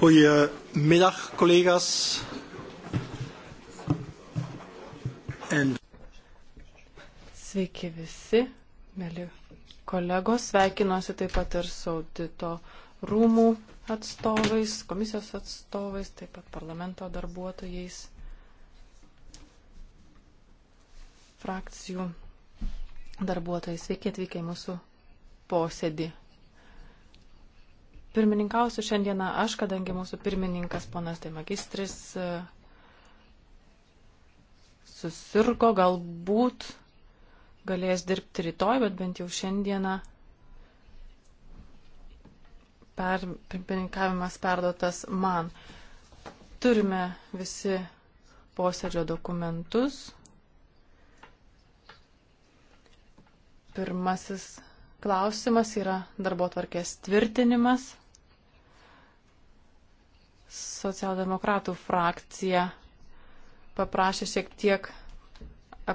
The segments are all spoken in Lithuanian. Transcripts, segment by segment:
Goedemiddag, collega's. En... Sveiki visi, mėly kolegos. Sveikinuosi taip pat ir su audito rūmų atstovais, komisijos atstovais, taip pat parlamento darbuotojais, frakcijų darbuotojais. Sveiki atvykę į mūsų posėdį. Pirmininkausiu šiandieną aš, kadangi mūsų pirmininkas ponas tai magistris susirgo, galbūt galės dirbti rytoj, bet bent jau šiandieną per, pirmininkavimas perdotas man. Turime visi posėdžio dokumentus. Pirmasis klausimas yra darbo tvarkės tvirtinimas. Socialdemokratų frakcija paprašė šiek tiek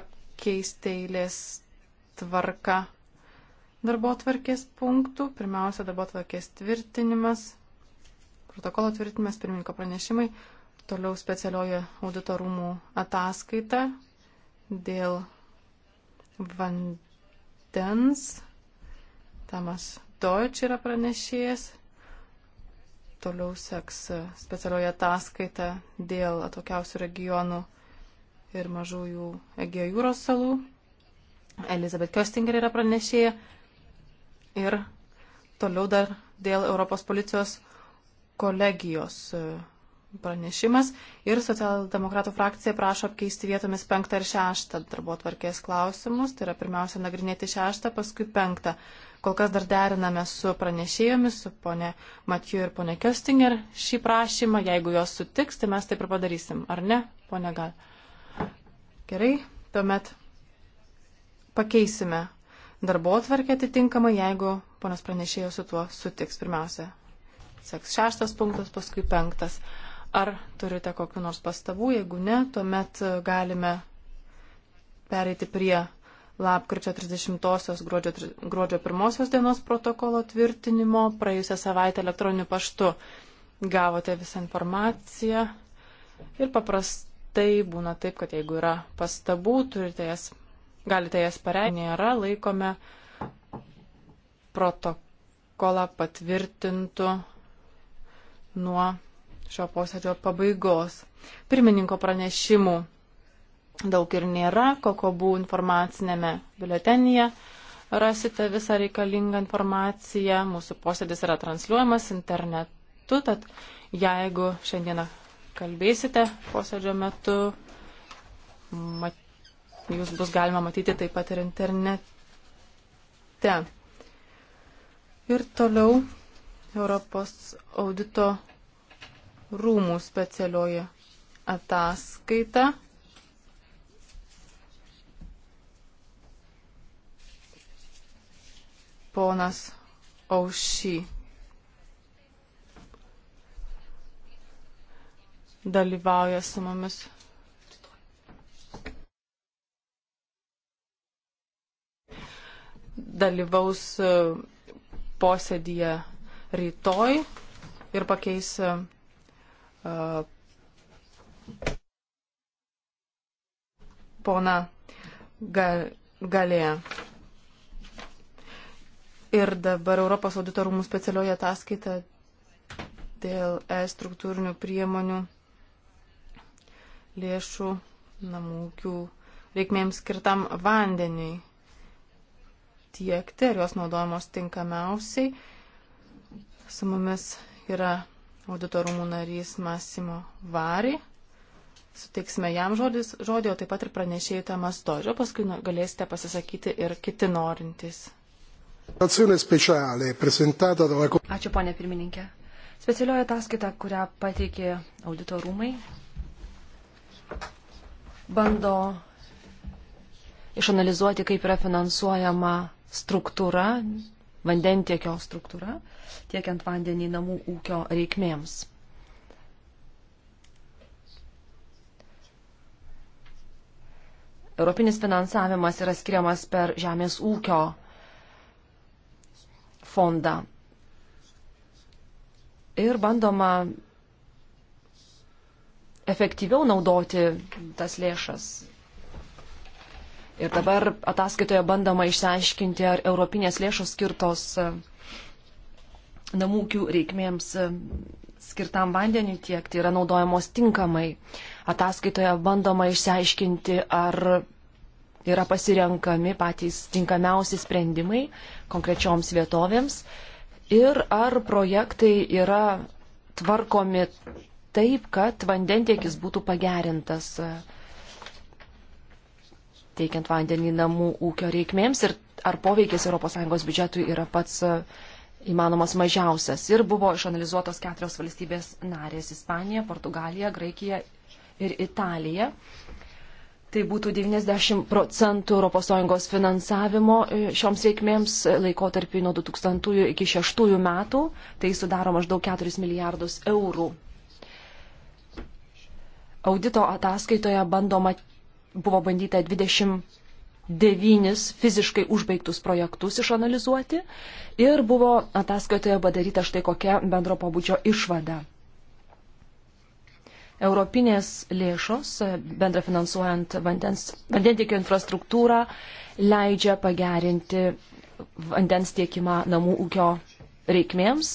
apkeisti eilės tvarką darbo tvarkės punktų. Pirmiausia, darbo tvarkės tvirtinimas, protokolo tvirtinimas, pirmininko pranešimai, toliau specialioji auditorumų ataskaita dėl vandens Tamas Deutsch yra pranešėjas. Toliau seks specialioje ataskaita dėl atokiausių regionų ir mažųjų Egėjo jūros salų. Elizabeth Köstinger yra pranešėja. Ir toliau dar dėl Europos policijos kolegijos e, pranešimas. Ir socialdemokratų frakcija prašo apkeisti vietomis penktą ir šeštą darbo tvarkės klausimus. Tai yra pirmiausia nagrinėti šeštą, paskui penktą Kol kas dar deriname su pranešėjomis, su ponė Matiju ir ponė Köstinger šį prašymą. Jeigu jos sutiks, tai mes taip ir padarysim. Ar ne, ponė Gal? Gerai, tuomet pakeisime darbo atvarkę atitinkamai, jeigu ponas pranešėjas su tuo sutiks. Pirmiausia, seks šeštas punktas, paskui penktas. Ar turite kokiu nors pastabų? Jeigu ne, tuomet galime pereiti prie lapkričio 30-osios gruodžio, gruodžio 1-osios dienos protokolo tvirtinimo. Praėjusią savaitę elektroniniu paštu gavote visą informaciją. Ir paprastai būna taip, kad jeigu yra pastabų, turite jas, galite jas pareikšti. Nėra, laikome protokolą patvirtintų nuo šio posėdžio pabaigos. Pirmininko pranešimų daug ir nėra, kokobų informacinėme biuletenyje rasite visą reikalingą informaciją. Mūsų posėdis yra transliuojamas internetu, tad jeigu šiandieną kalbėsite posėdžio metu, mat, jūs bus galima matyti taip pat ir internete. Ir toliau Europos audito rūmų specialioji ataskaita ponas Aušy. Dalyvauja su mumis. Dalyvaus e, posėdėje rytoj ir pakeis uh, e, e, pona Galėja. Ir dabar Europos audito rūmų specialioje ataskaita dėl e struktūrinių priemonių lėšų namų ūkių reikmėms skirtam vandeniui tiekti, ar jos naudojamos tinkamiausiai. Su mumis yra auditorumų narys Masimo Vari. Suteiksime jam žodis, žodį, o taip pat ir pranešėjai tą mastožio, paskui galėsite pasisakyti ir kiti norintys. Ačiū, ponė pirmininkė. Specialioji ataskaita, kurią pateikė audito rūmai, bando išanalizuoti, kaip yra finansuojama struktūra, vandentiekio struktūra, tiekiant vandenį namų ūkio reikmėms. Europinis finansavimas yra skiriamas per žemės ūkio fondą. Ir bandoma efektyviau naudoti tas lėšas. Ir dabar ataskaitoje bandoma išsiaiškinti, ar europinės lėšos skirtos namūkių reikmėms e, skirtam vandeniu tiekti yra naudojamos tinkamai. Ataskaitoje bandoma išsiaiškinti, ar yra pasirenkami patys tinkamiausi sprendimai konkrečioms vietovėms ir ar projektai yra tvarkomi taip, kad vandentiekis būtų pagerintas, teikiant vandenį namų ūkio reikmėms ir ar poveikis ES biudžetui yra pats įmanomas mažiausias. Ir buvo išanalizuotos keturios valstybės narės - Ispanija, Portugalija, Graikija ir Italija. Tai būtų 90 procentų ES finansavimo e, šioms reikmėms laikotarpiu nuo 2000 iki 2006 metų. Tai sudaro maždaug 4 milijardus eurų. Audito ataskaitoje bandoma, buvo bandyta 29 fiziškai užbaigtus projektus išanalizuoti ir buvo ataskaitoje padaryta štai kokia bendro pabudžio išvada. Europinės lėšos, e, bendrafinansuojant vandens, vandentikio infrastruktūrą, leidžia pagerinti vandens tiekimą namų ūkio reikmėms,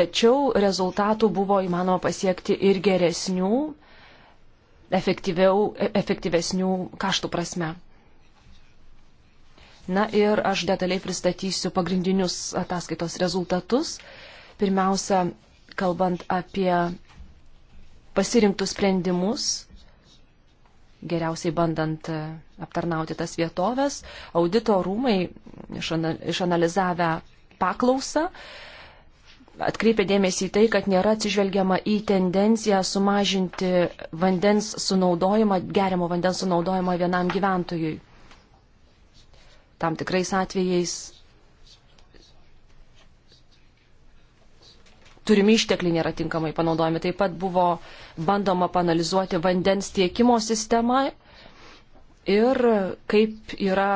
tačiau rezultatų buvo įmanoma pasiekti ir geresnių, e, efektyvesnių kaštų prasme. Na ir aš detaliai pristatysiu pagrindinius ataskaitos rezultatus. Pirmiausia, kalbant apie pasirinktus sprendimus, geriausiai bandant e, aptarnauti tas vietovės. Audito rūmai išanalizavę paklausą atkreipė dėmesį į tai, kad nėra atsižvelgiama į tendenciją sumažinti vandens sunaudojimą, geriamo vandens sunaudojimą vienam gyventojui. Tam tikrais atvejais turimi ištekliai nėra tinkamai panaudojami. Taip pat buvo bandoma panalizuoti vandens tiekimo sistemą ir kaip yra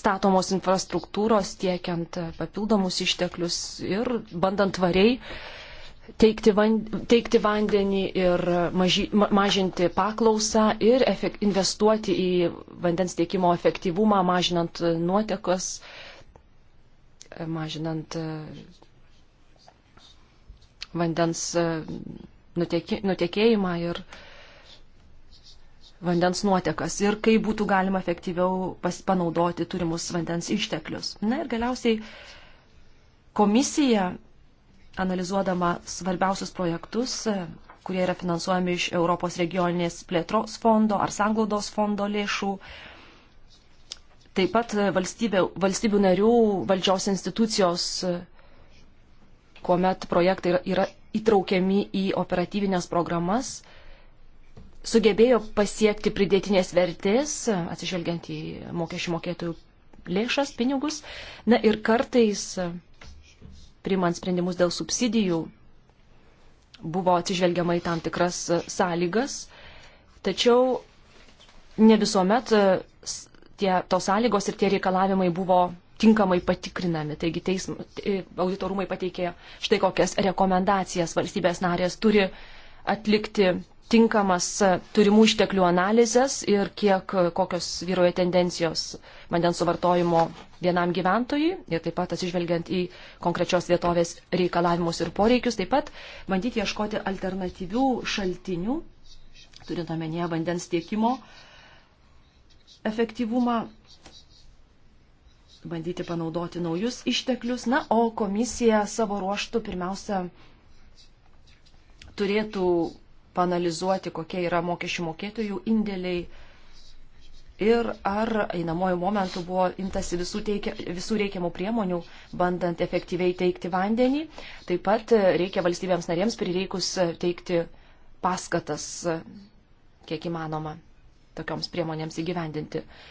statomos infrastruktūros tiekiant papildomus išteklius ir bandant tvariai teikti, van, teikti vandenį ir maži, ma, mažinti paklausą ir efek, investuoti į vandens tiekimo efektyvumą, mažinant nuotekas, mažinant vandens e, nutekėjimą ir vandens nuotekas ir kaip būtų galima efektyviau panaudoti turimus vandens išteklius. Na ir galiausiai komisija, analizuodama svarbiausius projektus, e, kurie yra finansuojami iš Europos regioninės plėtros fondo ar sanglaudos fondo lėšų, taip pat valstybė, valstybių narių valdžios institucijos e, kuomet projektai yra, yra įtraukiami į operatyvinės programas, sugebėjo pasiekti pridėtinės vertės, atsižvelgiant į mokesčių mokėtojų lėšas, pinigus. Na ir kartais, primant sprendimus dėl subsidijų, buvo atsižvelgiama į tam tikras sąlygas, tačiau ne visuomet tie, tos sąlygos ir tie reikalavimai buvo tinkamai patikrinami. Taigi teism, e, auditorumai pateikė štai kokias rekomendacijas valstybės narės turi atlikti tinkamas e, turimų išteklių analizės ir kiek e, kokios vyroja tendencijos vandens suvartojimo vienam gyventojui ir taip pat atsižvelgiant į konkrečios vietovės reikalavimus ir poreikius, taip pat bandyti ieškoti alternatyvių šaltinių, turint omenyje vandens tiekimo efektyvumą bandyti panaudoti naujus išteklius. Na, o komisija savo ruoštų pirmiausia turėtų panalizuoti, kokie yra mokesčių mokėtojų indėliai ir ar einamojų momentų buvo imtasi visų, teikia, visų reikiamų priemonių, bandant efektyviai teikti vandenį. Taip pat reikia valstybėms narėms prireikus teikti paskatas, kiek įmanoma, tokioms priemonėms įgyvendinti. Uh,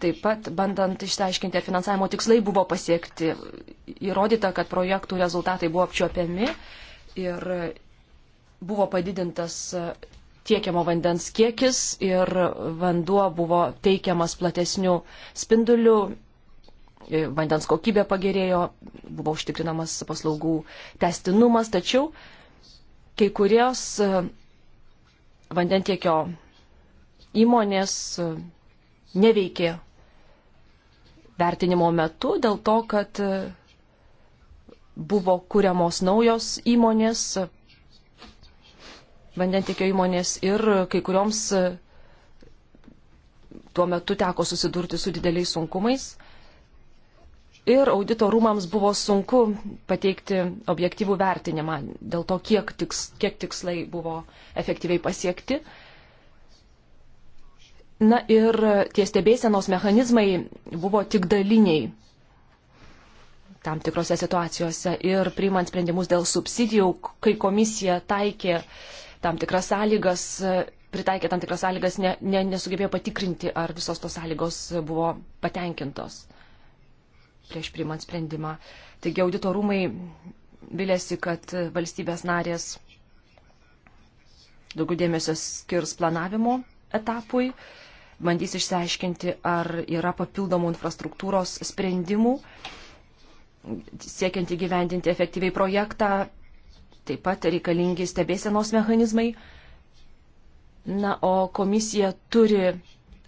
Taip pat, bandant išsiaiškinti, ar finansavimo tikslai buvo pasiekti, įrodyta, kad projektų rezultatai buvo apčiuopiami ir buvo padidintas tiekiamo vandens kiekis ir vanduo buvo teikiamas platesnių spindulių, vandens kokybė pagerėjo, buvo užtikrinamas paslaugų testinumas, tačiau kai kurios vandentiekio įmonės neveikė vertinimo metu dėl to, kad e, buvo kuriamos naujos įmonės, vandentikio įmonės ir kai kurioms e, tuo metu teko susidurti su dideliais sunkumais. Ir audito rūmams buvo sunku pateikti objektyvų vertinimą dėl to, kiek, tiks, kiek tikslai buvo efektyviai pasiekti. Uh, Na ir tie stebėsenos mechanizmai buvo tik daliniai tam tikrose situacijose ir priimant sprendimus dėl subsidijų, kai komisija taikė tam tikras sąlygas, pritaikė tam tikras sąlygas, ne, ne, nesugebėjo patikrinti, ar visos tos sąlygos buvo patenkintos prieš priimant sprendimą. Taigi auditorumai vilėsi, kad valstybės narės daugiau dėmesio skirs planavimo etapui bandys išsiaiškinti, ar yra papildomų infrastruktūros sprendimų, siekiant įgyvendinti efektyviai projektą, taip pat reikalingi stebėsenos mechanizmai. Na, o komisija turi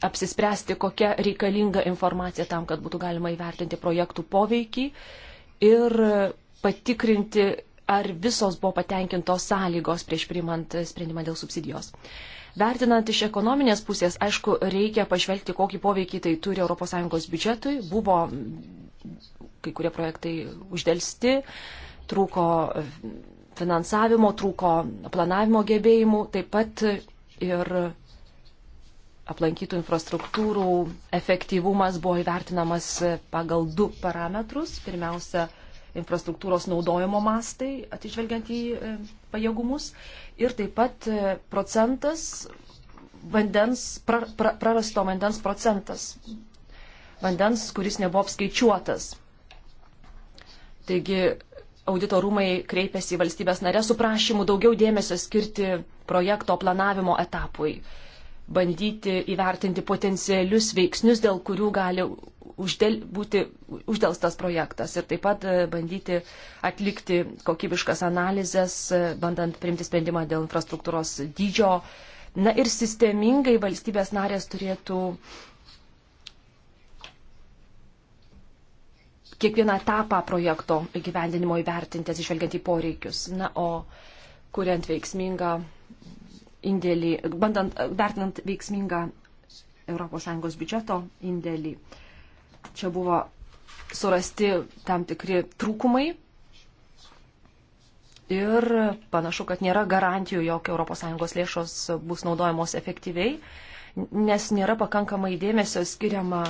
apsispręsti, kokia reikalinga informacija tam, kad būtų galima įvertinti projektų poveikį ir patikrinti, ar visos buvo patenkintos sąlygos prieš priimant sprendimą dėl subsidijos. Uh, Vertinant iš ekonominės pusės, aišku, reikia pažvelgti, kokį poveikį tai turi ES biudžetui. Buvo mm, kai kurie projektai uždelsti, trūko e, finansavimo, trūko planavimo gebėjimų, taip pat ir aplankytų infrastruktūrų efektyvumas buvo įvertinamas e, pagal du parametrus. Pirmiausia, infrastruktūros naudojimo mastai, atižvelgiant į e, pajėgumus. Ir taip pat e, procentas vandens, pra, pra, prarasto vandens procentas. Vandens, kuris nebuvo apskaičiuotas. Taigi audito rūmai kreipėsi į valstybės narę su prašymu daugiau dėmesio skirti projekto planavimo etapui bandyti įvertinti potencialius veiksnius, dėl kurių gali uždėl, būti uždėlstas projektas ir taip pat e, bandyti atlikti kokybiškas analizės, e, bandant priimti sprendimą dėl infrastruktūros dydžio. Na ir sistemingai valstybės narės turėtų kiekvieną etapą projekto įgyvendinimo įvertinti, atsižvelgiant į poreikius. Na, o kuriant veiksmingą indėlį, bandant, vertinant veiksmingą ES biudžeto indėlį. Čia buvo surasti tam tikri trūkumai ir panašu, kad nėra garantijų, jog ES lėšos bus naudojamos efektyviai, nes nėra pakankamai dėmesio skiriama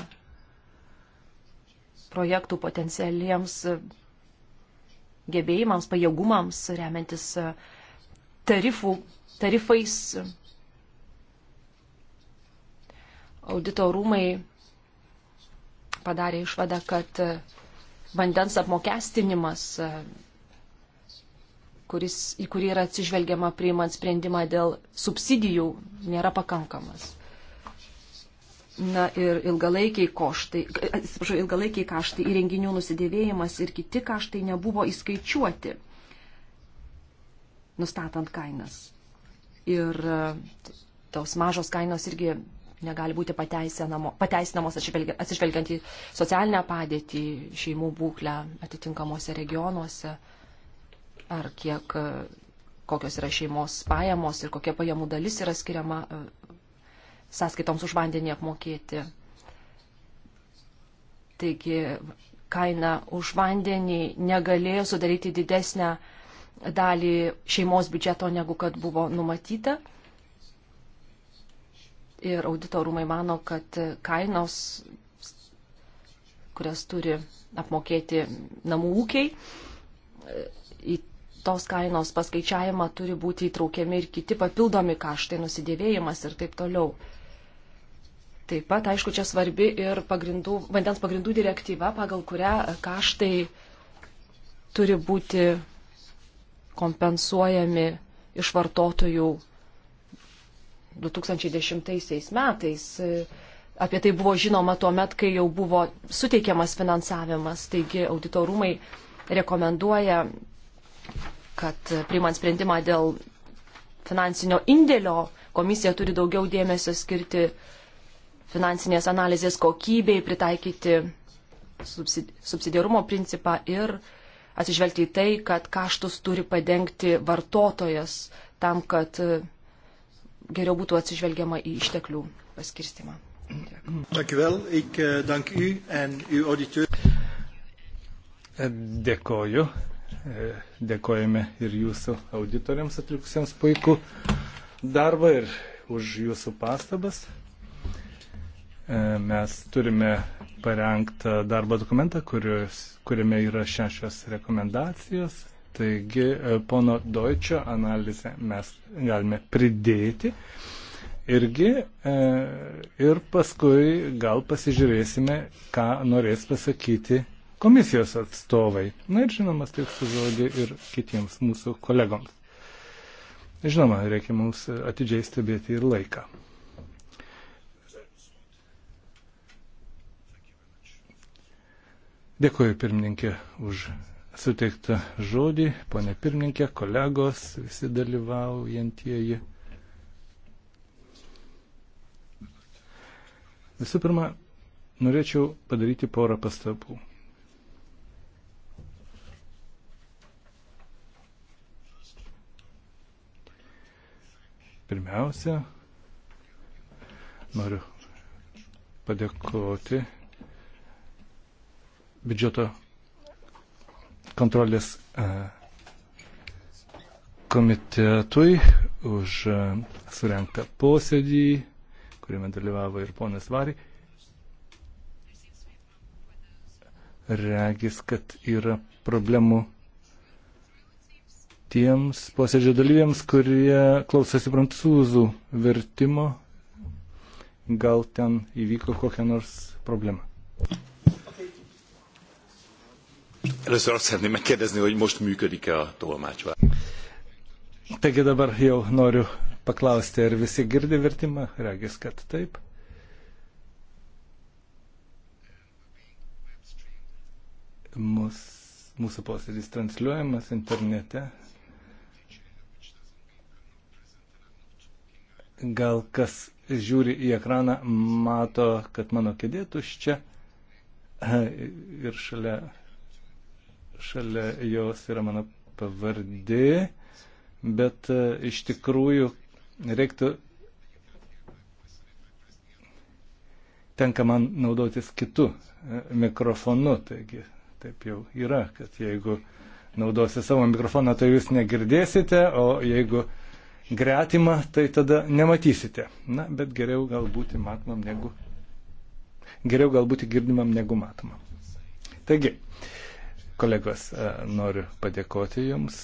projektų potencialiems gebėjimams, pajėgumams, remiantis e, tarifų, tarifais. Audito rūmai padarė išvadą, kad e, vandens apmokestinimas, e, kuris, į kurį yra atsižvelgiama priimant sprendimą dėl subsidijų, nėra pakankamas. Na ir ilgalaikiai koštai, atsiprašau, ilgalaikiai kaštai, įrenginių nusidėvėjimas ir kiti kaštai nebuvo įskaičiuoti, nustatant kainas. Ir e, tos mažos kainos irgi negali būti pateisinamos atsižvelgiant į socialinę padėtį, šeimų būklę atitinkamuose regionuose, ar kiek, kokios yra šeimos pajamos ir kokia pajamų dalis yra skiriama e, sąskaitoms už vandenį apmokėti. Taigi kaina už vandenį negalėjo sudaryti didesnę dalį šeimos biudžeto, negu kad buvo numatyta ir auditorumai mano, kad kainos, kurias turi apmokėti namų ūkiai, į tos kainos paskaičiavimą turi būti įtraukiami ir kiti papildomi kaštai, nusidėvėjimas ir taip toliau. Taip pat, aišku, čia svarbi ir pagrindų, vandens pagrindų direktyva, pagal kurią kaštai turi būti kompensuojami iš vartotojų 2010 metais. Apie tai buvo žinoma tuo met, kai jau buvo suteikiamas finansavimas. Taigi auditorumai rekomenduoja, kad priimant sprendimą dėl finansinio indėlio, komisija turi daugiau dėmesio skirti finansinės analizės kokybei, pritaikyti subsidiarumo principą ir atsižvelgti į tai, kad kaštus turi padengti vartotojas tam, kad geriau būtų atsižvelgiama į išteklių paskirstimą. Eh, e, dėkoju. E, dėkojame ir jūsų auditoriams atlikusiems puikų darbą ir už jūsų pastabas. E, mes turime parengtą darbo dokumentą, kurios, kuriame yra šešios rekomendacijos Taigi e, pono Deutsche analizę mes galime pridėti irgi e, ir paskui gal pasižiūrėsime, ką norės pasakyti komisijos atstovai. Na ir žinoma, steiksiu žodį ir kitiems mūsų kolegoms. Žinoma, reikia mums atidžiai stebėti ir laiką. Dėkuoju pirmininkė už suteiktą žodį, ponė pirmininkė, kolegos, visi dalyvaujantieji. Visų pirma, norėčiau padaryti porą pastabų. Pirmiausia, noriu padėkoti biudžeto kontrolės e, komitetui už e, surenktą posėdį, kuriame dalyvavo ir ponas Vary. Regis, kad yra problemų tiems posėdžio dalyviams, kurie klausosi prancūzų vertimo. Gal ten įvyko kokia nors problema. Először azt szeretném megkérdezni, hogy most működik-e a tolmácsvá. Taigi dabar jau noriu paklausti, ar visi girdi vertimą, regis, kad taip. Mūs, mūsų posėdis transliuojamas internete. Gal kas žiūri į ekraną, mato, kad mano kėdė tuščia ir šalia šalia jos yra mano pavardė, bet e, iš tikrųjų reiktų. Tenka man naudotis kitu e, mikrofonu, taigi taip jau yra, kad jeigu naudosiu savo mikrofoną, tai jūs negirdėsite, o jeigu gretimą, tai tada nematysite. Na, bet geriau galbūt matomam negu. Geriau galbūt girdimam negu matomam. Taigi, uh, Kolegos, e, noriu padėkoti Jums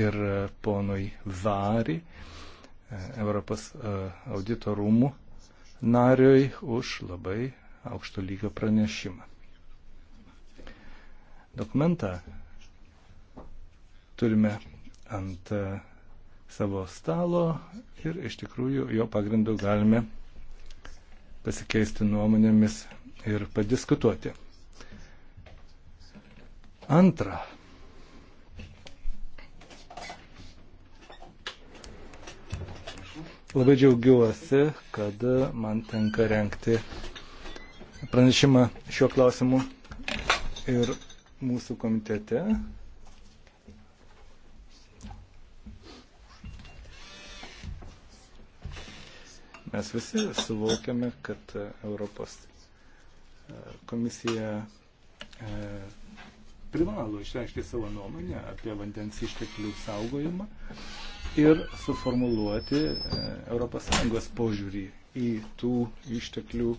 ir e, ponui Vari, e, Europos audito rūmų nariui, už labai aukšto lygio pranešimą. Dokumentą turime ant savo stalo ir iš tikrųjų jo pagrindu galime pasikeisti nuomonėmis ir padiskutuoti. Antra. Labai džiaugiuosi, kad man tenka renkti pranešimą šiuo klausimu ir mūsų komitete. Mes visi suvokiame, kad Europos komisija e, privalo išreikšti savo nuomonę apie vandens išteklių saugojimą ir suformuluoti ES požiūrį į tų išteklių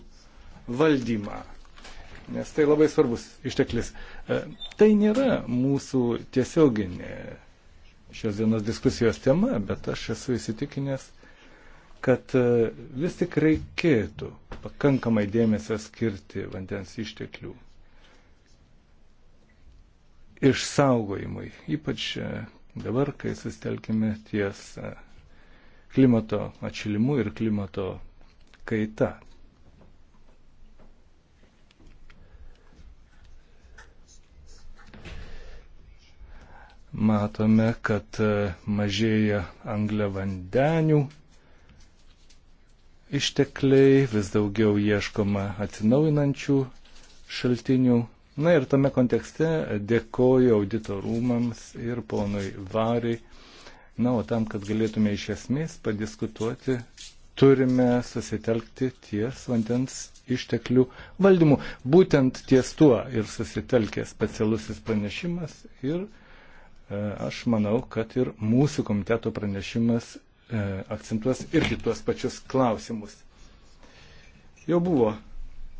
valdymą. Nes tai labai svarbus išteklis. E, tai nėra mūsų tiesioginė šios dienos diskusijos tema, bet aš esu įsitikinęs, kad e, vis tik reikėtų pakankamai dėmesio skirti vandens išteklių išsaugojimui. Ypač e, dabar, kai sustelkime ties e, klimato atšilimu ir klimato kaita. Matome, kad e, mažėja angliavandenių ištekliai, vis daugiau ieškoma atsinaujinančių šaltinių Na ir tame kontekste dėkoju auditorumams ir ponui Variai. Na, o tam, kad galėtume iš esmės padiskutuoti, turime susitelkti ties vandens išteklių valdymu. Būtent ties tuo ir susitelkė specialusis pranešimas ir e, aš manau, kad ir mūsų komiteto pranešimas e, akcentuos irgi tuos pačius klausimus. Jau buvo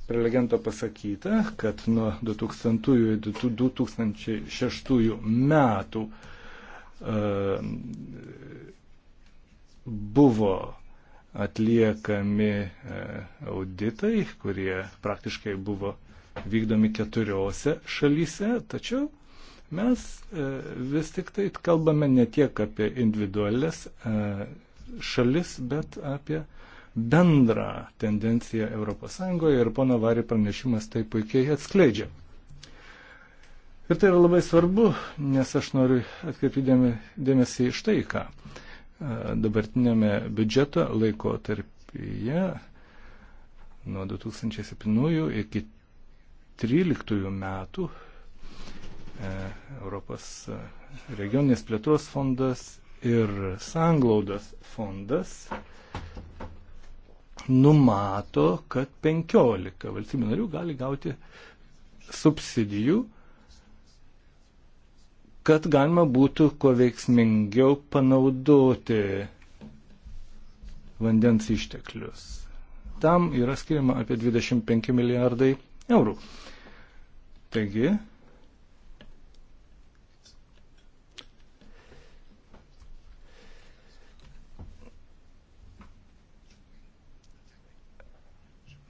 prelegento pasakyta, kad nuo 2000-2006 metų e, buvo atliekami e, auditai, kurie praktiškai buvo vykdomi keturiose šalyse, tačiau mes e, vis tik tai kalbame ne tiek apie individualias šalis, bet apie bendrą tendenciją ES ir pono Varį pranešimas tai puikiai atskleidžia. Ir tai yra labai svarbu, nes aš noriu atkreipti dėmesį iš tai, ką dabartinėme biudžeto laiko tarpyje nuo 2007 iki 2013 metų e, Europos e, regioninės plėtros fondas ir sanglaudos fondas numato, kad 15 valstybių narių gali gauti subsidijų, kad galima būtų kuo veiksmingiau panaudoti vandens išteklius. Tam yra skiriama apie 25 milijardai eurų. Taigi,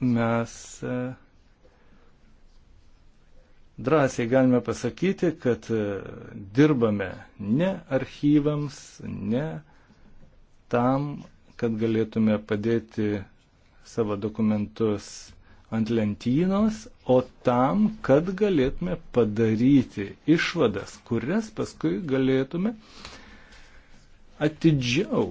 mes e, drąsiai galime pasakyti, kad e, dirbame ne archyvams, ne tam, kad galėtume padėti savo dokumentus ant lentynos, o tam, kad galėtume padaryti išvadas, kurias paskui galėtume atidžiau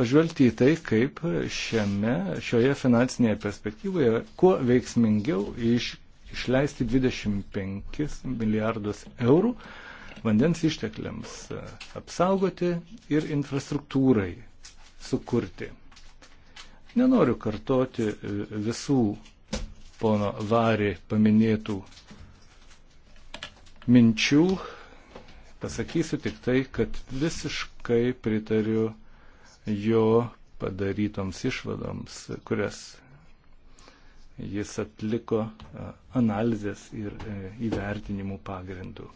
pažvelgti į tai, kaip šiame, šioje finansinėje perspektyvoje kuo veiksmingiau iš, išleisti 25 milijardus eurų vandens ištekliams e, apsaugoti ir infrastruktūrai sukurti. Nenoriu kartoti e, visų pono Varį paminėtų minčių, pasakysiu tik tai, kad visiškai pritariu jo padarytoms išvadoms, kurias jis atliko e, analizės ir e, įvertinimų pagrindų.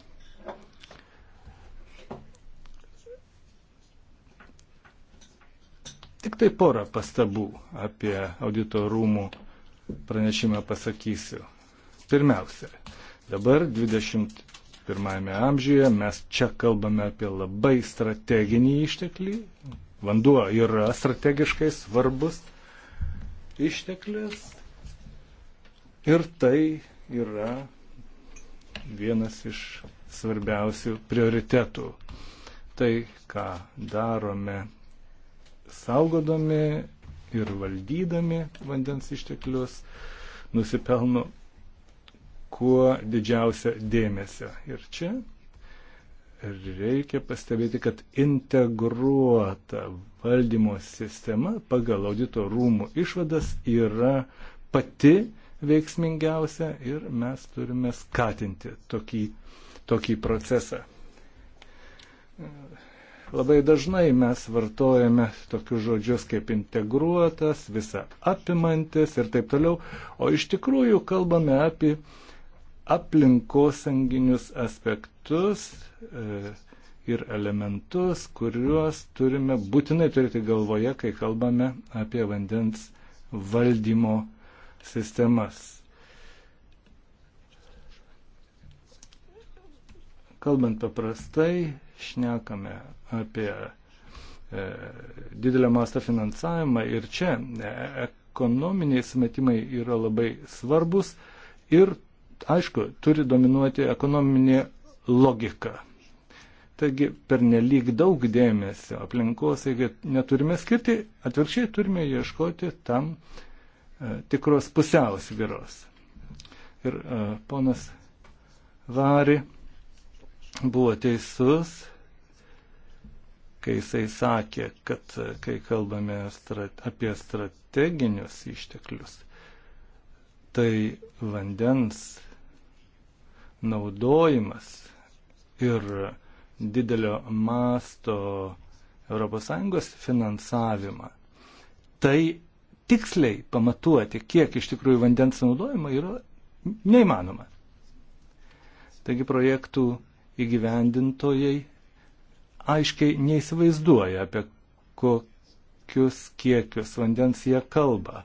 Tik tai porą pastabų apie auditorumų pranešimą pasakysiu. Pirmiausia, dabar 21 amžiuje mes čia kalbame apie labai strateginį išteklį, Vanduo yra strategiškai svarbus išteklis ir tai yra vienas iš svarbiausių prioritetų. Tai, ką darome saugodami ir valdydami vandens išteklius, nusipelno kuo didžiausia dėmesio. Ir čia reikia pastebėti, kad integruota valdymo sistema pagal audito rūmų išvadas yra pati veiksmingiausia ir mes turime skatinti tokį, tokį procesą. Labai dažnai mes vartojame tokius žodžius kaip integruotas, visa apimantis ir taip toliau, o iš tikrųjų kalbame apie aplinkosanginius aspektus aspektus e, ir elementus, kuriuos turime būtinai turėti galvoje, kai kalbame apie vandens valdymo sistemas. Kalbant paprastai, šnekame apie e, didelę mastą finansavimą ir čia e, ekonominiai sumetimai yra labai svarbus ir, aišku, turi dominuoti ekonominė logika. Taigi per nelik daug dėmesio aplinkosai neturime skirti, atvirkščiai turime ieškoti tam e, tikros pusiausvyros. Ir e, ponas Vari buvo teisus, kai jisai sakė, kad e, kai kalbame strate, apie strateginius išteklius, tai vandens naudojimas ir didelio masto ES finansavimą, tai tiksliai pamatuoti, kiek iš tikrųjų vandens naudojama yra neįmanoma. Taigi projektų įgyvendintojai aiškiai neįsivaizduoja, apie kokius kiekius vandens jie kalba.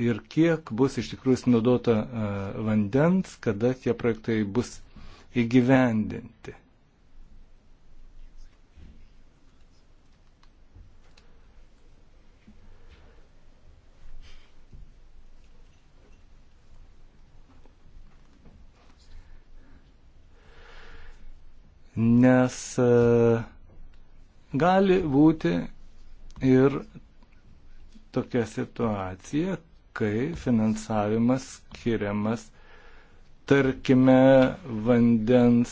Ir kiek bus iš tikrųjų sunaudota e, vandens, kada tie projektai bus įgyvendinti. Nes e, gali būti ir tokia situacija, kai finansavimas skiriamas tarkime, vandens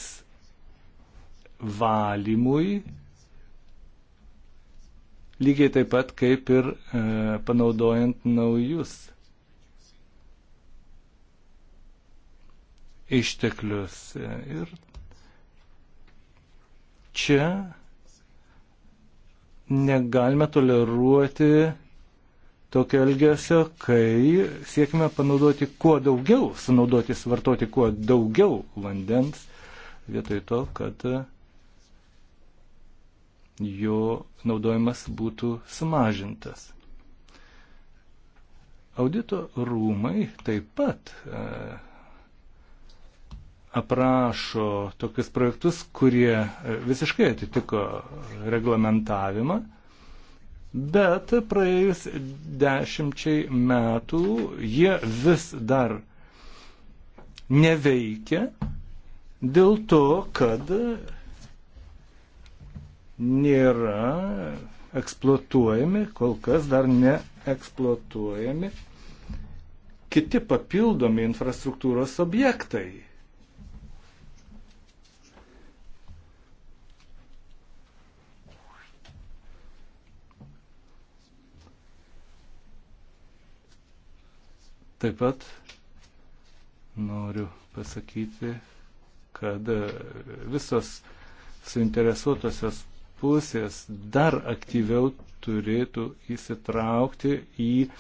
valymui, lygiai taip pat kaip ir e, panaudojant naujus išteklius. E, ir čia negalime toleruoti tokio elgesio, kai siekime panaudoti kuo daugiau, sunaudoti, suvartoti kuo daugiau vandens, vietoj to, kad jo naudojimas būtų sumažintas. Audito rūmai taip pat e, aprašo tokius projektus, kurie e, visiškai atitiko reglamentavimą bet praėjus dešimčiai metų jie vis dar neveikia dėl to, kad nėra eksploatuojami, kol kas dar neeksploatuojami kiti papildomi infrastruktūros objektai. Taip pat noriu pasakyti, kad e, visos suinteresuotosios pusės dar aktyviau turėtų įsitraukti į e,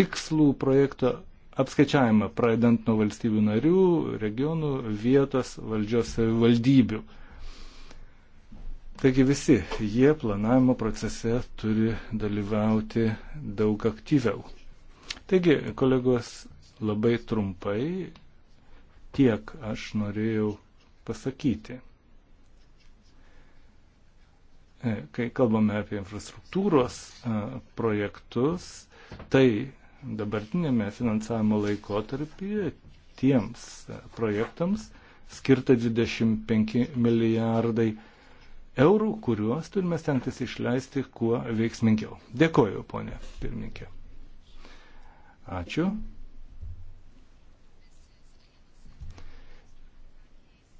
tikslų projekto apskaičiavimą, pradedant nuo valstybių narių, regionų, vietos valdžios valdybių. Taigi visi jie planavimo procese turi dalyvauti daug aktyviau. Taigi, kolegos, labai trumpai tiek aš norėjau pasakyti. E, kai kalbame apie infrastruktūros e, projektus, tai dabartinėme finansavimo laikotarpyje tiems e, projektams skirta 25 milijardai eurų, kuriuos turime stengtis išleisti kuo veiksmingiau. Dėkoju, ponė pirmininkė. Ačiū.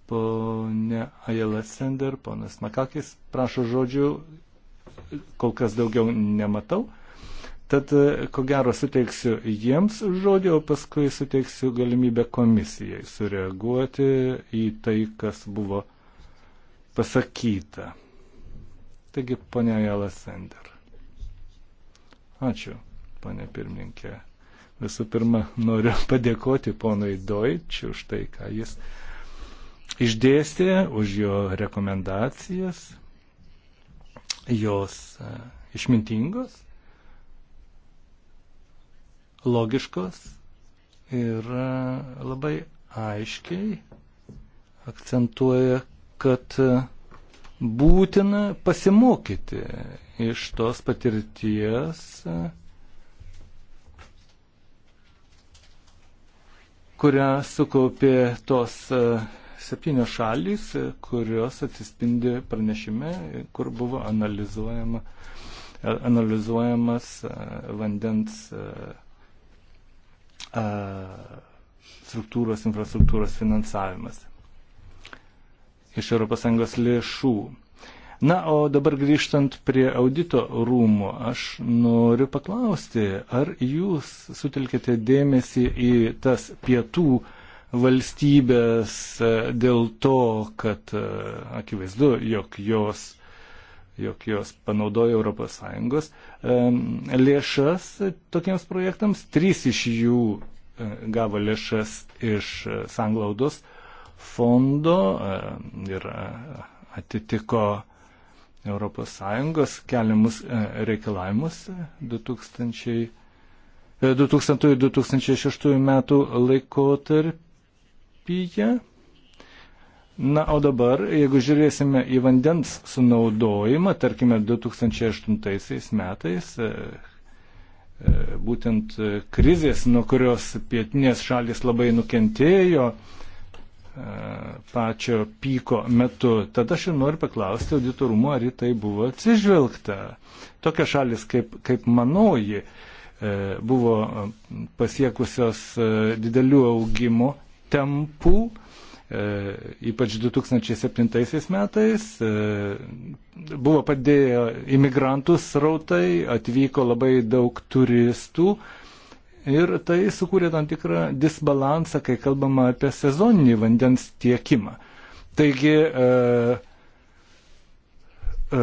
Pone Ajela Sender, ponas Makakis, prašo žodžių, kol kas daugiau nematau. Tad e, ko gero suteiksiu jiems žodį, o paskui suteiksiu galimybę komisijai sureaguoti į tai, kas buvo pasakyta. Taigi, ponia Jala Sender. Ačiū, ponia pirmininkė. Visų pirma, noriu padėkoti ponui Deutsch už tai, ką jis išdėstė, už jo rekomendacijas. Jos e, išmintingos, logiškos ir e, labai aiškiai akcentuoja, kad e, būtina pasimokyti iš tos patirties, kurią sukaupė tos e, septynios šalys, e, kurios atsispindi pranešime, kur buvo analizuojama, e, analizuojamas vandens struktūros, infrastruktūros finansavimas iš ES lėšų. Na, o dabar grįžtant prie audito rūmų, aš noriu paklausti, ar jūs sutelkite dėmesį į tas pietų valstybės e, dėl to, kad e, akivaizdu, jog jos, jog jos panaudoja ES e, lėšas tokiems projektams, trys iš jų gavo lėšas iš sanglaudos fondo ir atitiko ES keliamus e, reikalavimus 2000-2006 e, metų laikotarpyje. Na, o dabar, jeigu žiūrėsime į vandens sunaudojimą, tarkime, 2008 metais, e, būtent krizės, nuo kurios pietinės šalis labai nukentėjo, pačio pyko metu. Tada aš ir noriu paklausti auditorumo, ar į tai buvo atsižvelgta. Tokia šalis kaip, kaip manoji e, buvo pasiekusios e, didelių augimo tempų, e, ypač 2007 metais. Buvo padėję imigrantų srautai, atvyko labai daug turistų Ir tai sukūrė tam tikrą disbalansą, kai kalbama apie sezoninį vandens tiekimą. Taigi, e, e,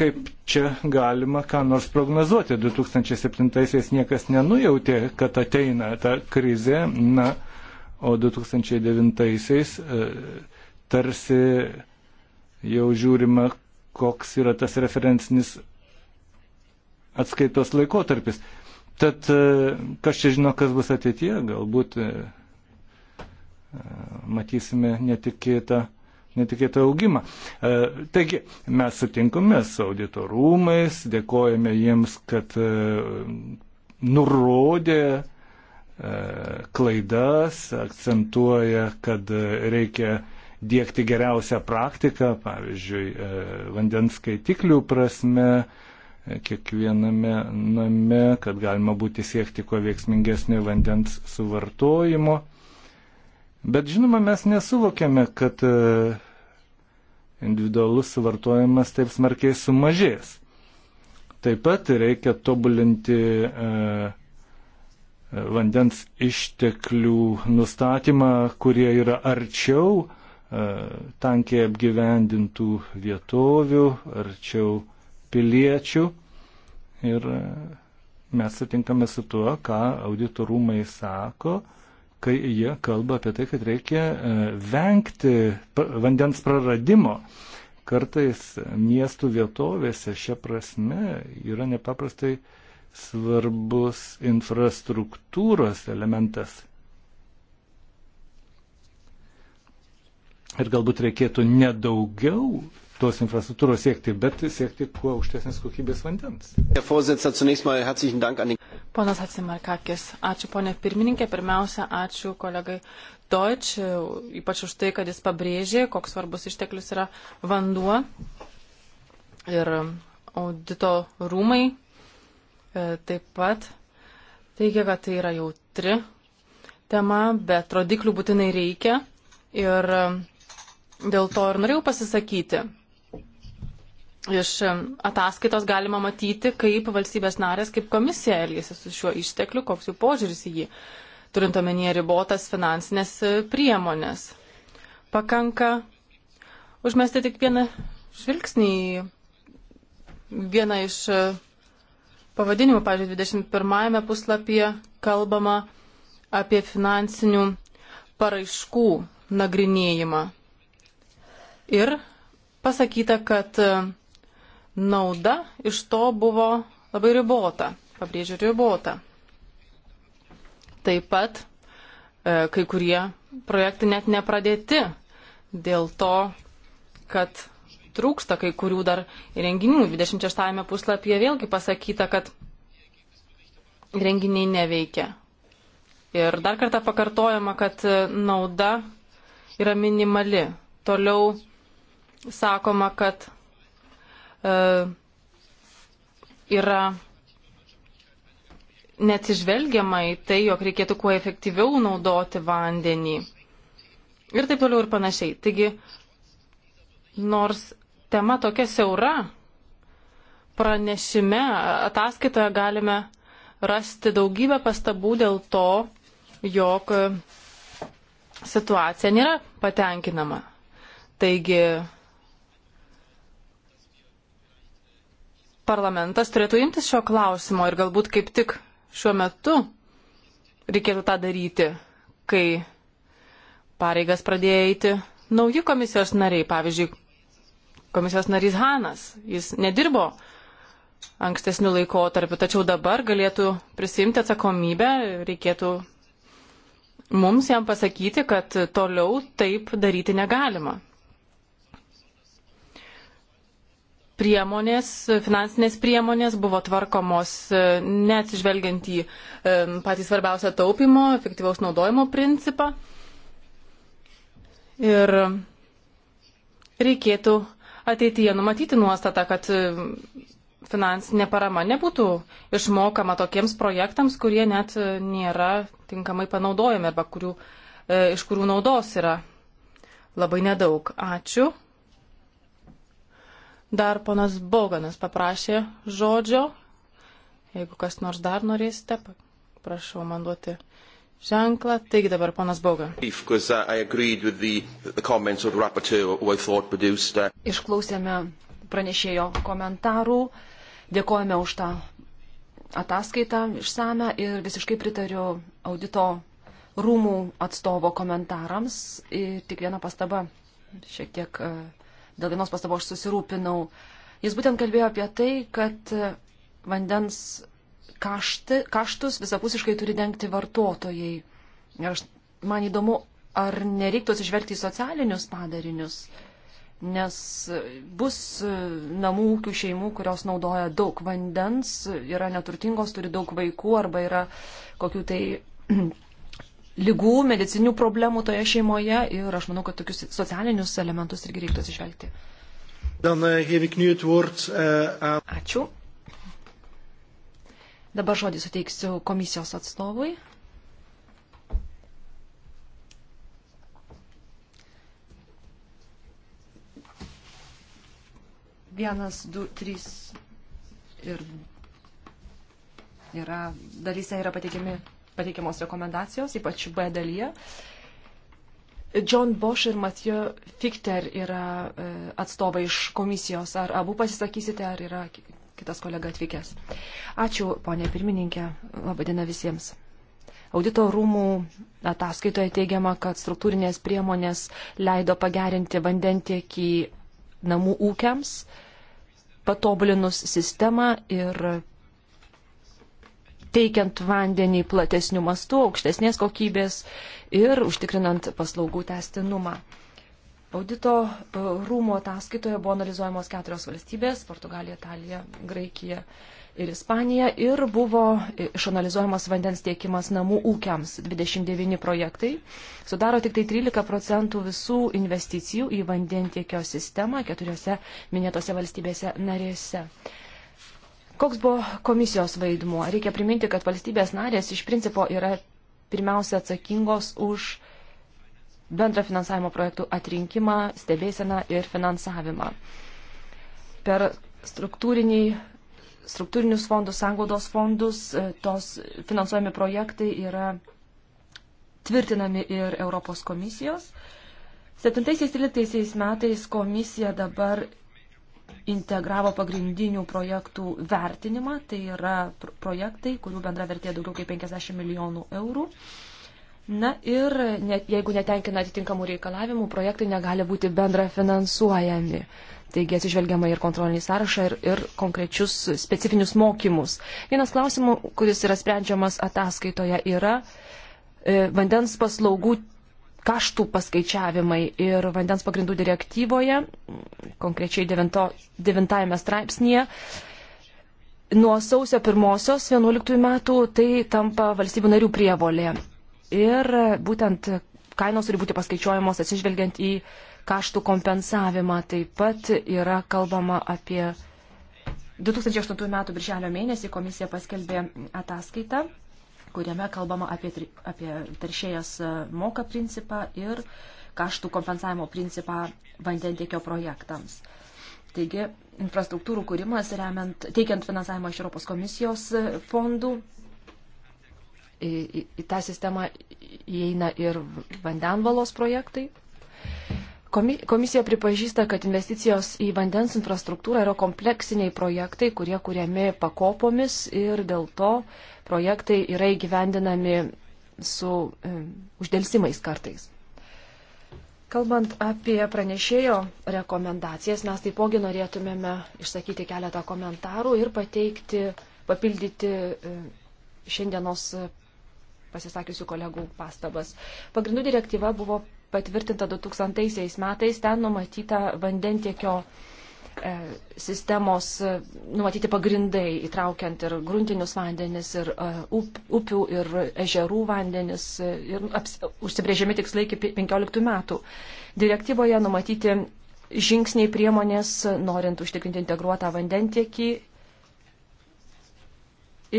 kaip čia galima ką nors prognozuoti. 2007-aisiais niekas nenujautė, kad ateina ta krizė, na, o 2009-aisiais e, tarsi jau žiūrima, koks yra tas referencinis atskaitos laikotarpis. Tad e, kas čia žino, kas bus ateityje, galbūt e, matysime netikėtą, netikėtą augimą. E, taigi, mes sutinkame su auditorumais, dėkojame jiems, kad nurodė klaidas, akcentuoja, kad reikia dėkti geriausią praktiką, pavyzdžiui, vandens skaitiklių prasme, kiekviename name, kad galima būti siekti kuo veiksmingesnio vandens suvartojimo. Bet žinoma, mes nesuvokiame, kad e, individualus suvartojimas taip smarkiai sumažės. Taip pat reikia tobulinti e, vandens išteklių nustatymą, kurie yra arčiau e, tankiai apgyvendintų vietovių, arčiau piliečių ir e, mes sutinkame su tuo, ką auditorumai sako, kai jie kalba apie tai, kad reikia e, vengti vandens praradimo. Kartais miestų vietovėse šia prasme yra nepaprastai svarbus infrastruktūros elementas. Ir galbūt reikėtų nedaugiau tos infrastruktūros siekti, bet siekti kuo aukštesnės kokybės vandens. Ponas Atsimarkakis, ačiū ponė pirmininkė, pirmiausia, ačiū kolegai Deutsch, ypač už tai, kad jis pabrėžė, koks svarbus išteklius yra vanduo. Ir audito rūmai e, taip pat teigia, kad tai yra jautri tema, bet rodiklių būtinai reikia. Ir e, dėl to ir norėjau pasisakyti iš ataskaitos galima matyti, kaip valstybės narės, kaip komisija elgėsi su šiuo ištekliu, koks jų požiūris į jį, turint omenyje ribotas finansinės e, priemonės. Pakanka užmesti tik vieną žvilgsnį į vieną iš e, pavadinimų, pavyzdžiui, 21 puslapyje kalbama apie finansinių paraiškų nagrinėjimą. Ir pasakyta, kad e, nauda iš to buvo labai ribota, pabrėžiu ribota. Taip pat e, kai kurie projektai net nepradėti dėl to, kad trūksta kai kurių dar renginių. 26 puslapyje vėlgi pasakyta, kad renginiai neveikia. Ir dar kartą pakartojama, kad e, nauda yra minimali. Toliau sakoma, kad E, yra neatsižvelgiama į tai, jog reikėtų kuo efektyviau naudoti vandenį. Ir taip toliau ir panašiai. Taigi, nors tema tokia siaura, pranešime, ataskaitoje galime rasti daugybę pastabų dėl to, jog situacija nėra patenkinama. Taigi, parlamentas turėtų imtis šio klausimo ir galbūt kaip tik šiuo metu reikėtų tą daryti, kai pareigas pradėjo eiti nauji komisijos nariai. Pavyzdžiui, komisijos narys Hanas, jis nedirbo ankstesnių laikotarpių, tačiau dabar galėtų prisimti atsakomybę, reikėtų mums jam pasakyti, kad toliau taip daryti negalima. priemonės, finansinės priemonės buvo tvarkomos e, neatsižvelgiant į e, patį svarbiausią taupimo, efektyvaus naudojimo principą. Ir reikėtų ateityje numatyti nuostatą, kad e, finansinė parama nebūtų išmokama tokiems projektams, kurie net nėra tinkamai panaudojami arba kurių, iš kurių naudos yra labai nedaug. Ačiū. Dar ponas Boganas paprašė žodžio. Jeigu kas nors dar norėsite, prašau man duoti ženklą. Taigi dabar ponas Boga. Uh, uh, Išklausėme pranešėjo komentarų, dėkojame už tą ataskaitą išsame ir visiškai pritariu audito rūmų atstovo komentarams. Ir tik viena pastaba šiek tiek uh, dėl vienos pastabos aš susirūpinau. Jis būtent kalbėjo apie tai, kad vandens kašti, kaštus visapusiškai turi dengti vartotojai. Ir aš, man įdomu, ar nereiktų atsižvelgti į socialinius padarinius, nes bus namų ūkių šeimų, kurios naudoja daug vandens, yra neturtingos, turi daug vaikų arba yra kokių tai lygų, medicinių problemų toje šeimoje ir aš manau, kad tokius socialinius elementus irgi reiktų atsižvelgti. Eh, nu eh, Ačiū. Dabar žodį suteiksiu komisijos atstovui. Vienas, du, trys ir yra, dalyse yra pateikiami pateikiamos rekomendacijos, ypač B dalyje. John Bosch ir Mathieu Fichter yra e, atstovai iš komisijos. Ar abu pasisakysite, ar yra kitas kolega atvykęs? Ačiū, ponė pirmininkė. Labadiena visiems. Audito rūmų ataskaitoje teigiama, kad struktūrinės priemonės leido pagerinti vandentiekį namų ūkiams, patobulinus sistemą ir teikiant vandenį platesnių mastų, aukštesnės kokybės ir užtikrinant paslaugų testinumą. Audito e, rūmo ataskaitoje buvo analizuojamos keturios valstybės - Portugalija, Italija, Graikija ir Ispanija - ir buvo e, išanalizuojamas vandens tiekimas namų ūkiams - 29 projektai. Sudaro tik tai 13 procentų visų investicijų į vandentiekio sistemą keturiose minėtose valstybėse narėse. Koks buvo komisijos vaidmuo? Reikia priminti, kad valstybės narės iš principo yra pirmiausia atsakingos už bendrą finansavimo projektų atrinkimą, stebėseną ir finansavimą. Per struktūrinius fondus, sangodos fondus, e, tos finansuojami projektai yra tvirtinami ir Europos komisijos. 7-13 metais komisija dabar integravo pagrindinių projektų vertinimą, tai yra projektai, kurių bendra vertė daugiau kaip 50 milijonų eurų. Na ir net, jeigu netenkina atitinkamų reikalavimų, projektai negali būti bendra finansuojami. Taigi atsižvelgiama ir kontrolinį sąrašą, ir, ir konkrečius specifinius mokymus. Vienas klausimų, kuris yra sprendžiamas ataskaitoje, yra e, vandens paslaugų kaštų paskaičiavimai ir vandens pagrindų direktyvoje, konkrečiai 9 straipsnėje. Nuo sausio 1.11 metų tai tampa valstybių narių prievolė. Ir būtent kainos turi būti paskaičiuojamos atsižvelgiant į kaštų kompensavimą. Taip pat yra kalbama apie 2008 metų birželio mėnesį komisija paskelbė ataskaitą kuriame kalbama apie, apie taršėjas e, moka principą ir kaštų kompensavimo principą vandentiekio projektams. Taigi, infrastruktūrų kūrimas, remiant, teikiant finansavimą iš Europos komisijos e, fondų, į, į, į tą sistemą įeina ir vandenvalos projektai. Komisija pripažįsta, kad investicijos į vandens infrastruktūrą yra kompleksiniai projektai, kurie kuriami pakopomis ir dėl to projektai yra įgyvendinami su e, uždėlsimais kartais. Kalbant apie pranešėjo rekomendacijas, mes taipogi norėtumėme išsakyti keletą komentarų ir pateikti, papildyti e, šiandienos pasisakiusių kolegų pastabas. Pagrindų direktyva buvo patvirtinta 2000 metais, ten numatyta vandentiekio e, sistemos e, numatyti pagrindai, įtraukiant ir gruntinius vandenis, ir e, up, upių, ir ežerų vandenis, ir aps, užsibrėžiami tikslai iki 15 metų. Direktyvoje numatyti žingsniai priemonės, norint užtikrinti integruotą vandentiekį.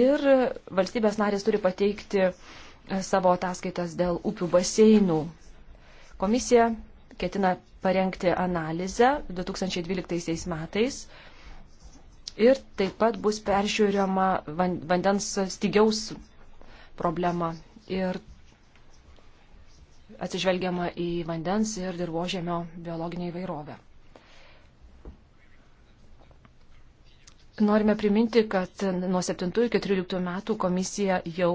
Ir valstybės narės turi pateikti savo ataskaitas dėl upių baseinų Komisija ketina parengti analizę 2012 metais ir taip pat bus peržiūrima vandens stygiaus problema ir atsižvelgiama į vandens ir dirbožėmio biologinę įvairovę. Norime priminti, kad nuo 7 iki 13 metų komisija jau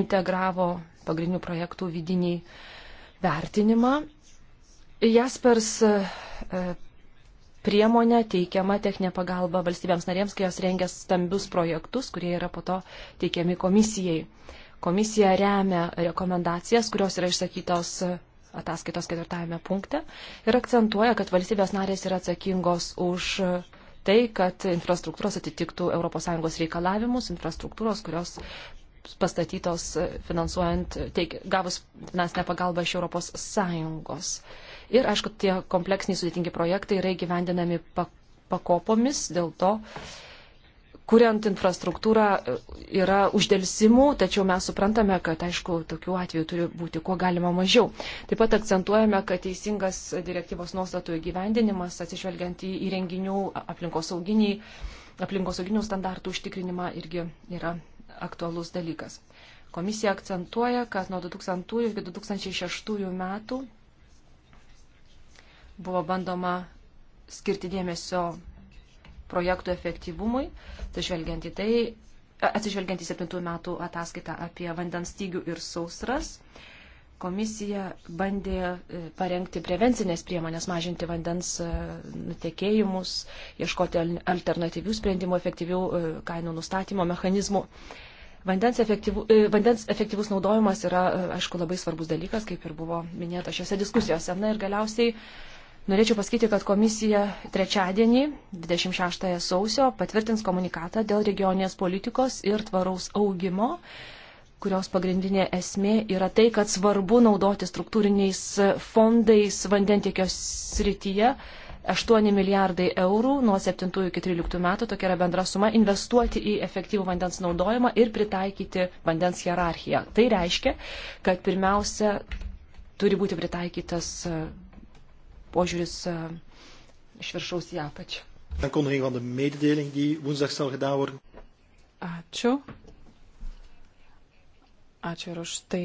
integravo pagrindinių projektų vidinį uh, vertinimą. Jaspers e, e, priemonė teikiama techninė pagalba valstybėms narėms, kai jos rengia stambius projektus, kurie yra po to teikiami komisijai. Komisija remia rekomendacijas, kurios yra išsakytos ataskaitos ketvirtajame punkte ir akcentuoja, kad valstybės narės yra atsakingos už tai, kad infrastruktūros atitiktų ES reikalavimus, infrastruktūros, kurios pastatytos e, finansuojant, teik, gavus finansinę pagalbą iš Europos Sąjungos. Ir, aišku, tie kompleksiniai sudėtingi projektai yra įgyvendinami pakopomis, dėl to, kuriant infrastruktūrą e, yra uždėlsimų, tačiau mes suprantame, kad, aišku, tokių atvejų turi būti kuo galima mažiau. Taip pat akcentuojame, kad teisingas direktyvos nuostatų įgyvendinimas, atsižvelgiant į įrenginių aplinkosauginių aplinkos standartų užtikrinimą, irgi yra aktualus dalykas. Komisija akcentuoja, kad nuo 2000 iki 2006 metų buvo bandoma skirti dėmesio projektų efektyvumui, atsižvelgiant į tai, atsižvelgiant į 7 metų ataskaitą apie vandens stygių ir sausras, komisija bandė e, parengti prevencinės priemonės, mažinti vandens e, nutekėjimus, ieškoti alternatyvių sprendimų, efektyvių e, kainų nustatymo mechanizmų. Vandens, efektyvų, e, vandens efektyvus naudojimas yra, e, aišku, labai svarbus dalykas, kaip ir buvo minėta šiuose diskusijose. Na ir galiausiai norėčiau pasakyti, kad komisija trečiadienį, 26 sausio, patvirtins komunikatą dėl regioninės politikos ir tvaraus augimo, kurios pagrindinė esmė yra tai, kad svarbu naudoti struktūriniais fondais vandentiekio srityje 8 milijardai eurų nuo 7 iki 13 metų, tokia yra bendra suma, investuoti į efektyvų vandens naudojimą ir pritaikyti vandens hierarchiją. Tai reiškia, kad pirmiausia turi būti pritaikytas e, požiūris e, iš viršaus į apačią. Ačiū. Ačiū ir už tai,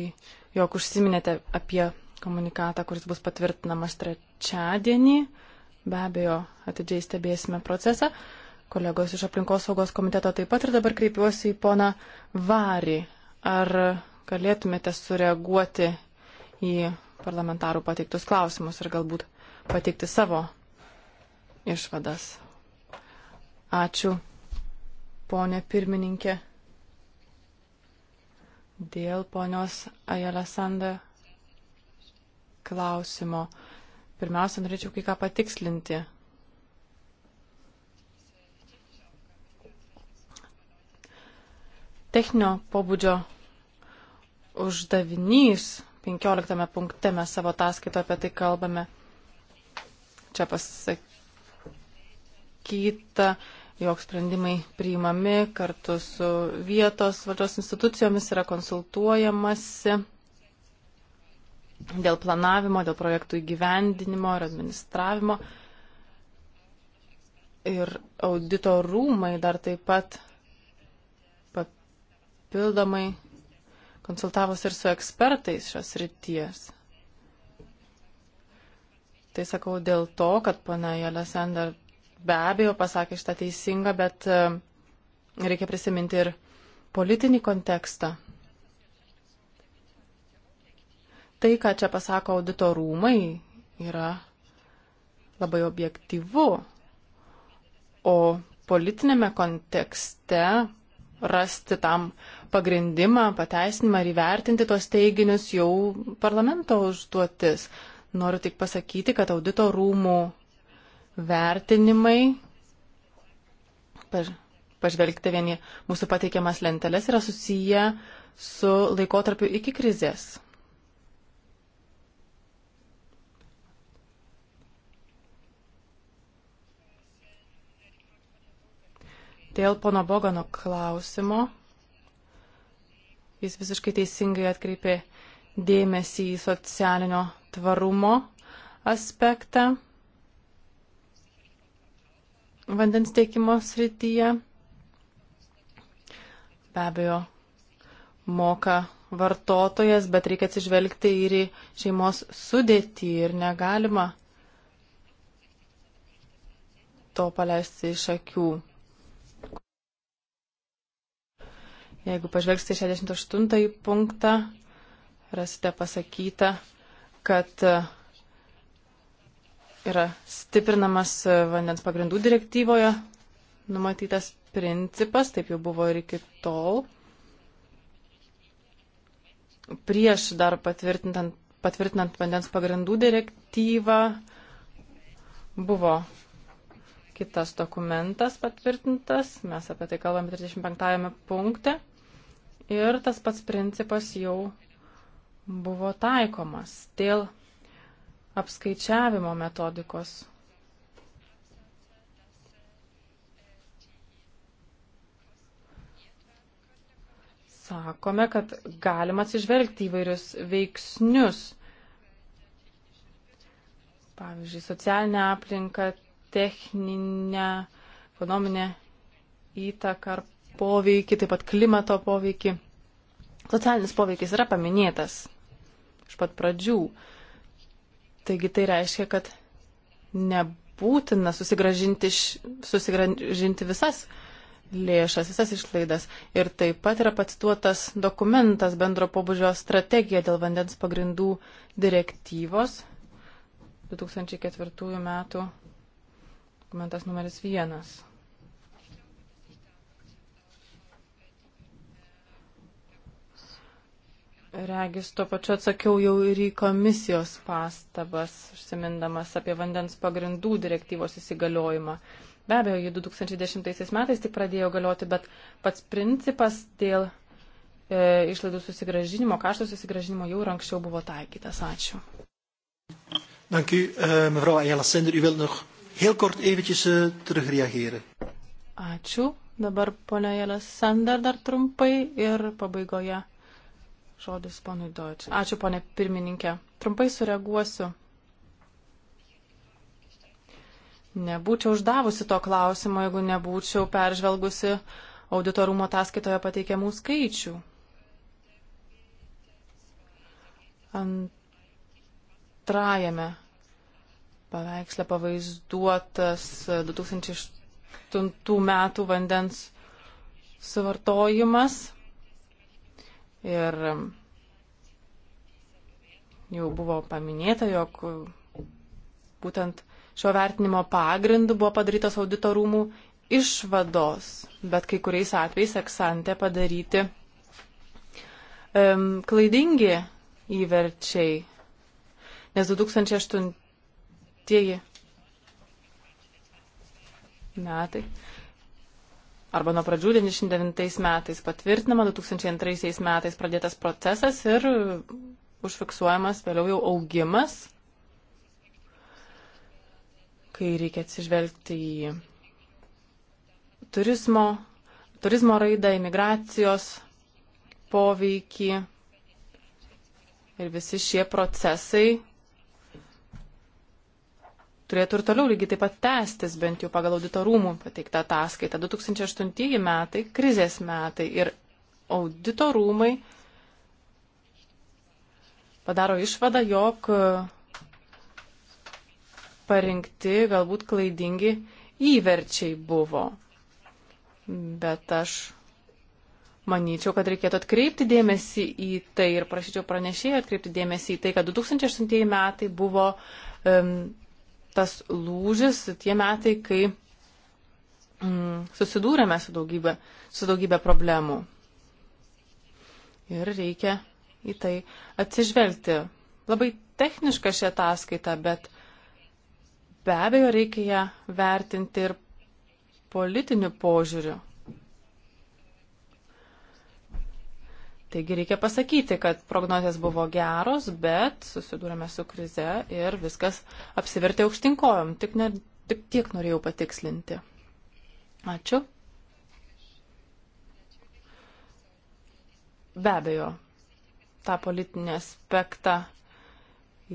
jog užsiminėte apie komunikatą, kuris bus patvirtinamas trečiadienį. Be abejo, atidžiai stebėsime procesą. Kolegos iš aplinkosaugos komiteto taip pat ir dabar kreipiuosi į poną Varį. Ar galėtumėte sureaguoti į parlamentarų pateiktus klausimus ir galbūt pateikti savo išvadas? Ačiū, ponė pirmininkė. Dėl ponios Ajala Sander klausimo. Pirmiausia, norėčiau kai ką patikslinti. Techninio pobūdžio uždavinys 15 punkte mes savo ataskaito apie tai kalbame. Čia pasakyta, jog sprendimai priimami kartu su vietos valdžios institucijomis yra konsultuojamasi dėl planavimo, dėl projektų įgyvendinimo ir administravimo. Ir audito rūmai dar taip pat papildomai konsultavosi ir su ekspertais šios ryties. Tai sakau dėl to, kad pana Jelesender be abejo pasakė šitą teisingą, bet e, reikia prisiminti ir politinį kontekstą tai, ką čia pasako auditorumai, yra labai objektyvu. O politinėme kontekste rasti tam pagrindimą, pateisinimą ir įvertinti tos teiginius jau parlamento užduotis. Noriu tik pasakyti, kad audito rūmų vertinimai, paž, pažvelgti vieni mūsų pateikiamas lenteles, yra susiję su laikotarpiu iki krizės Dėl pono Bogano klausimo, jis visiškai teisingai atkreipė dėmesį į socialinio tvarumo aspektą vandens tiekimo srityje. Be abejo, moka vartotojas, bet reikia atsižvelgti ir į šeimos sudėtį ir negalima to paleisti iš akių. Jeigu pažvelgsite 68 punktą, rasite pasakyta, kad e, yra stiprinamas e, vandens pagrindų direktyvoje numatytas principas, taip jau buvo ir iki tol. Prieš dar patvirtinant, patvirtinant vandens pagrindų direktyvą buvo kitas dokumentas patvirtintas, mes apie tai kalbame 35 punkte ir tas pats principas jau buvo taikomas dėl apskaičiavimo metodikos. Sakome, kad galima atsižvelgti įvairius veiksnius, pavyzdžiui, socialinę aplinką, techninę, ekonominę įtaką ar poveikį, taip pat klimato poveikį. Socialinis poveikis yra paminėtas iš pat pradžių. Taigi tai reiškia, kad nebūtina susigražinti, susigražinti visas lėšas, visas išlaidas. Ir taip pat yra pacituotas dokumentas bendro pobūdžio strategija dėl vandens pagrindų direktyvos 2004 metų dokumentas numeris vienas. Regis, tuo pačiu atsakiau jau ir į komisijos pastabas, užsimindamas apie vandens pagrindų direktyvos įsigaliojimą. Be abejo, ji 2010 metais tik pradėjo galioti, bet pats principas dėl e, išlaidų susigražinimo, kaštų susigražinimo jau ir anksčiau buvo taikytas. Ačiū. Dank u, uh, mevrouw Ayala Sender. U wilt nog heel kort eventjes uh, terugreageren. Ačiū. Dabar ponia Ayala Sender dar trumpai ir pabaigoje Žodis ponui Deutsch. Ačiū, ponė pirmininkė. Trumpai sureaguosiu. Nebūčiau uždavusi to klausimo, jeigu nebūčiau peržvelgusi auditorumo ataskaitoje pateikiamų skaičių. Antrajame paveiksle pavaizduotas 2008 metų vandens suvartojimas Ir jau buvo paminėta, jog būtent šio vertinimo pagrindu buvo padarytos audito rūmų išvados, bet kai kuriais atvejais eksante padaryti um, klaidingi įverčiai. Nes 2008 metai arba nuo pradžių 99 metais patvirtinama, 2002 metais pradėtas procesas ir užfiksuojamas vėliau jau augimas, kai reikia atsižvelgti į turizmo, turizmo raidą, imigracijos poveikį. Ir visi šie procesai turėtų ir toliau lygiai taip pat tęstis, bent jau pagal auditorumų pateiktą ataskaitą. 2008 metai, krizės metai ir auditorumai padaro išvadą, jog parinkti galbūt klaidingi įverčiai buvo. Bet aš manyčiau, kad reikėtų atkreipti dėmesį į tai ir prašyčiau pranešėjai atkreipti dėmesį į tai, kad 2008 metai buvo um, tas lūžis, tie metai, kai mm, susidūrėme su daugybė, su daugybė problemų. Ir reikia į tai atsižvelgti. Labai techniška ši ataskaita, bet be abejo reikia ją vertinti ir politiniu požiūriu. Taigi reikia pasakyti, kad prognozijas buvo geros, bet susidūrėme su krize ir viskas apsivertė aukštinkojom. Tik, ne, tik tiek norėjau patikslinti. Ačiū. Be abejo, tą politinį aspektą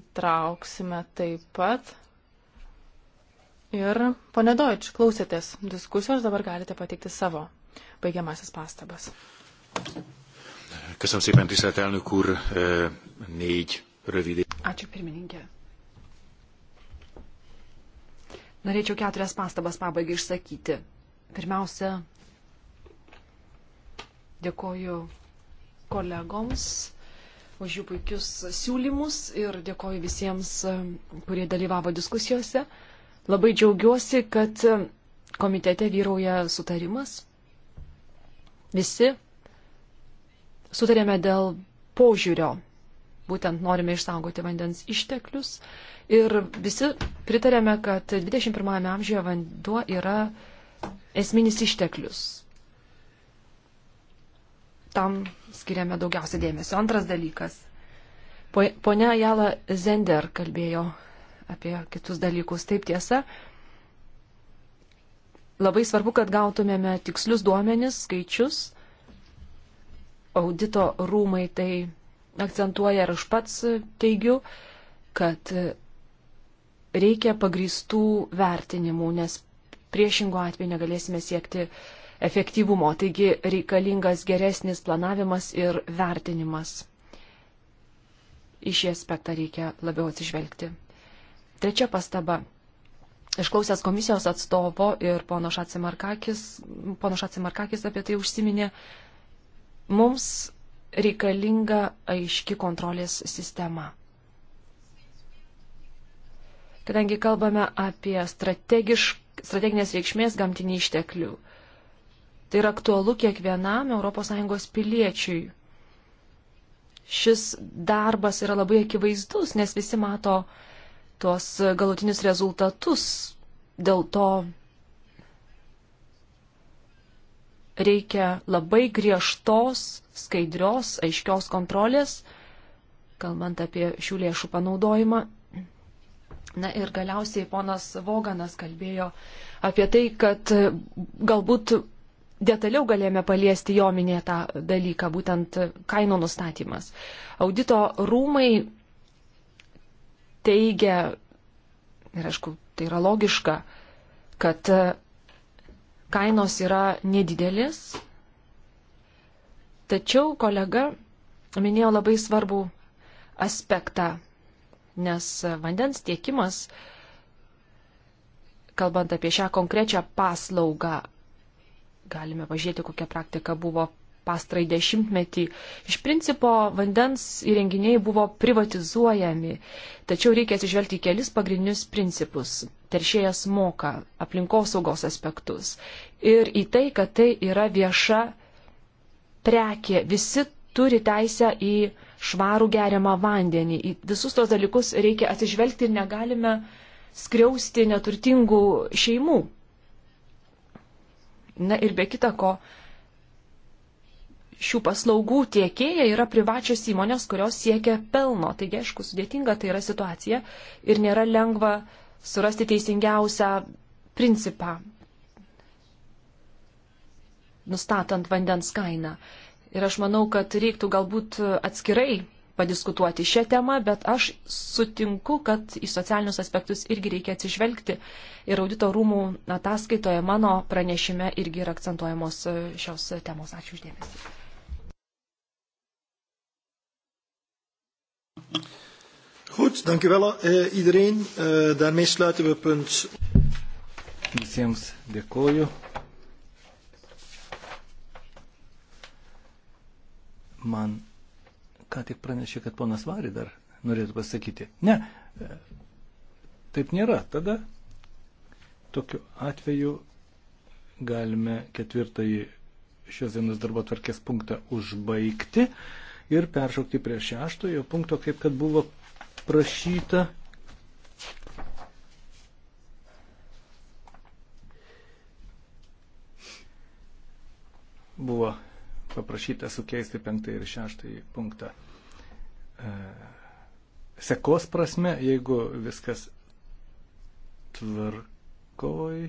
įtrauksime taip pat. Ir, pone Deutsch, klausėtės diskusijos, dabar galite pateikti savo baigiamasis pastabas. Thank you. Köszönöm szépen, tisztelt elnök úr, négy rövid. Ačiū pirmininkė. Norėčiau keturias pastabas pabaigai išsakyti. Pirmiausia, dėkoju kolegoms už jų puikius siūlymus ir dėkoju visiems, e, kurie dalyvavo diskusijose. Labai džiaugiuosi, kad komitete vyrauja sutarimas. Visi sutarėme dėl požiūrio. Būtent norime išsaugoti vandens išteklius. Ir visi pritarėme, kad 21 amžiuje vanduo yra esminis išteklius. Tam skiriame daugiausia dėmesio. Antras dalykas. Pone Jala Zender kalbėjo apie kitus dalykus. Taip tiesa, labai svarbu, kad gautumėme tikslius duomenis, skaičius audito rūmai tai akcentuoja ir aš pats teigiu, kad reikia pagristų vertinimų, nes priešingo atveju negalėsime siekti efektyvumo. Taigi reikalingas geresnis planavimas ir vertinimas. Į šį aspektą reikia labiau atsižvelgti. Trečia pastaba. Išklausęs komisijos atstovo ir pono Šacimarkakis, pono Šacimarkakis apie tai užsiminė, Mums reikalinga aiški kontrolės sistema. Kadangi kalbame apie strateginės reikšmės gamtinį išteklių, tai yra aktualu kiekvienam ES piliečiui. Šis darbas yra labai akivaizdus, nes visi mato tuos galutinius rezultatus. Dėl to reikia labai griežtos, skaidrios, aiškios kontrolės, kalbant apie šių lėšų panaudojimą. Na ir galiausiai ponas Voganas kalbėjo apie tai, kad galbūt detaliau galėjome paliesti jo minėtą dalyką, būtent kainų nustatymas. Audito rūmai teigia, ir aišku, tai yra logiška, kad kainos yra nedidelės, tačiau kolega minėjo labai svarbų aspektą, nes vandens tiekimas, kalbant apie šią konkrečią paslaugą, galime pažiūrėti, kokia praktika buvo pastarai dešimtmetį. Iš principo vandens įrenginiai buvo privatizuojami, tačiau reikia atsižvelgti į kelis pagrindinius principus. Teršėjas moka aplinkosaugos aspektus ir į tai, kad tai yra vieša prekė. Visi turi teisę į švarų geriamą vandenį. Į visus tos dalykus reikia atsižvelgti ir negalime skriausti neturtingų šeimų. Na ir be kita ko, šių paslaugų tiekėja yra privačios įmonės, kurios siekia pelno. Taigi, aišku, sudėtinga tai yra situacija ir nėra lengva surasti teisingiausią principą, nustatant vandens kainą. Ir aš manau, kad reiktų galbūt atskirai padiskutuoti šią temą, bet aš sutinku, kad į socialinius aspektus irgi reikia atsižvelgti. Ir audito rūmų ataskaitoje mano pranešime irgi yra akcentuojamos šios temos. Ačiū uždėmesi. Goed, dank u wel uh, iedereen. Uh, daarmee sluiten we punt. Visiems dėkoju. Man ką tik pranešė, kad ponas Vari dar norėtų pasakyti. Ne, e, taip nėra. Tada tokiu atveju galime ketvirtąjį šios dienos darbo tvarkės punktą užbaigti ir peršokti prie šeštojo punkto, kaip kad buvo prašyta. Buvo paprašyta sukeisti penktąjį ir šeštąjį punktą. E, sekos prasme, jeigu viskas tvarkoj,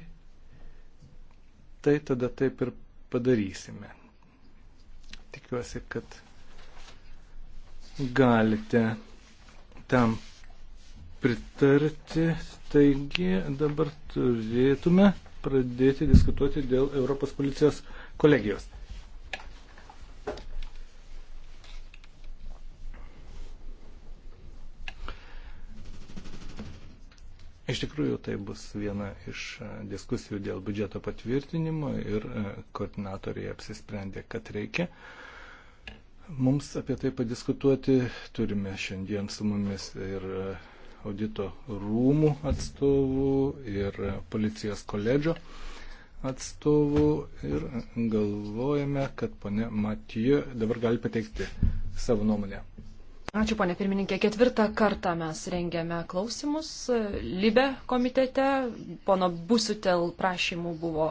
tai tada taip ir padarysime. Tikiuosi, kad galite tam pritarti. Taigi dabar turėtume pradėti diskutuoti dėl Europos policijos kolegijos. Iš tikrųjų, tai bus viena iš diskusijų dėl biudžeto patvirtinimo ir koordinatoriai apsisprendė, kad reikia uh, Mums apie tai padiskutuoti turime šiandien su mumis ir e, audito rūmų atstovų, ir e, policijos koledžio atstovų ir galvojame, kad ponė Matijo dabar gali pateikti savo nuomonę. Ačiū, ponė pirmininkė. Ketvirtą kartą mes rengiame klausimus e, Libe komitete. Pono Busutel prašymų buvo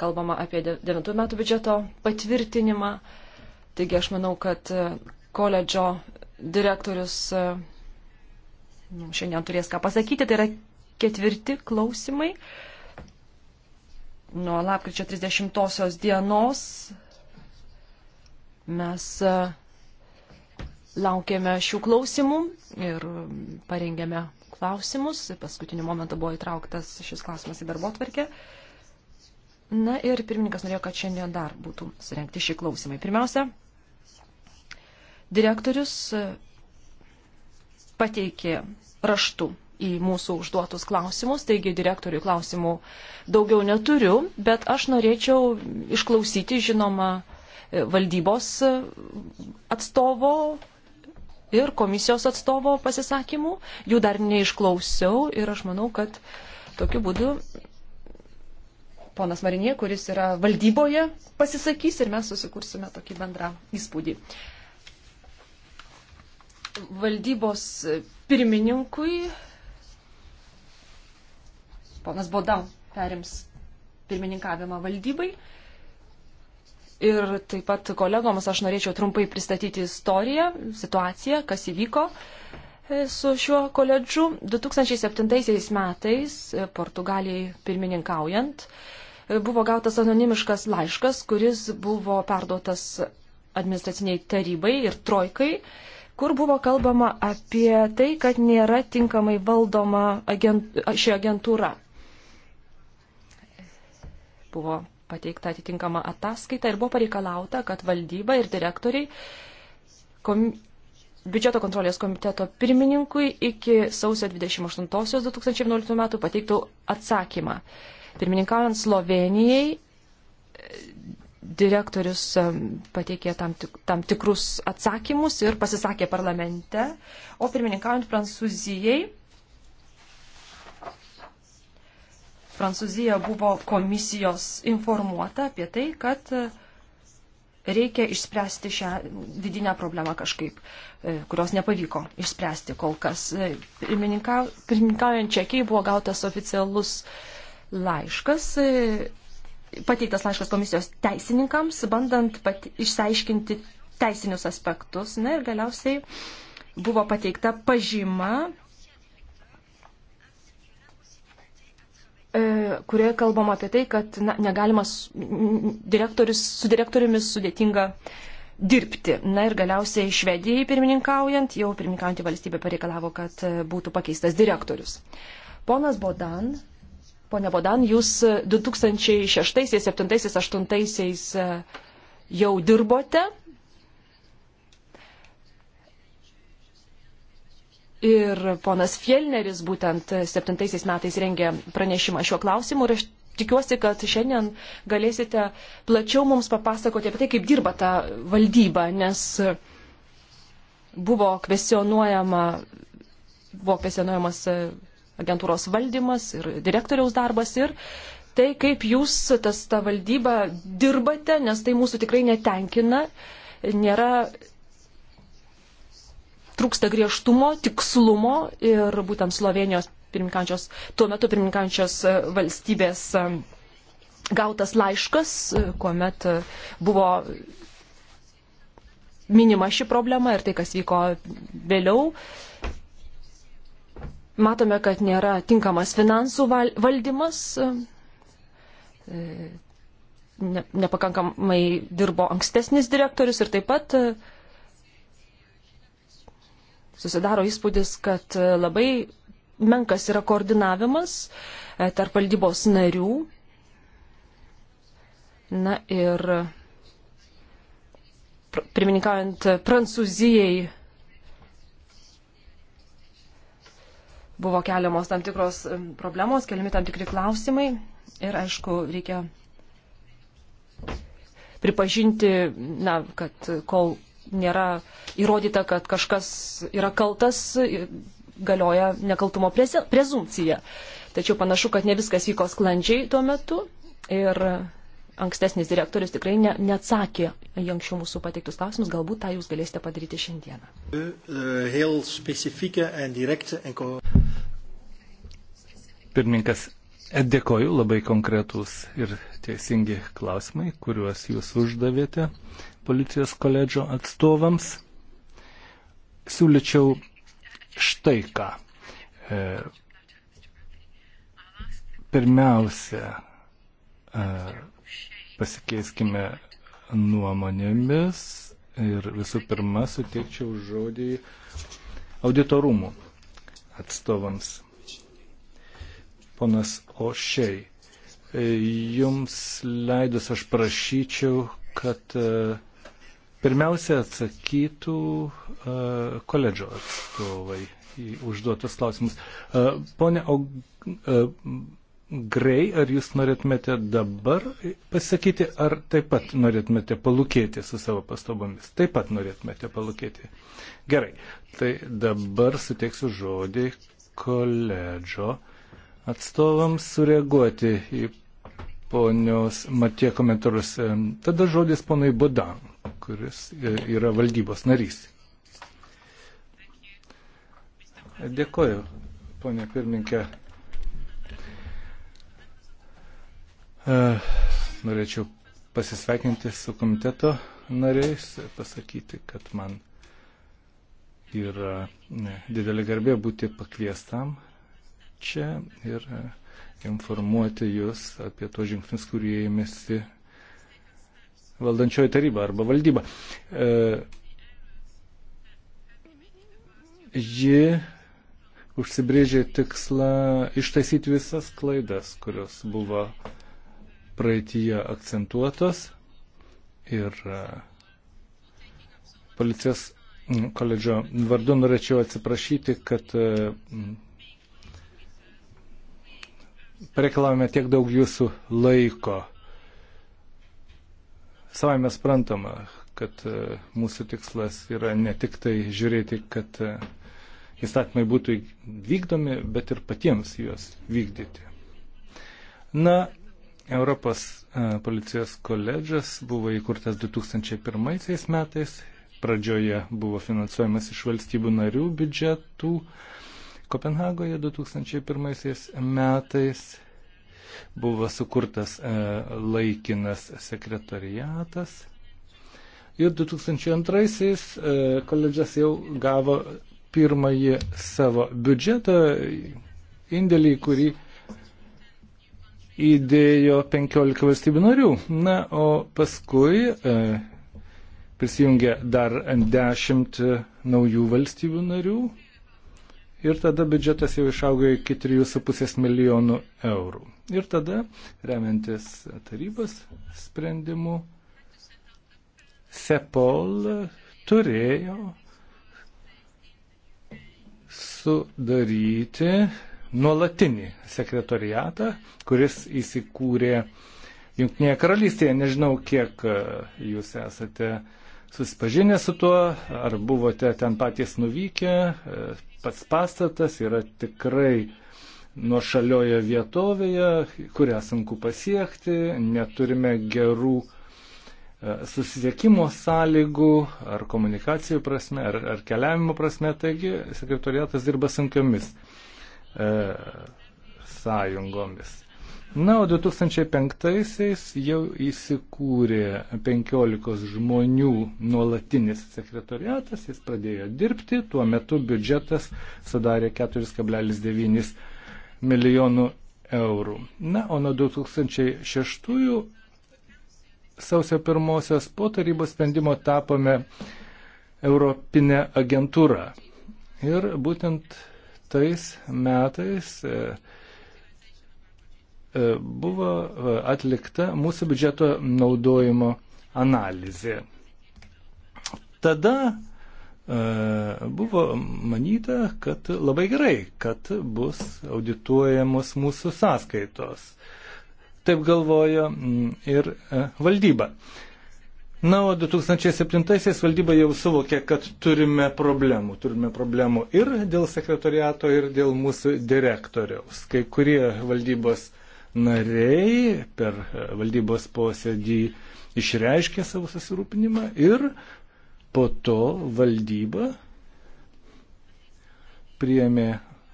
kalbama apie 9 metų biudžeto patvirtinimą. Taigi aš manau, kad e, koledžo direktorius e, nu, šiandien turės ką pasakyti. Tai yra ketvirti klausimai nuo lapkričio 30 dienos. Mes e, laukėme šių klausimų ir parengėme klausimus. Paskutiniu momentu buvo įtrauktas šis klausimas į darbo tvarkę. Na ir pirmininkas norėjo, kad šiandien dar būtų surengti šį klausimai. Pirmiausia, Direktorius pateikė raštų į mūsų užduotus klausimus, taigi direktorių klausimų daugiau neturiu, bet aš norėčiau išklausyti, žinoma, valdybos atstovo ir komisijos atstovo pasisakymų. Jų dar neišklausiau ir aš manau, kad tokiu būdu ponas Marinė, kuris yra valdyboje, pasisakys ir mes susikursime tokį bendrą įspūdį valdybos pirmininkui. Ponas Bodau perims pirmininkavimą valdybai. Ir taip pat kolegoms aš norėčiau trumpai pristatyti istoriją, situaciją, kas įvyko e, su šiuo koledžu. 2007 metais e, Portugalijai pirmininkaujant e, buvo gautas anonimiškas laiškas, kuris buvo perduotas administraciniai tarybai ir trojkai kur buvo kalbama apie tai, kad nėra tinkamai valdoma agent, ši agentūra. Buvo pateikta atitinkama ataskaita ir buvo pareikalauta, kad valdyba ir direktoriai kom... biudžeto kontrolės komiteto pirmininkui iki sausio 28.2011 metų pateiktų atsakymą. Pirmininkaujant Slovenijai direktorius pateikė tam, tik, tam tikrus atsakymus ir pasisakė parlamente, o pirmininkaujant Prancūzijai. Prancūzija buvo komisijos informuota apie tai, kad e, reikia išspręsti šią vidinę problemą kažkaip, e, kurios nepavyko išspręsti kol kas. E, pirmininkaujant Čekijai buvo gautas oficialus laiškas pateiktas laiškas komisijos teisininkams, bandant pat, išsiaiškinti teisinius aspektus. Na ir galiausiai buvo pateikta pažyma, e, kurioje kalbama apie tai, kad na, negalima direktorius, su direktoriumis sudėtinga dirbti. Na ir galiausiai Švedijai pirmininkaujant, jau pirmininkaujantį valstybę pareikalavo, kad e, būtų pakeistas direktorius. Ponas Bodan Pone Bodan, jūs 2006, 2007, 2008 jau dirbote. Ir ponas Fielneris būtent 2007 metais rengė pranešimą šiuo klausimu ir aš tikiuosi, kad šiandien galėsite plačiau mums papasakoti apie tai, kaip dirba ta valdyba, nes buvo kvesionuojama, buvo kvesionuojamas e, agentūros valdymas ir direktoriaus darbas ir tai, kaip jūs tas, tą valdybą dirbate, nes tai mūsų tikrai netenkina, nėra trūksta griežtumo, tikslumo ir būtent Slovenijos pirmininkančios, tuo metu pirmininkančios e, valstybės e, gautas laiškas, e, kuomet buvo minima ši problema ir tai, kas vyko vėliau, Matome, kad nėra tinkamas finansų valdymas, e, ne, nepakankamai dirbo ankstesnis direktorius ir taip pat e, susidaro įspūdis, kad e, labai menkas yra koordinavimas tarp valdybos narių. Na ir pirmininkaujant Prancūzijai buvo keliamos tam tikros problemos, keliami tam tikri klausimai ir aišku, reikia pripažinti, na, kad kol nėra įrodyta, kad kažkas yra kaltas, galioja nekaltumo prezumcija. Tačiau panašu, kad ne viskas vyko sklandžiai tuo metu ir ankstesnis direktorius tikrai ne, neatsakė į anksčiau mūsų pateiktus klausimus, galbūt tą jūs galėsite padaryti šiandieną. Pirmininkas, e, dėkoju labai konkretūs ir teisingi klausimai, kuriuos jūs uždavėte policijos koledžio atstovams. Siūlyčiau štai ką. E, pirmiausia, e, pasikeiskime nuomonėmis ir visų pirma suteikčiau žodį auditorumų atstovams. Ponas Ošiai, e, jums leidus aš prašyčiau, kad e, pirmiausia atsakytų e, koledžo atstovai į užduotus klausimus. Pone Grei, ar jūs norėtumėte dabar pasakyti, ar taip pat norėtumėte palūkėti su savo pastabomis? Taip pat norėtumėte palūkėti. Gerai, tai dabar suteiksiu žodį koledžo atstovams sureaguoti į ponios Matie komentarus. E, tada žodis ponui Buda, kuris e, yra valdybos narys. Dėkoju, ponė pirmininkė. E, norėčiau pasisveikinti su komiteto nariais, pasakyti, kad man yra ne, didelė garbė būti pakviestam čia ir e, informuoti jūs apie tos žingsnius, kurie ėmėsi valdančioji taryba arba valdyba. E, ji užsibrėžė tikslą ištaisyti visas klaidas, kurios buvo praeitie akcentuotos ir e, policijos koledžo vardu norėčiau atsiprašyti, kad e, pareikalavome tiek daug jūsų laiko. Savai mes prantama, kad e, mūsų tikslas yra ne tik tai žiūrėti, kad e, įstatymai būtų vykdomi, bet ir patiems juos vykdyti. Na, Europos e, policijos koledžas buvo įkurtas 2001 metais, pradžioje buvo finansuojamas iš valstybių narių biudžetų, Kopenhagoje 2001 metais buvo sukurtas e, laikinas sekretariatas ir 2002-aisiais e, koledžas jau gavo pirmąjį savo biudžetą, indėlį, kurį įdėjo 15 valstybių narių. Na, o paskui e, prisijungė dar 10 naujų valstybių narių ir tada biudžetas jau išaugo iki 3,5 milijonų eurų. Ir tada, remiantis tarybos sprendimu, Sepol turėjo sudaryti nuolatinį sekretoriatą, kuris įsikūrė Junktinėje karalystėje. Nežinau, kiek e, jūs esate susipažinę su tuo, ar buvote ten patys nuvykę, e, pats pastatas yra tikrai nuošalioje vietovėje, kurią sunku pasiekti, neturime gerų e, susisiekimo sąlygų ar komunikacijų prasme, ar, ar keliavimo prasme, taigi sekretoriatas dirba sunkiomis e, sąjungomis. Na, o 2005-aisiais jau įsikūrė 15 žmonių nuolatinis sekretoriatas, jis pradėjo dirbti, tuo metu biudžetas sudarė 4,9 milijonų eurų. Na, o nuo 2006-ųjų sausio pirmosios po tarybos sprendimo tapome Europinę agentūrą. Ir būtent tais metais e, E, buvo e, atlikta mūsų biudžeto naudojimo analizė. Tada e, buvo manyta, kad labai gerai, kad bus audituojamos mūsų sąskaitos. Taip galvojo mm, ir valdyba. Na, o 2007-aisiais valdyba jau suvokė, kad turime problemų. Turime problemų ir dėl sekretoriato, ir dėl mūsų direktoriaus. Kai kurie valdybos uh, nariai per valdybos posėdį išreiškė savo susirūpinimą ir po to valdyba priėmė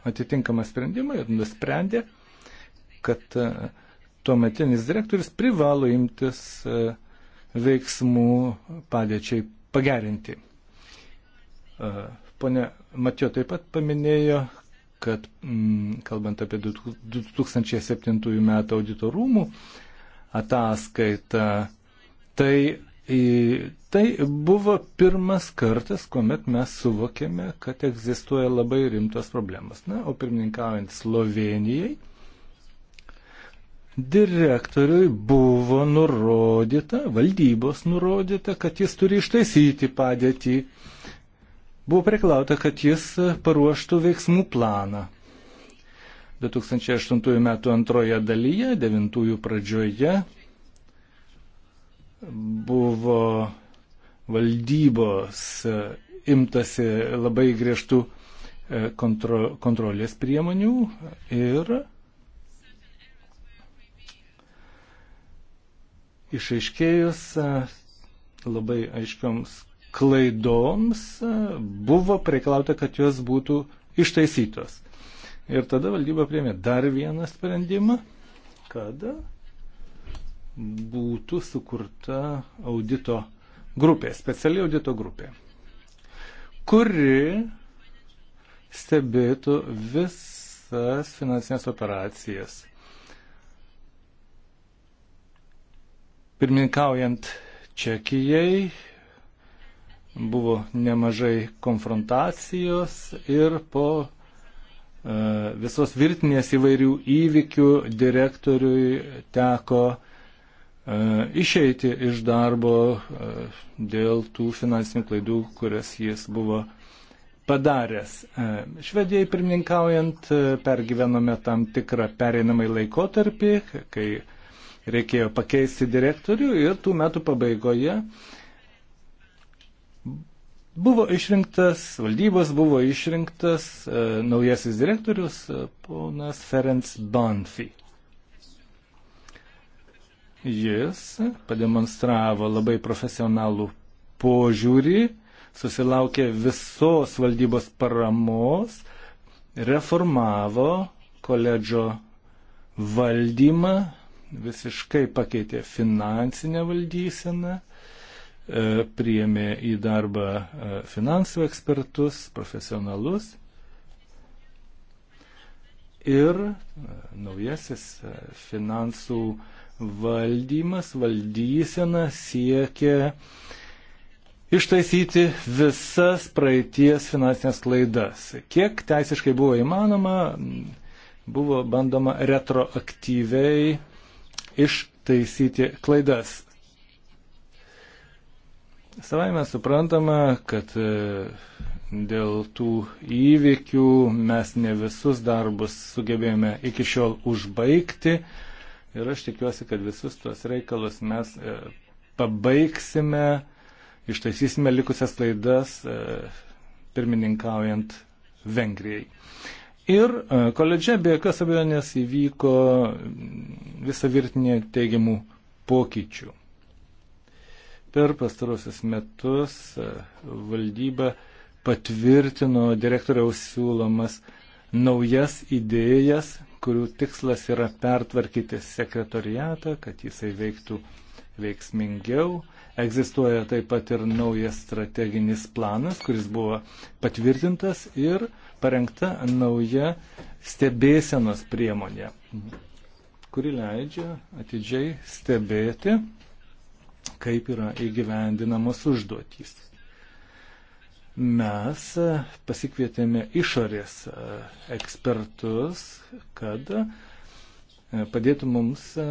atitinkamą sprendimą ir nusprendė, kad e, tuometinis direktorius privalo imtis e, veiksmų padėčiai pagerinti. E, pone Matijo taip pat paminėjo, kad mm, kalbant apie 2007 metų auditorumų ataskaitą, tai, tai buvo pirmas kartas, kuomet mes suvokėme, kad egzistuoja labai rimtos problemas. Na, o pirmininkaujant Slovenijai, direktoriui buvo nurodyta, valdybos nurodyta, kad jis turi ištaisyti padėtį Buvo priklauta, kad jis paruoštų veiksmų planą. 2008 metų antroje dalyje, 9 pradžioje, buvo valdybos e, imtasi labai griežtų e, kontro, kontrolės priemonių ir išaiškėjus e, labai aiškioms klaidoms e, buvo reikalauta, kad jos būtų ištaisytos. Ir tada valdyba priemė dar vieną sprendimą, kad būtų sukurta audito grupė, speciali audito grupė, kuri stebėtų visas finansinės operacijas. Pirmininkaujant Čekijai Buvo nemažai konfrontacijos ir po e, visos virtinės įvairių įvykių direktoriui teko e, išeiti iš darbo e, dėl tų finansinių klaidų, kurias jis buvo padaręs. Švedijai pirmininkaujant pergyvenome tam tikrą pereinamai laikotarpį, kai reikėjo pakeisti direktorių ir tų metų pabaigoje Buvo išrinktas, valdybos buvo išrinktas e, naujasis direktorius e, ponas Ferenc Banfi. Jis pademonstravo labai profesionalų požiūrį, susilaukė visos valdybos paramos, reformavo koledžo valdymą, visiškai pakeitė finansinę valdyseną E, priėmė į darbą e, finansų ekspertus, profesionalus. Ir e, naujasis finansų valdymas, valdysena siekia ištaisyti visas praeities finansinės klaidas. Kiek teisiškai buvo įmanoma, buvo bandoma retroaktyviai ištaisyti klaidas. Savai mes suprantama, kad e, dėl tų įvykių mes ne visus darbus sugebėjome iki šiol užbaigti ir aš tikiuosi, kad visus tuos reikalus mes e, pabaigsime, ištaisysime likusias klaidas e, pirmininkaujant Vengrijai. Ir koledže be jokios abejonės įvyko visa virtinė teigiamų pokyčių. Per pastarosius metus e, valdyba patvirtino direktoriaus siūlomas naujas idėjas, kurių tikslas yra pertvarkyti sekretoriatą, kad jisai veiktų veiksmingiau. Egzistuoja taip pat ir naujas strateginis planas, kuris buvo patvirtintas ir parengta nauja stebėsenos priemonė, kuri leidžia atidžiai stebėti kaip yra įgyvendinamos užduotys. Mes pasikvietėme išorės e, ekspertus, kad e, padėtų mums e,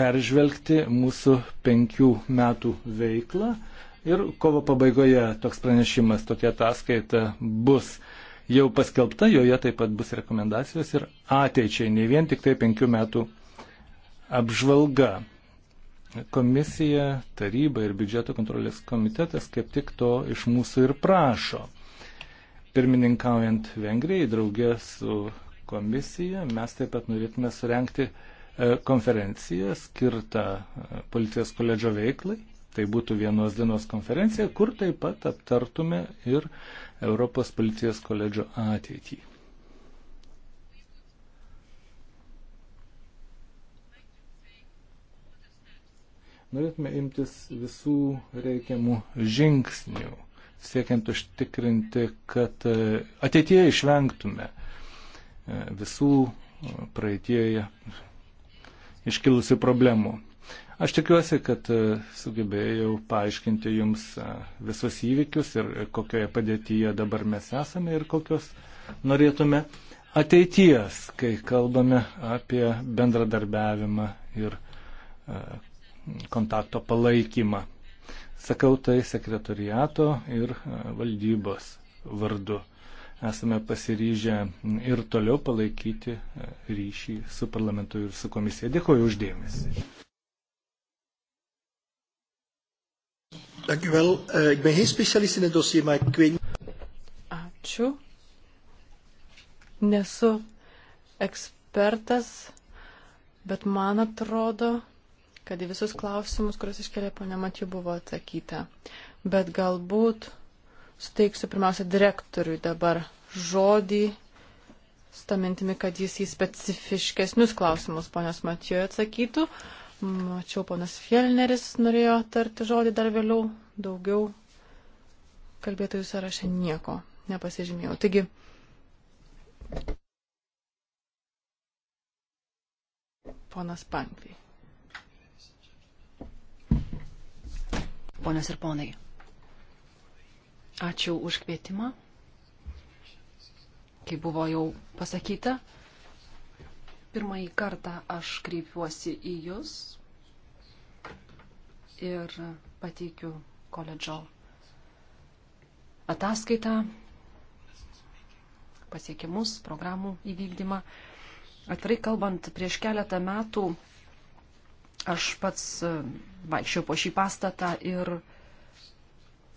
peržvelgti mūsų penkių metų veiklą ir kovo pabaigoje toks pranešimas, tokia ataskaita bus jau paskelbta, joje taip pat bus rekomendacijos ir ateičiai, ne vien tik tai penkių metų apžvalga. Komisija, taryba ir biudžeto kontrolės komitetas kaip tik to iš mūsų ir prašo. Pirmininkaujant Vengrijai, draugė su komisija, mes taip pat norėtume surenkti e, konferenciją skirtą e, policijos koledžo veiklai. Tai būtų vienos dienos konferencija, kur taip pat aptartume ir Europos policijos koledžo ateitį. norėtume imtis visų reikiamų žingsnių, siekiant užtikrinti, kad e, ateitie išvengtume e, visų e, praeitėje iškilusių problemų. Aš tikiuosi, kad sugebėjau paaiškinti Jums visus įvykius ir kokioje padėtyje dabar mes esame ir kokios norėtume ateities, kai kalbame apie bendradarbiavimą ir kontakto palaikymą. Sakau tai sekretoriato ir e, valdybos vardu. Esame pasiryžę ir toliau palaikyti e, ryšį su parlamentu ir su komisija. Dėkuoju uždėmesi. Dank u wel. Uh, ik ben geen specialist in het dossier, maar ik weet. Ačiū. Nesu ekspertas, bet man atrodo, kad į visus klausimus, kuriuos iškelia ponia Matiu, buvo atsakyta. Bet galbūt suteiksiu pirmiausia direktoriui dabar žodį, stamintimi, kad jis į specifiškesnius klausimus ponios Matiu atsakytų. Mačiau, ponas Fielneris norėjo tarti žodį dar vėliau, daugiau kalbėtojų sąraše nieko nepasižymėjau. Taigi, ponas Pankvy. ponios ir ponai. Ačiū už kvietimą. Kaip buvo jau pasakyta, pirmąjį kartą aš kreipiuosi į Jūs ir pateikiu koledžo ataskaitą, pasiekimus, programų įvykdymą. Atvirai kalbant, prieš keletą metų Aš pats e, vaikščiau po šį pastatą ir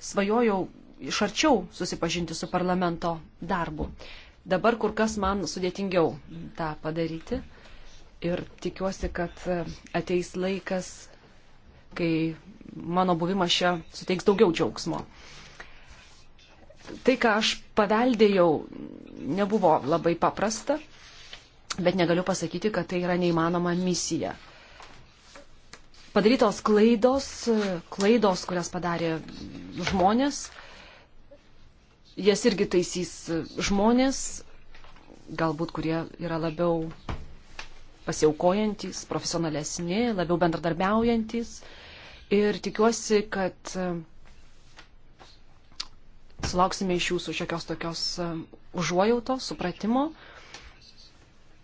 svajojau iš arčiau susipažinti su parlamento darbu. Dabar kur kas man sudėtingiau tą padaryti ir tikiuosi, kad e, ateis laikas, kai mano buvimas čia suteiks daugiau džiaugsmo. Tai, ką aš paveldėjau, nebuvo labai paprasta, bet negaliu pasakyti, kad tai yra neįmanoma misija padarytos klaidos, klaidos, kurias padarė žmonės, jas irgi taisys žmonės, galbūt kurie yra labiau pasiaukojantis, profesionalesni, labiau bendradarbiaujantis. Ir tikiuosi, kad e, sulauksime iš jūsų šiokios tokios e, užuojautos, supratimo.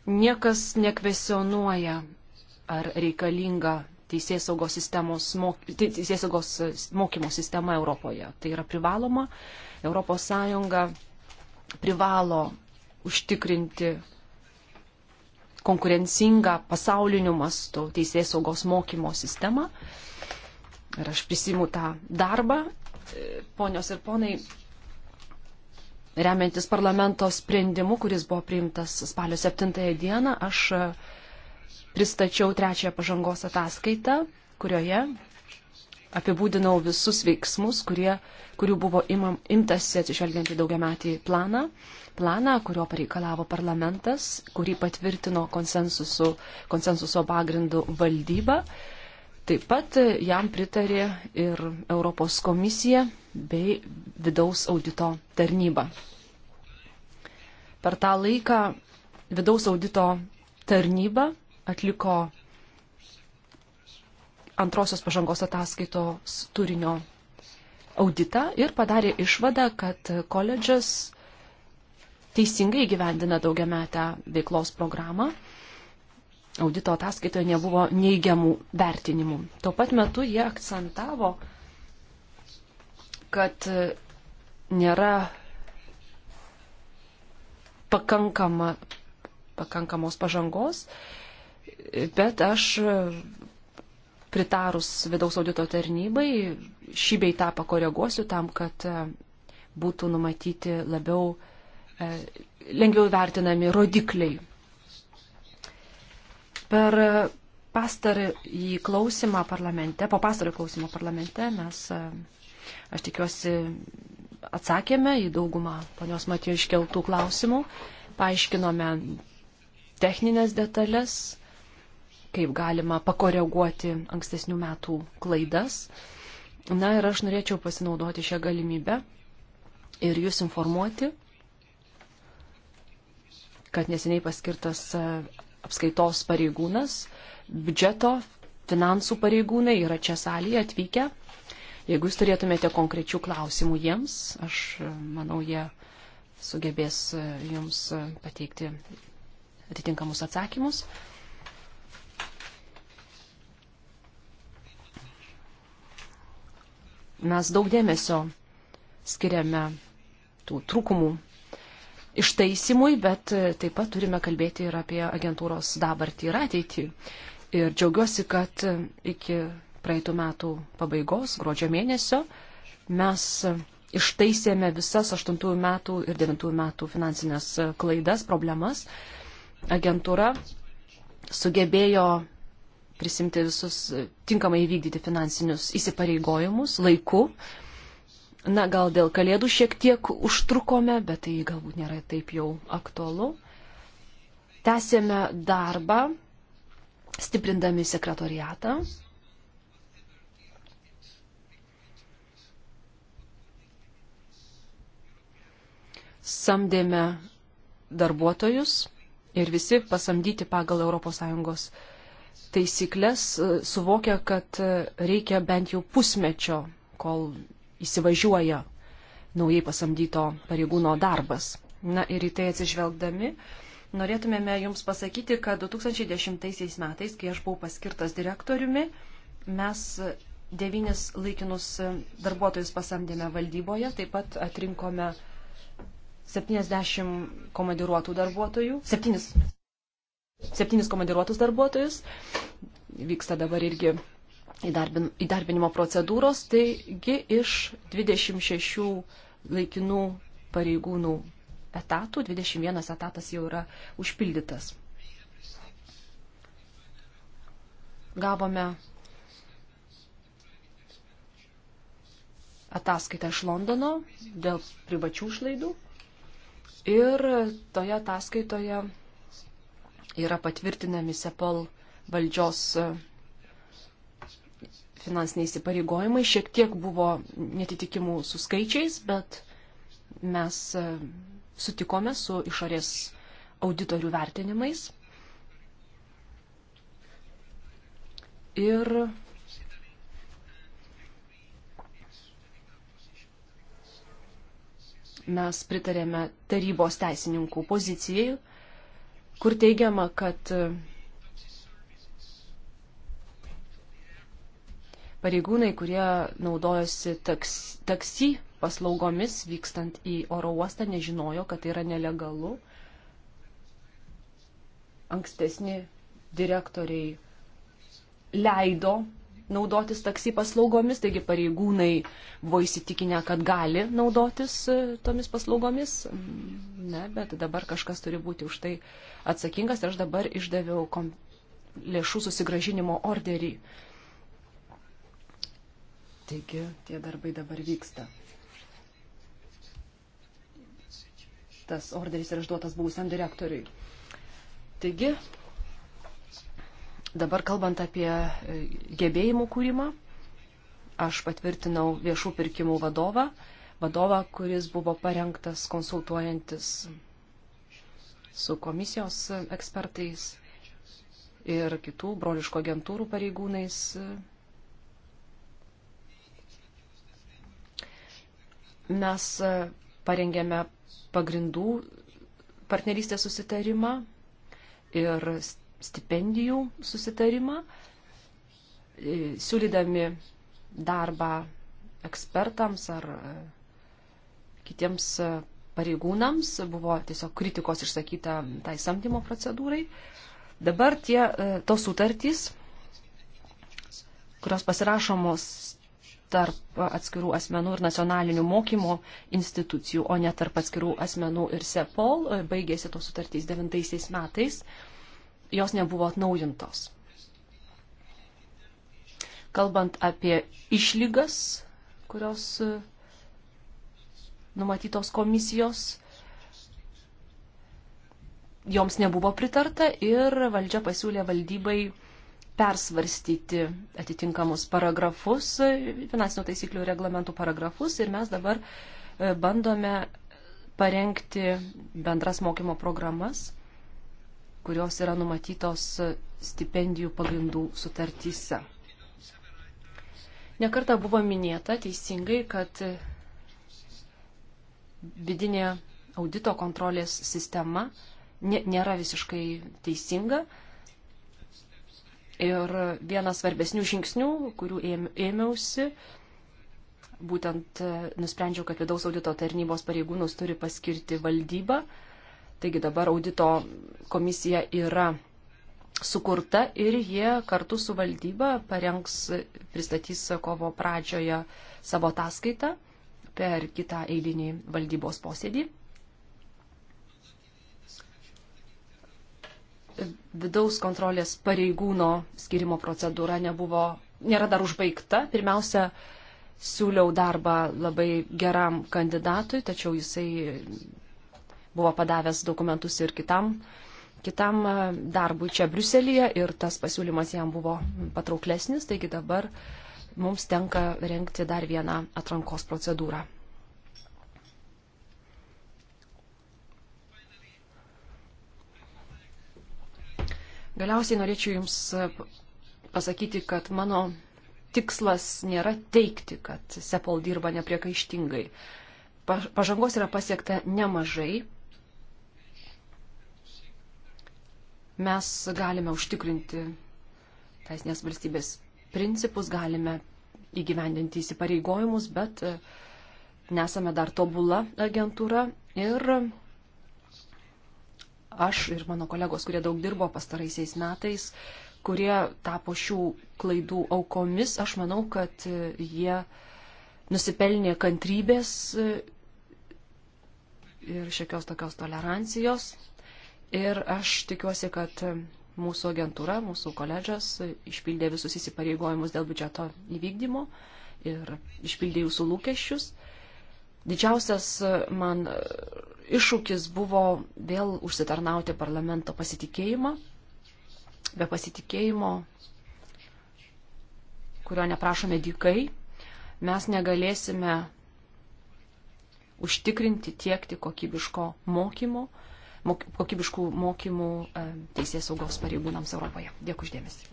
Niekas nekvesionuoja, ar reikalinga teisės saugos, sistemos, teisės saugos e, mokymo sistema Europoje. Tai yra privaloma. ES privalo užtikrinti konkurencingą pasauliniu mastu teisės saugos mokymo sistemą. Ir aš prisimu tą darbą. E, ponios ir ponai, remiantis parlamento sprendimu, kuris buvo priimtas spalio 7 dieną, aš pristačiau trečiąją pažangos ataskaitą, kurioje apibūdinau visus veiksmus, kurie, kurių buvo imam, imtasi atsižvelgiant į daugiametį planą, planą, kurio pareikalavo parlamentas, kurį patvirtino konsensuso, konsensuso pagrindų valdyba. Taip pat jam pritarė ir Europos komisija bei vidaus audito tarnyba. Per tą laiką vidaus audito tarnyba atliko antrosios pažangos ataskaitos turinio auditą ir padarė išvadą, kad koledžas teisingai gyvendina daugiametę veiklos programą. Audito ataskaitoje nebuvo neigiamų vertinimų. Tuo pat metu jie akcentavo, kad nėra pakankama, pakankamos pažangos Bet aš pritarus vidaus audito tarnybai šį bei tą pakoreguosiu tam, kad e, būtų numatyti labiau, e, lengviau vertinami rodikliai. Per pastarį klausimą parlamente, po pastarį klausimą parlamente mes, e, aš tikiuosi, atsakėme į daugumą ponios Matijo iškeltų klausimų, paaiškinome techninės detalės kaip galima pakoreguoti ankstesnių metų klaidas. Na ir aš norėčiau pasinaudoti šią galimybę ir jūs informuoti, kad neseniai paskirtas e, apskaitos pareigūnas, biudžeto finansų pareigūnai yra čia salėje atvykę. Jeigu jūs turėtumėte konkrečių klausimų jiems, aš e, manau, jie sugebės e, jums pateikti atitinkamus atsakymus. mes daug dėmesio skiriame tų trūkumų ištaisimui, bet taip pat turime kalbėti ir apie agentūros dabartį ir ateitį. Ir džiaugiuosi, kad iki praeitų metų pabaigos, gruodžio mėnesio, mes ištaisėme visas 8 metų ir 9 metų finansinės klaidas, problemas. Agentūra sugebėjo prisimti visus, e, tinkamai įvykdyti finansinius įsipareigojimus laiku. Na, gal dėl kalėdų šiek tiek užtrukome, bet tai galbūt nėra taip jau aktualu. Tęsėme darbą, stiprindami sekretoriatą. Samdėme darbuotojus ir visi pasamdyti pagal ES taisyklės, e, suvokia, kad e, reikia bent jau pusmečio, kol įsivažiuoja naujai pasamdyto pareigūno darbas. Na ir į tai atsižvelgdami, norėtumėme Jums pasakyti, kad 2010 metais, kai aš buvau paskirtas direktoriumi, mes devynis laikinus e, darbuotojus pasamdėme valdyboje, taip pat atrinkome 70 komandiruotų darbuotojų, 7 septynis komandiruotus darbuotojus. Vyksta dabar irgi įdarbin, įdarbinimo procedūros. Taigi iš 26 laikinų pareigūnų etatų 21 etatas jau yra užpildytas. Gavome ataskaitą iš Londono dėl privačių išlaidų ir toje ataskaitoje yra patvirtinami SEPOL valdžios e, finansiniai įsipareigojimai. Šiek tiek buvo netitikimų su skaičiais, bet mes e, sutikome su išorės auditorių vertinimais. Ir mes pritarėme tarybos teisininkų pozicijai kur teigiama, kad pareigūnai, kurie naudojosi taks, taksi paslaugomis vykstant į oro uostą, nežinojo, kad tai yra nelegalu. Ankstesni direktoriai leido naudotis taksi paslaugomis, taigi pareigūnai buvo įsitikinę, kad gali naudotis e, tomis paslaugomis, mm, ne, bet dabar kažkas turi būti už tai atsakingas ir aš dabar išdaviau kom... lėšų susigražinimo orderį. Taigi tie darbai dabar vyksta. Tas orderis yra išduotas buvusiam direktoriui. Taigi, Dabar kalbant apie e, gebėjimų kūrimą, aš patvirtinau viešų pirkimų vadovą, vadovą, kuris buvo parengtas konsultuojantis su komisijos ekspertais ir kitų broliško agentūrų pareigūnais. Mes e, parengėme pagrindų partnerystės susitarimą ir stipendijų susitarimą, e, siūlydami darbą ekspertams ar e, kitiems e, pareigūnams, buvo tiesiog kritikos išsakyta tai samdymo procedūrai. Dabar tie, tos sutartys, kurios pasirašomos tarp atskirų asmenų ir nacionalinių mokymo institucijų, o ne tarp atskirų asmenų ir SEPOL, baigėsi tos sutartys devintaisiais metais jos nebuvo atnaujintos. Kalbant apie išlygas, kurios e, numatytos komisijos, joms nebuvo pritarta ir valdžia pasiūlė valdybai persvarstyti atitinkamus paragrafus, e, finansinių taisyklių reglamentų paragrafus ir mes dabar e, bandome parengti bendras mokymo programas kurios yra numatytos stipendijų pagrindų sutartyse. Nekarta buvo minėta teisingai, kad vidinė audito kontrolės sistema nėra visiškai teisinga. Ir vienas svarbesnių žingsnių, kurių ėmiausi, būtent e, nusprendžiau, kad vidaus audito tarnybos pareigūnus turi paskirti valdybą, Taigi dabar audito komisija yra sukurta ir jie kartu su valdyba parengs, pristatys kovo pradžioje savo ataskaitą per kitą eilinį valdybos posėdį. Vidaus kontrolės pareigūno skirimo procedūra nebuvo, nėra dar užbaigta. Pirmiausia, siūliau darbą labai geram kandidatui, tačiau jisai buvo padavęs dokumentus ir kitam, kitam e, darbui čia Briuselėje ir tas pasiūlymas jam buvo patrauklesnis, taigi dabar mums tenka renkti dar vieną atrankos procedūrą. Galiausiai norėčiau Jums e, pasakyti, kad mano tikslas nėra teikti, kad Sepol dirba nepriekaištingai. Pažangos yra pasiekta nemažai, mes galime užtikrinti teisinės valstybės principus, galime įgyvendinti įsipareigojimus, bet e, nesame dar tobula agentūra ir aš ir mano kolegos, kurie daug dirbo pastaraisiais metais, kurie tapo šių klaidų aukomis, aš manau, kad e, jie nusipelnė kantrybės e, ir šiekios tokios tolerancijos Ir aš tikiuosi, kad mūsų agentūra, mūsų koledžas išpildė visus įsipareigojimus dėl biudžeto įvykdymo ir išpildė jūsų lūkesčius. Didžiausias man iššūkis buvo vėl užsitarnauti parlamento pasitikėjimą. Be pasitikėjimo, kurio neprašome dykai, mes negalėsime užtikrinti tiekti kokybiško mokymo kokybiškų mokymų e, teisės saugos pareigūnams Europoje. Dėkui uždėmesi.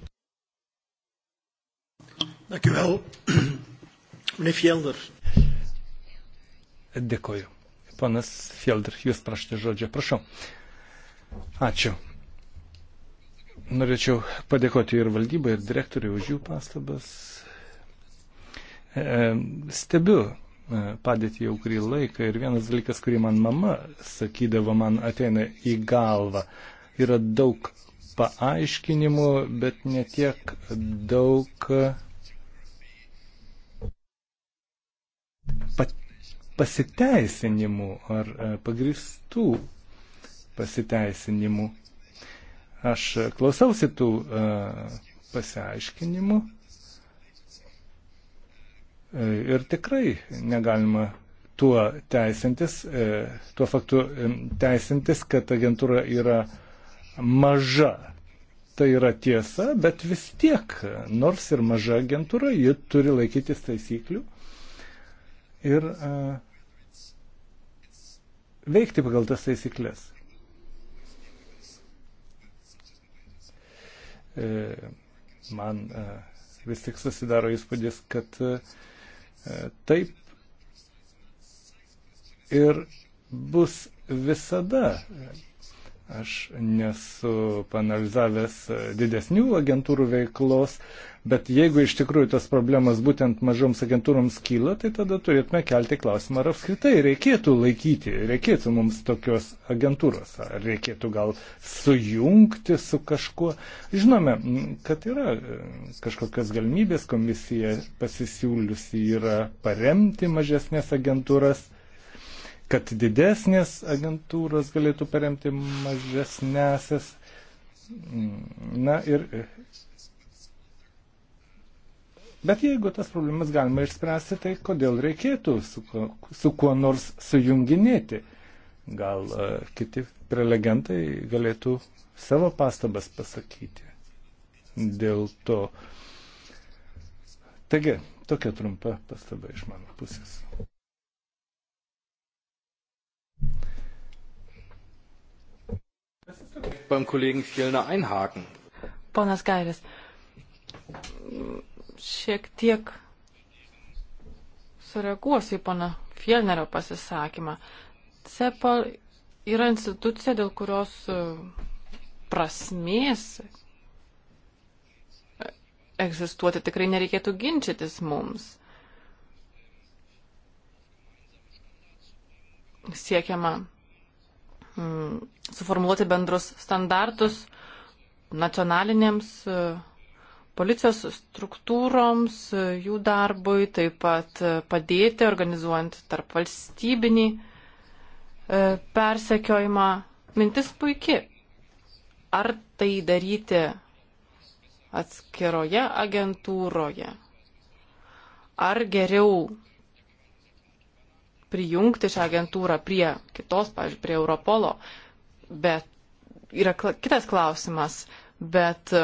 Dėkuoju. Panas Fjellder, jūs prašote žodžio, prašau. Ačiū. Norėčiau padėkoti ir valdybai, ir direktoriui už jų pastabas. E, e, stebiu E, padėtį jau kurį laiką ir vienas dalykas, kurį man mama sakydavo, man ateina į galvą, yra daug paaiškinimų, bet netiek daug e, pasiteisinimų ar e, pagristų pasiteisinimų. Aš klausausi tų pasiaiškinimų E, ir tikrai negalima tuo teisintis, e, tuo faktu e, teisintis, kad agentūra yra maža. Tai yra tiesa, bet vis tiek, nors ir maža agentūra, ji turi laikytis taisyklių ir uh, veikti pagal tas taisyklės. E, man uh, vis tik susidaro įspūdis, kad uh, E, taip ir bus visada Aš nesu panalizavęs didesnių agentūrų veiklos, bet jeigu iš tikrųjų tos problemas būtent mažoms agentūroms kyla, tai tada turėtume kelti klausimą, ar apskritai reikėtų laikyti, reikėtų mums tokios agentūros, ar reikėtų gal sujungti su kažkuo. Žinome, kad yra kažkokios galimybės, komisija pasisiūliusi yra paremti mažesnės agentūras kad didesnės agentūros galėtų paremti mažesnėsias. Na ir. Bet jeigu tas problemas galima išspręsti, tai kodėl reikėtų su, su kuo nors sujunginėti? Gal uh, kiti prelegentai galėtų savo pastabas pasakyti dėl to. Taigi, tokia trumpa pastaba iš mano pusės. Beim Kollegen Fielner einhaken. Ponas Gairis, šiek tiek sureaguosiu į pana Fielnerio pasisakymą. CEPAL yra institucija, dėl kurios e, prasmės egzistuoti tikrai nereikėtų ginčytis mums. Siekiama mm, suformuoluoti bendrus standartus nacionalinėms e, policijos struktūroms, e, jų darbui, taip pat e, padėti organizuojant tarp valstybinį persekiojimą. Mintis puikiai. Ar tai daryti atskiroje agentūroje? Ar geriau prijungti šią agentūrą prie kitos, pavyzdžiui, prie Europolo, bet yra kla kitas klausimas, bet e,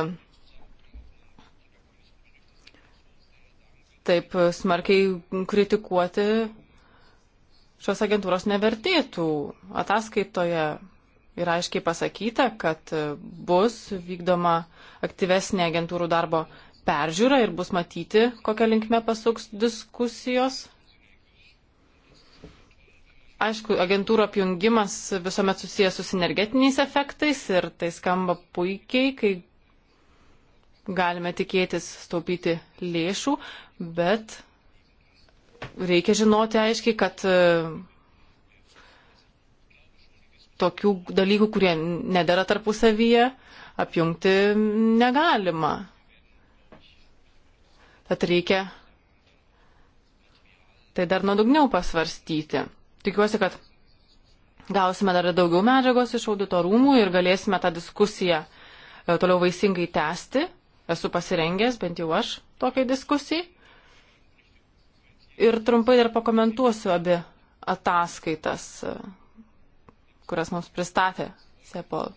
taip smarkiai kritikuoti šios agentūros nevertėtų. Ataskaitoje yra aiškiai pasakyta, kad e, bus vykdoma aktyvesnė agentūrų darbo peržiūra ir bus matyti, kokią linkmę pasuks diskusijos Aišku, agentūrų apjungimas visuomet susijęs su sinergetiniais efektais ir tai skamba puikiai, kai galime tikėtis staupyti lėšų, bet reikia žinoti aiškiai, kad e, tokių dalykų, kurie nedėra tarpusavyje, apjungti negalima. Tad reikia tai dar nuodugniau pasvarstyti tikiuosi, kad gausime dar daugiau medžiagos iš auditorumų ir galėsime tą diskusiją e, toliau vaisingai tęsti. Esu pasirengęs, bent jau aš, tokiai diskusijai. Ir trumpai dar pakomentuosiu abi ataskaitas, e, kurias mums pristatė Sepol.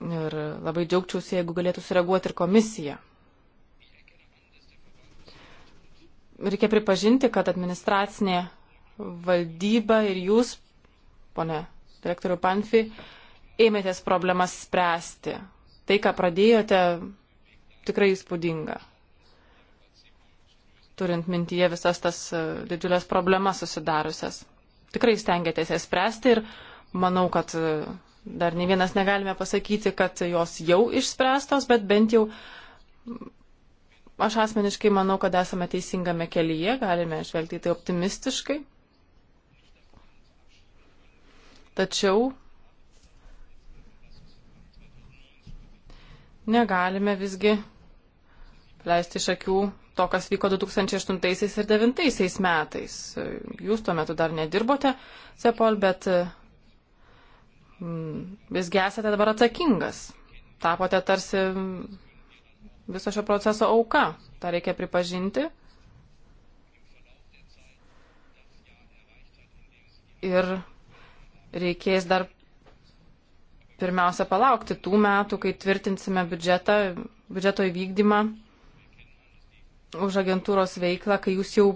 Ir labai džiaugčiausi, jeigu galėtų sureaguoti ir komisija. reikia pripažinti, kad administracinė valdyba ir jūs, pone direktorių Panfi, ėmėtės problemas spręsti. Tai, ką pradėjote, tikrai įspūdinga. Turint mintyje visas tas e, didžiulės problemas susidariusias. Tikrai stengiatės jas spręsti ir manau, kad e, dar ne vienas negalime pasakyti, kad jos jau išspręstos, bet bent jau Aš asmeniškai manau, kad esame teisingame kelyje, galime žvelgti tai optimistiškai. Tačiau negalime visgi leisti iš akių to, kas vyko 2008 ir 2009 metais. Jūs tuo metu dar nedirbote, Sepol, bet mm, visgi esate dabar atsakingas. Tapote tarsi viso šio proceso auka. Ta reikia pripažinti. Ir reikės dar pirmiausia palaukti tų metų, kai tvirtinsime biudžetą, biudžeto įvykdymą už agentūros veiklą, kai jūs jau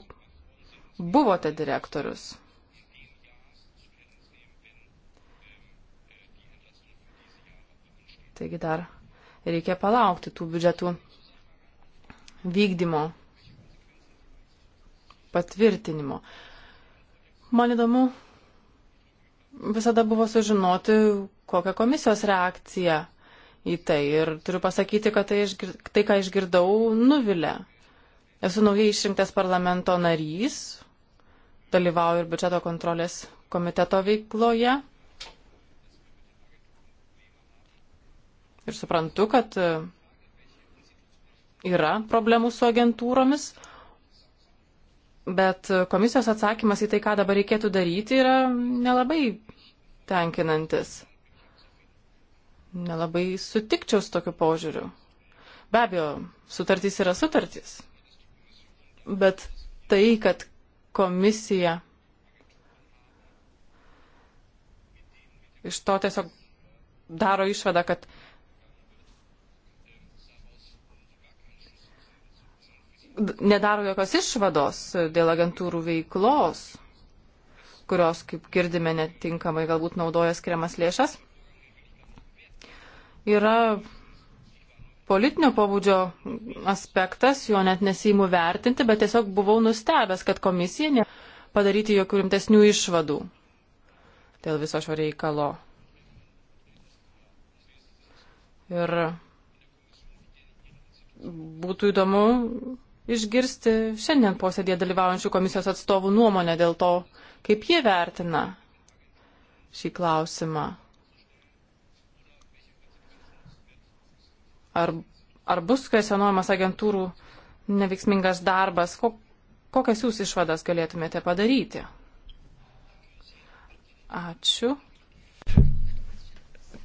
buvote direktorius. Taigi dar reikia palaukti tų biudžetų vykdymo patvirtinimo. Man įdomu visada buvo sužinoti, kokia komisijos reakcija į tai. Ir turiu pasakyti, kad tai, išgir... tai ką išgirdau, nuvilia. Esu naujai išrinktas parlamento narys, dalyvauju ir biudžeto kontrolės komiteto veikloje. ir suprantu, kad e, yra problemų su agentūromis, bet komisijos atsakymas į tai, ką dabar reikėtų daryti, yra nelabai tenkinantis. Nelabai sutikčiau su tokiu požiūriu. Be abejo, sutartys yra sutartys. Bet tai, kad komisija iš to tiesiog daro išvadą, kad nedaro jokios išvados dėl agentūrų veiklos, kurios, kaip girdime, netinkamai galbūt naudoja skiriamas lėšas, yra politinio pobūdžio aspektas, jo net nesijimu vertinti, bet tiesiog buvau nustebęs, kad komisija ne padaryti jokių rimtesnių išvadų dėl viso šio reikalo. Ir būtų įdomu išgirsti šiandien posėdėje dalyvaujančių komisijos atstovų nuomonę dėl to, kaip jie vertina šį klausimą. Ar, ar bus kvesionuojamas agentūrų neveiksmingas darbas? Ko, kokias jūs išvadas galėtumėte padaryti? Ačiū.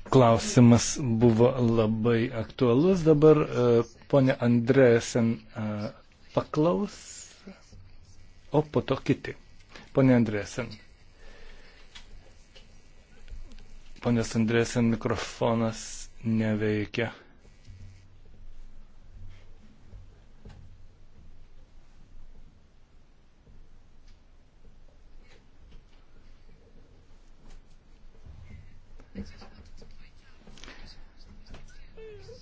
Klausimas buvo labai aktualus. Dabar uh, e, ponė Andresen uh, paklaus, o po to kiti. Pone Andresen. Ponės Andresen mikrofonas neveikia.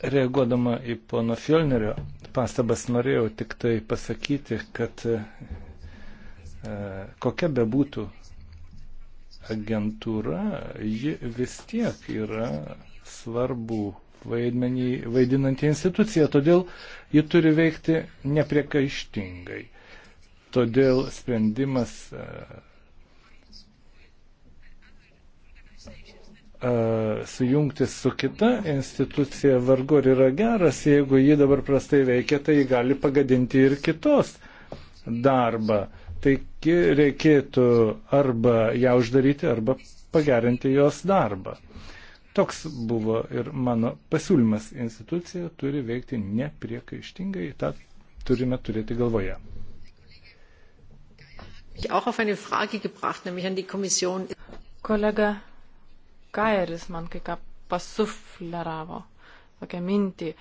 reaguodama į pono Fielnerio pastabas norėjau tik tai pasakyti, kad e, kokia bebūtų agentūra, ji vis tiek yra svarbu vaidmenį vaidinanti institucija, todėl ji turi veikti nepriekaištingai. Todėl sprendimas e, sujungti su kita institucija vargu ar yra geras, jeigu ji dabar prastai veikia, tai gali pagadinti ir kitos darbą. Taigi reikėtų arba ją uždaryti, arba pagerinti jos darbą. Toks buvo ir mano pasiūlymas. Institucija turi veikti nepriekaištingai, tą turime turėti galvoje. Kolega Kairis man kai ką pasufleravo tokią mintį.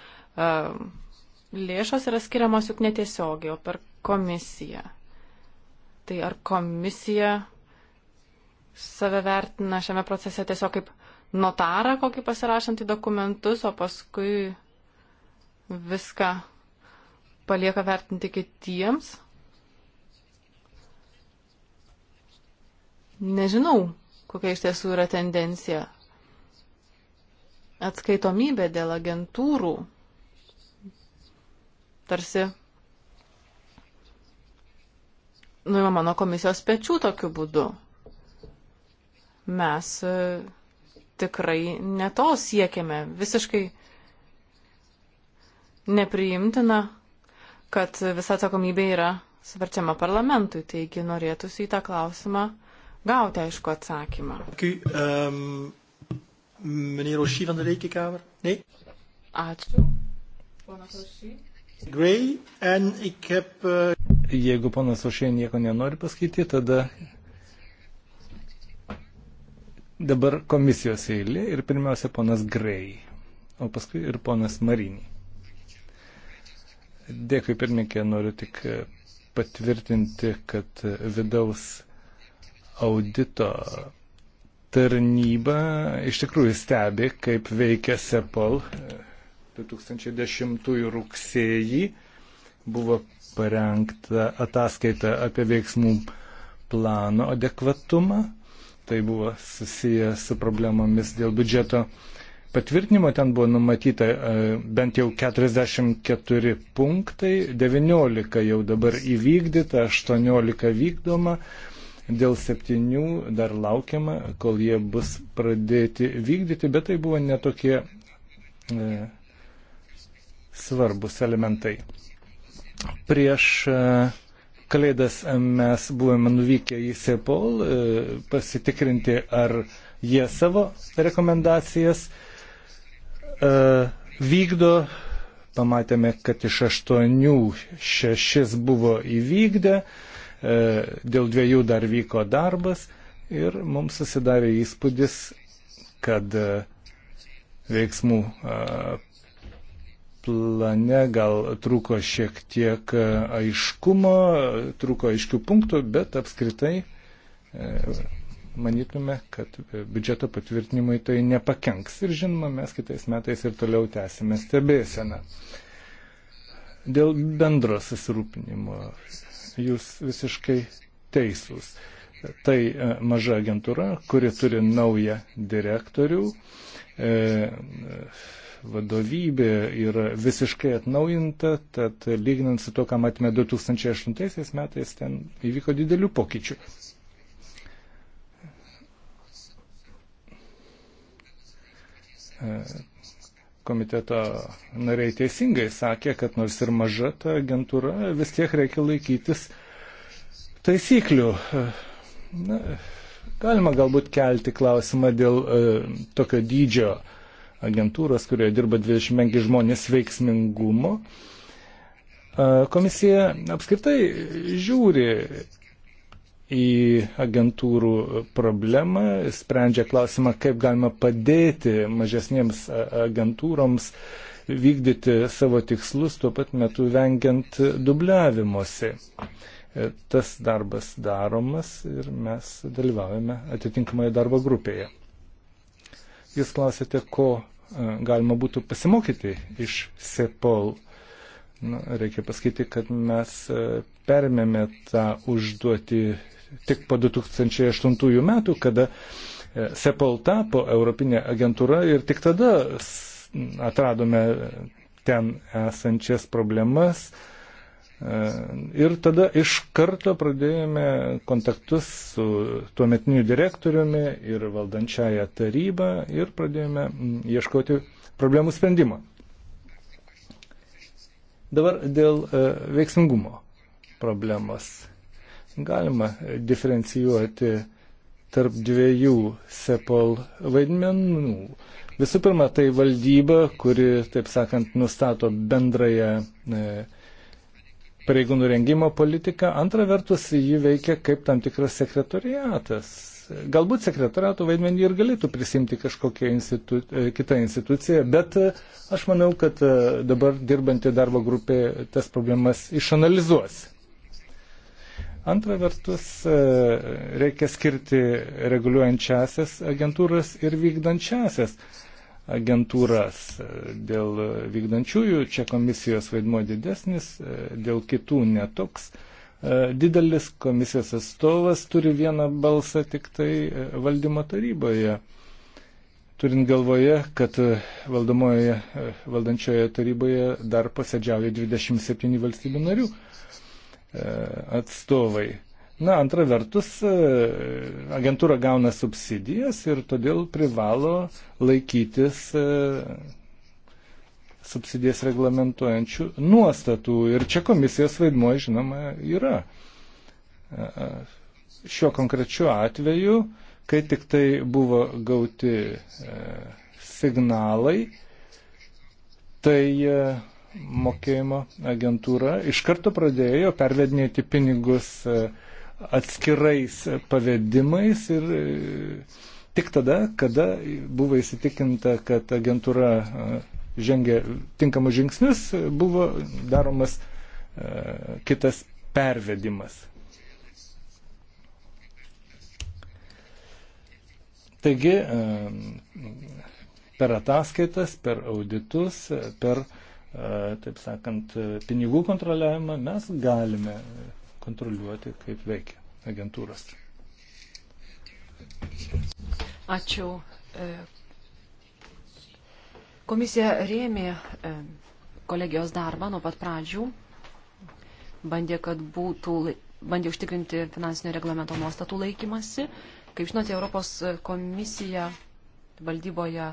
Ehm, lėšos yra skiriamos juk netiesiogiai, o per komisiją. Tai ar komisija save vertina šiame procese tiesiog kaip notarą kokį pasirašantį dokumentus, o paskui viską palieka vertinti kitiems? Nežinau, kokia iš tiesų yra tendencija. Atskaitomybė dėl agentūrų tarsi nuima mano komisijos pečių tokiu būdu. Mes e, tikrai neto siekiame. Visiškai nepriimtina, kad visa atsakomybė yra svarčiama parlamentui. Taigi norėtųsi į tą klausimą gauti aišku atsakymą. Ehm, Ačiū. Eh, Jeigu ponas Ošė nieko nenori pasakyti, tada dabar komisijos eilė ir pirmiausia ponas Grey, o paskui ir ponas Marinį. Dėkui pirmininkė, noriu tik eh, patvirtinti, kad eh, vidaus audito tarnyba iš tikrųjų stebi, kaip veikia SEPOL 2010 rugsėjį. Buvo parengta ataskaita apie veiksmų plano adekvatumą. Tai buvo susiję su problemomis dėl biudžeto patvirtinimo. Ten buvo numatyta e, bent jau 44 punktai, 19 jau dabar įvykdyta, 18 vykdoma. Dėl septynių dar laukiama, kol jie bus pradėti vykdyti, bet tai buvo netokie e, svarbus elementai. Prieš e, Kalėdas mes buvome nuvykę į Sepol e, pasitikrinti, ar jie savo rekomendacijas e, vykdo. Pamatėme, kad iš aštuonių šešis buvo įvykdę. E, dėl dviejų dar vyko darbas ir mums susidarė įspūdis, kad e, veiksmų e, plane gal trūko šiek tiek aiškumo, trūko aiškių punktų, bet apskritai manytume, kad biudžeto patvirtinimui tai nepakenks. Ir žinoma, mes kitais metais ir toliau tęsime stebėseną. Dėl bendro susirūpinimo jūs visiškai teisūs. Tai e, maža agentūra, kuri turi naują direktorių. E, vadovybė yra visiškai atnaujinta, tad lyginant su to, ką matėme 2008 metais, ten įvyko didelių pokyčių. E, komiteto nariai teisingai sakė, kad nors ir maža ta agentūra, vis tiek reikia laikytis taisyklių. Na, galima galbūt kelti klausimą dėl e, tokio dydžio agentūros, kurioje dirba 25 žmonės veiksmingumo. E, komisija apskritai žiūri į agentūrų problemą, sprendžia klausimą, kaip galima padėti mažesniems agentūroms vykdyti savo tikslus, tuo pat metu vengiant dubliavimuose. E, tas darbas daromas ir mes dalyvaujame atitinkamoje darbo grupėje. Jūs klausėte, ko e, galima būtų pasimokyti iš SEPOL Na, nu, reikia pasakyti, kad mes e, permėme tą užduotį tik po 2008 metų, kada e, Sepol tapo Europinė agentūra ir tik tada atradome ten esančias problemas. E, ir tada iš karto pradėjome kontaktus su tuometiniu direktoriumi ir valdančiaja taryba ir pradėjome ieškoti problemų sprendimo. Dabar dėl e, veiksmingumo problemos. Galima diferencijuoti tarp dviejų SEPOL vaidmenų. Visų pirma, tai valdyba, kuri, taip sakant, nustato bendrąją e, pareigūnų rengimo politiką. Antra vertus, ji veikia kaip tam tikras sekretoriatas. Galbūt sekretoriato vaidmenį ir galėtų prisimti kažkokia institu, e, kita institucija, bet e, aš manau, kad e, dabar dirbantį darbo grupė tas problemas išanalizuos. Antra vertus, e, reikia skirti reguliuojančiasias agentūras ir vykdančiasias agentūras. Dėl vykdančiųjų čia komisijos vaidmo didesnis, e, dėl kitų netoks. E, didelis komisijos atstovas turi vieną balsą tik tai valdymo taryboje. Turint galvoje, kad valdančioje taryboje dar posėdžiauja 27 valstybių narių E, atstovai. Na, antra vertus, e, agentūra gauna subsidijas ir todėl privalo laikytis e, subsidijas reglamentuojančių nuostatų. Ir čia komisijos vaidmuo, žinoma, yra. Šiuo konkrečiu atveju, kai tik tai buvo gauti signalai, tai mokėjimo agentūra iš karto pradėjo pervedinėti pinigus e, atskirais pavedimais ir e, tik tada, kada buvo įsitikinta, kad agentūra e, žengė tinkamus žingsnius, buvo daromas kitas pervedimas. Taigi, per ataskaitas, per auditus, per uh, E, taip sakant, pinigų kontroliavimą mes galime kontroliuoti, kaip veikia agentūros. Ačiū. E, komisija rėmė e, kolegijos darbą nuo pat pradžių, bandė, kad būtų, bandė užtikrinti finansinio reglamento nuostatų laikymasi. Kaip žinote, Europos komisija valdyboje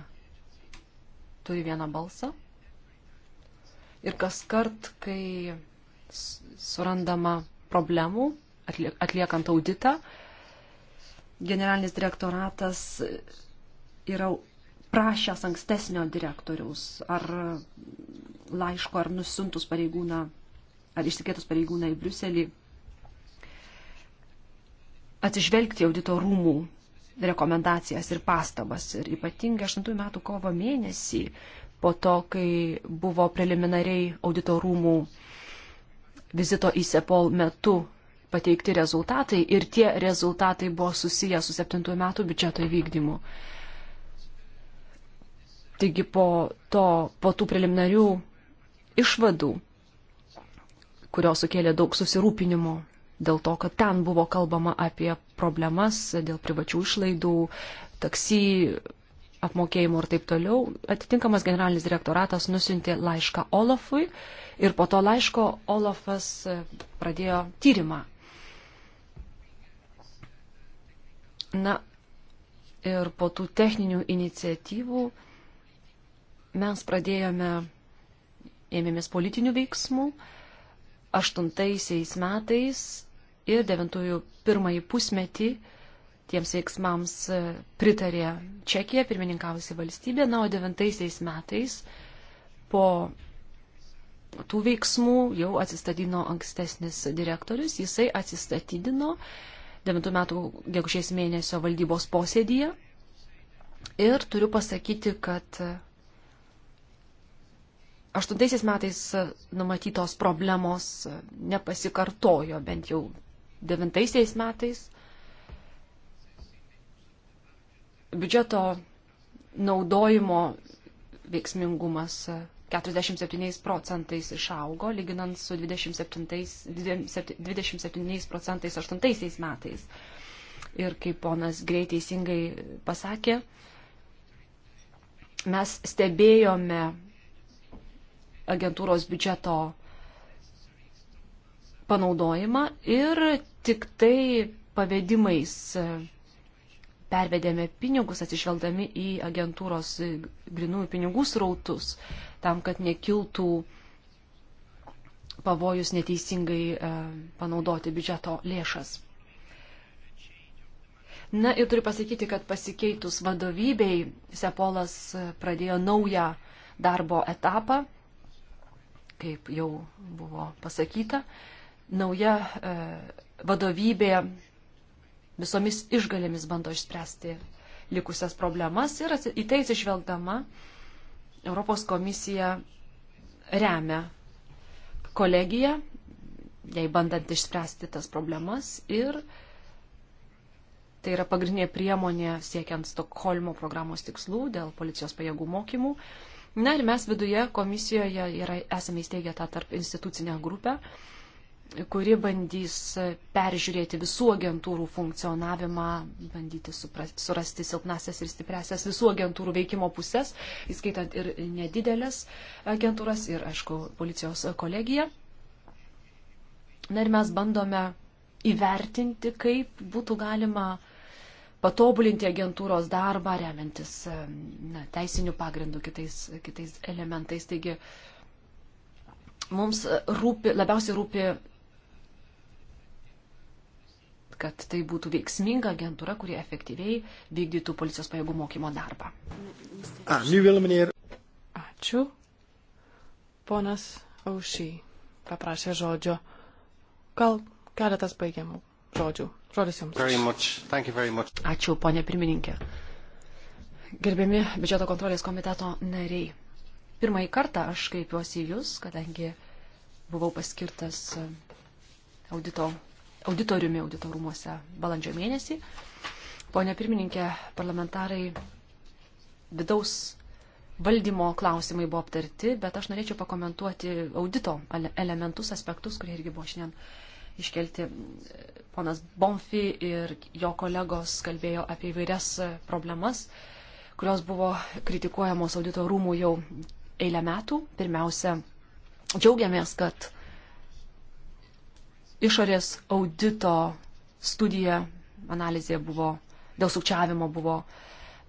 turi vieną balsą Ir kas kart, kai surandama problemų, atliekant auditą, generalinis direktoratas yra prašęs ankstesnio direktoriaus ar laiško, ar nusintus pareigūną, ar išsikėtus pareigūną į Briuselį, atsižvelgti audito rūmų rekomendacijas ir pastabas. Ir ypatingai 8 metų kovo mėnesį po to, kai buvo preliminariai auditorumų vizito į Sepol metu pateikti rezultatai ir tie rezultatai buvo susiję su 7 metų biudžeto įvykdymu. Taigi po, to, po tų preliminarių išvadų, kurios sukėlė daug susirūpinimo dėl to, kad ten buvo kalbama apie problemas dėl privačių išlaidų, taksi, apmokėjimų ir taip toliau, atitinkamas generalinis direktoratas nusinti laišką Olafui ir po to laiško Olafas e, pradėjo tyrimą. Na ir po tų techninių iniciatyvų mes pradėjome, ėmėmės politinių veiksmų aštuntaisiais metais ir devintųjų pirmąjį pusmetį Tiems veiksmams e, pritarė Čekija, pirmininkavusi valstybė, na, o devintaisiais metais po tų veiksmų jau atsistatydino ankstesnis direktorius, jisai atsistatydino 9 metų gegužės mėnesio valdybos posėdyje. Ir turiu pasakyti, kad 8 metais numatytos problemos nepasikartojo, bent jau 9 metais. biudžeto naudojimo veiksmingumas 47 procentais išaugo, lyginant su 27, 27 procentais 8 metais. Ir kaip ponas greit teisingai pasakė, mes stebėjome agentūros biudžeto panaudojimą ir tik tai pavedimais pervedėme pinigus atsižvelgdami į agentūros grinųjų pinigų srautus, tam, kad nekiltų pavojus neteisingai e, panaudoti biudžeto lėšas. Na ir turiu pasakyti, kad pasikeitus vadovybei Sepolas pradėjo naują darbo etapą, kaip jau buvo pasakyta. Nauja e, vadovybė visomis išgalėmis bando išspręsti likusias problemas ir į tai atsižvelgdama Europos komisija remia kolegiją, jai bandant išspręsti tas problemas ir tai yra pagrindinė priemonė siekiant Stokholmo programos tikslų dėl policijos pajėgų mokymų. Na ir mes viduje komisijoje yra, esame įsteigę tą tarp institucinę grupę, kuri bandys peržiūrėti visų agentūrų funkcionavimą, bandyti suprasti, surasti silpnasias ir stipresias visų agentūrų veikimo pusės, įskaitant ir nedidelės agentūras ir, aišku, policijos kolegiją. Na ir mes bandome įvertinti, kaip būtų galima patobulinti agentūros darbą, remiantis na, teisinių pagrindų kitais, kitais elementais. Taigi, mums rūpi, labiausiai rūpi kad tai būtų veiksminga agentūra, kurie efektyviai vykdytų policijos pajėgų mokymo darbą. Nu Ačiū. Ponas Aušy paprašė žodžio. Gal keletas baigiamų žodžių. Žodis jums. Ačiū, ponė pirmininkė. Gerbiami biudžeto kontrolės komiteto nariai. Pirmąjį kartą aš kreipiuosi į Jūs, kadangi buvau paskirtas audito auditoriumi auditorumuose balandžio mėnesį. Pone pirmininkė, parlamentarai vidaus valdymo klausimai buvo aptarti, bet aš norėčiau pakomentuoti audito elementus, aspektus, kurie irgi buvo šiandien iškelti. Ponas Bonfi ir jo kolegos kalbėjo apie įvairias problemas, kurios buvo kritikuojamos audito rūmų jau eilę metų. Pirmiausia, džiaugiamės, kad išorės audito studija, analizė buvo, dėl sukčiavimo buvo,